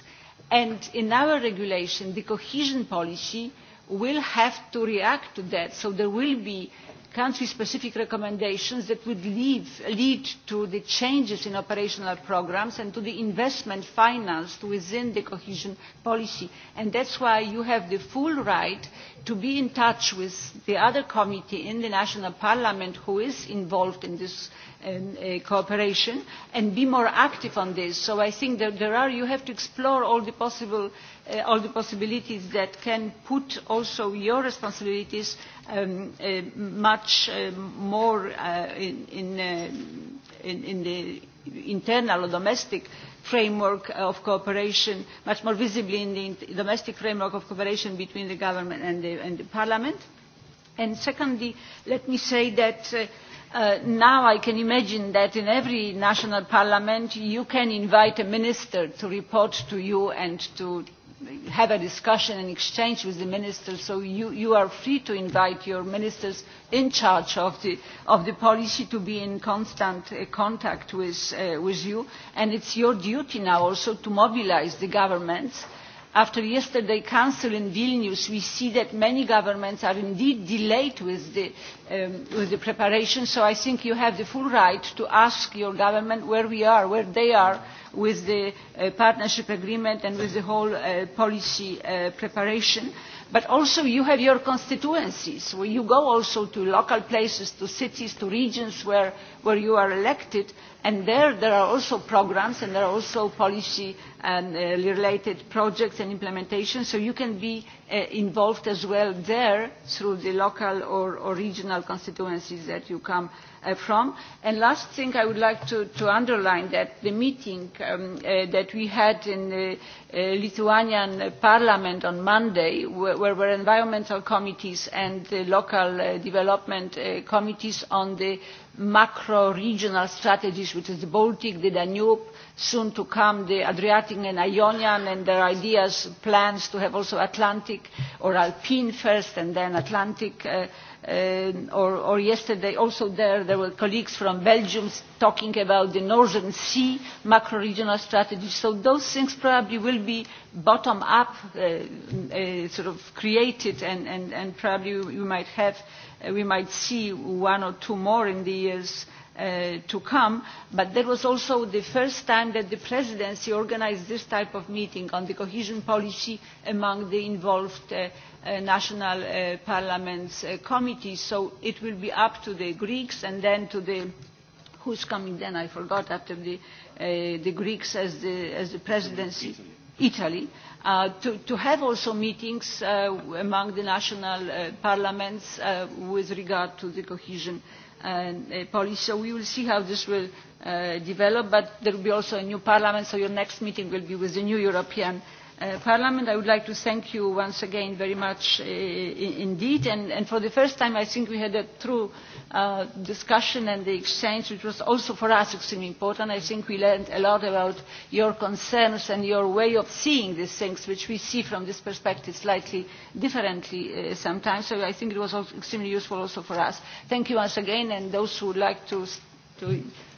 And in our regulation, the cohesion policy will have to react to that. So there will be country-specific recommendations that would lead, lead to the changes in operational programs and to the investment financed within the cohesion policy. And that's why you have the full right to be in touch with the other committee in the national parliament who is involved in this um, uh, cooperation and be more active on this. So I think that there are, you have to explore all the, possible, uh, all the possibilities that can put also your responsibilities um, uh, much uh, more uh, in, in, uh, in, in the internal or domestic uh, framework of cooperation, much more visibly in the domestic framework of cooperation between the government and the, and the parliament. And secondly, let me say that uh, uh, now I can imagine that in every national parliament you can invite a minister to report to you and to, have a discussion and exchange with the minister, so you, you are free to invite your ministers in charge of the, of the policy to be in constant uh, contact with, uh, with you. And it's your duty now also to mobilize the governments uh, After yesterday's council in Vilnius, we see that many governments are indeed delayed with the, um, with the preparation, so I think you have the full right to ask your government where we are, where they are with the uh, partnership agreement and with the whole uh, policy uh, preparation. But also you have your constituencies where you go also to local places, to cities, to regions where, where you are elected and there there are also programs and there are also policy and uh, related projects and implementation so you can be uh, involved as well there through the local or, or regional constituencies that you come uh, from. And last thing I would like to, to underline that the meeting um, uh, that we had in the uh, uh, Lithuanian parliament on Monday, where, where were environmental committees and the local uh, development uh, committees on the macro-regional strategies, which is the Baltic, the Danube, soon to come the Adriatic and Ionian and their ideas, plans to have also Atlantic or Alpine first and then Atlantic uh, uh, or, or yesterday also there, there were colleagues from Belgium talking about the Northern Sea macro-regional strategy. So those things probably will be bottom-up uh, uh, sort of created and, and, and probably we might have, uh, we might see one or two more in the years uh, uh, to come, but that was also the first time that the presidency organized this type of meeting on the cohesion policy among the involved uh, uh, national uh, parliaments uh, committees. So it will be up to the Greeks and then to the who's coming then, I forgot, after the, uh, the Greeks as the, as the presidency, Italy, uh, to, to have also meetings uh, among the national uh, parliaments uh, with regard to the cohesion uh, uh, policy. So we will see how this will uh, develop, but there will be also a new parliament, so your next meeting will be with the new European uh, Uh, Parliament. I would like to thank you once again very much uh, indeed. And, and for the first time, I think we had a true uh, discussion and the exchange, which was also for us extremely important. I think we learned a lot about your concerns and your way of seeing these things, which we see from this perspective slightly differently uh, sometimes. So I think it was also extremely useful also for us. Thank you once again, and those who would like to, to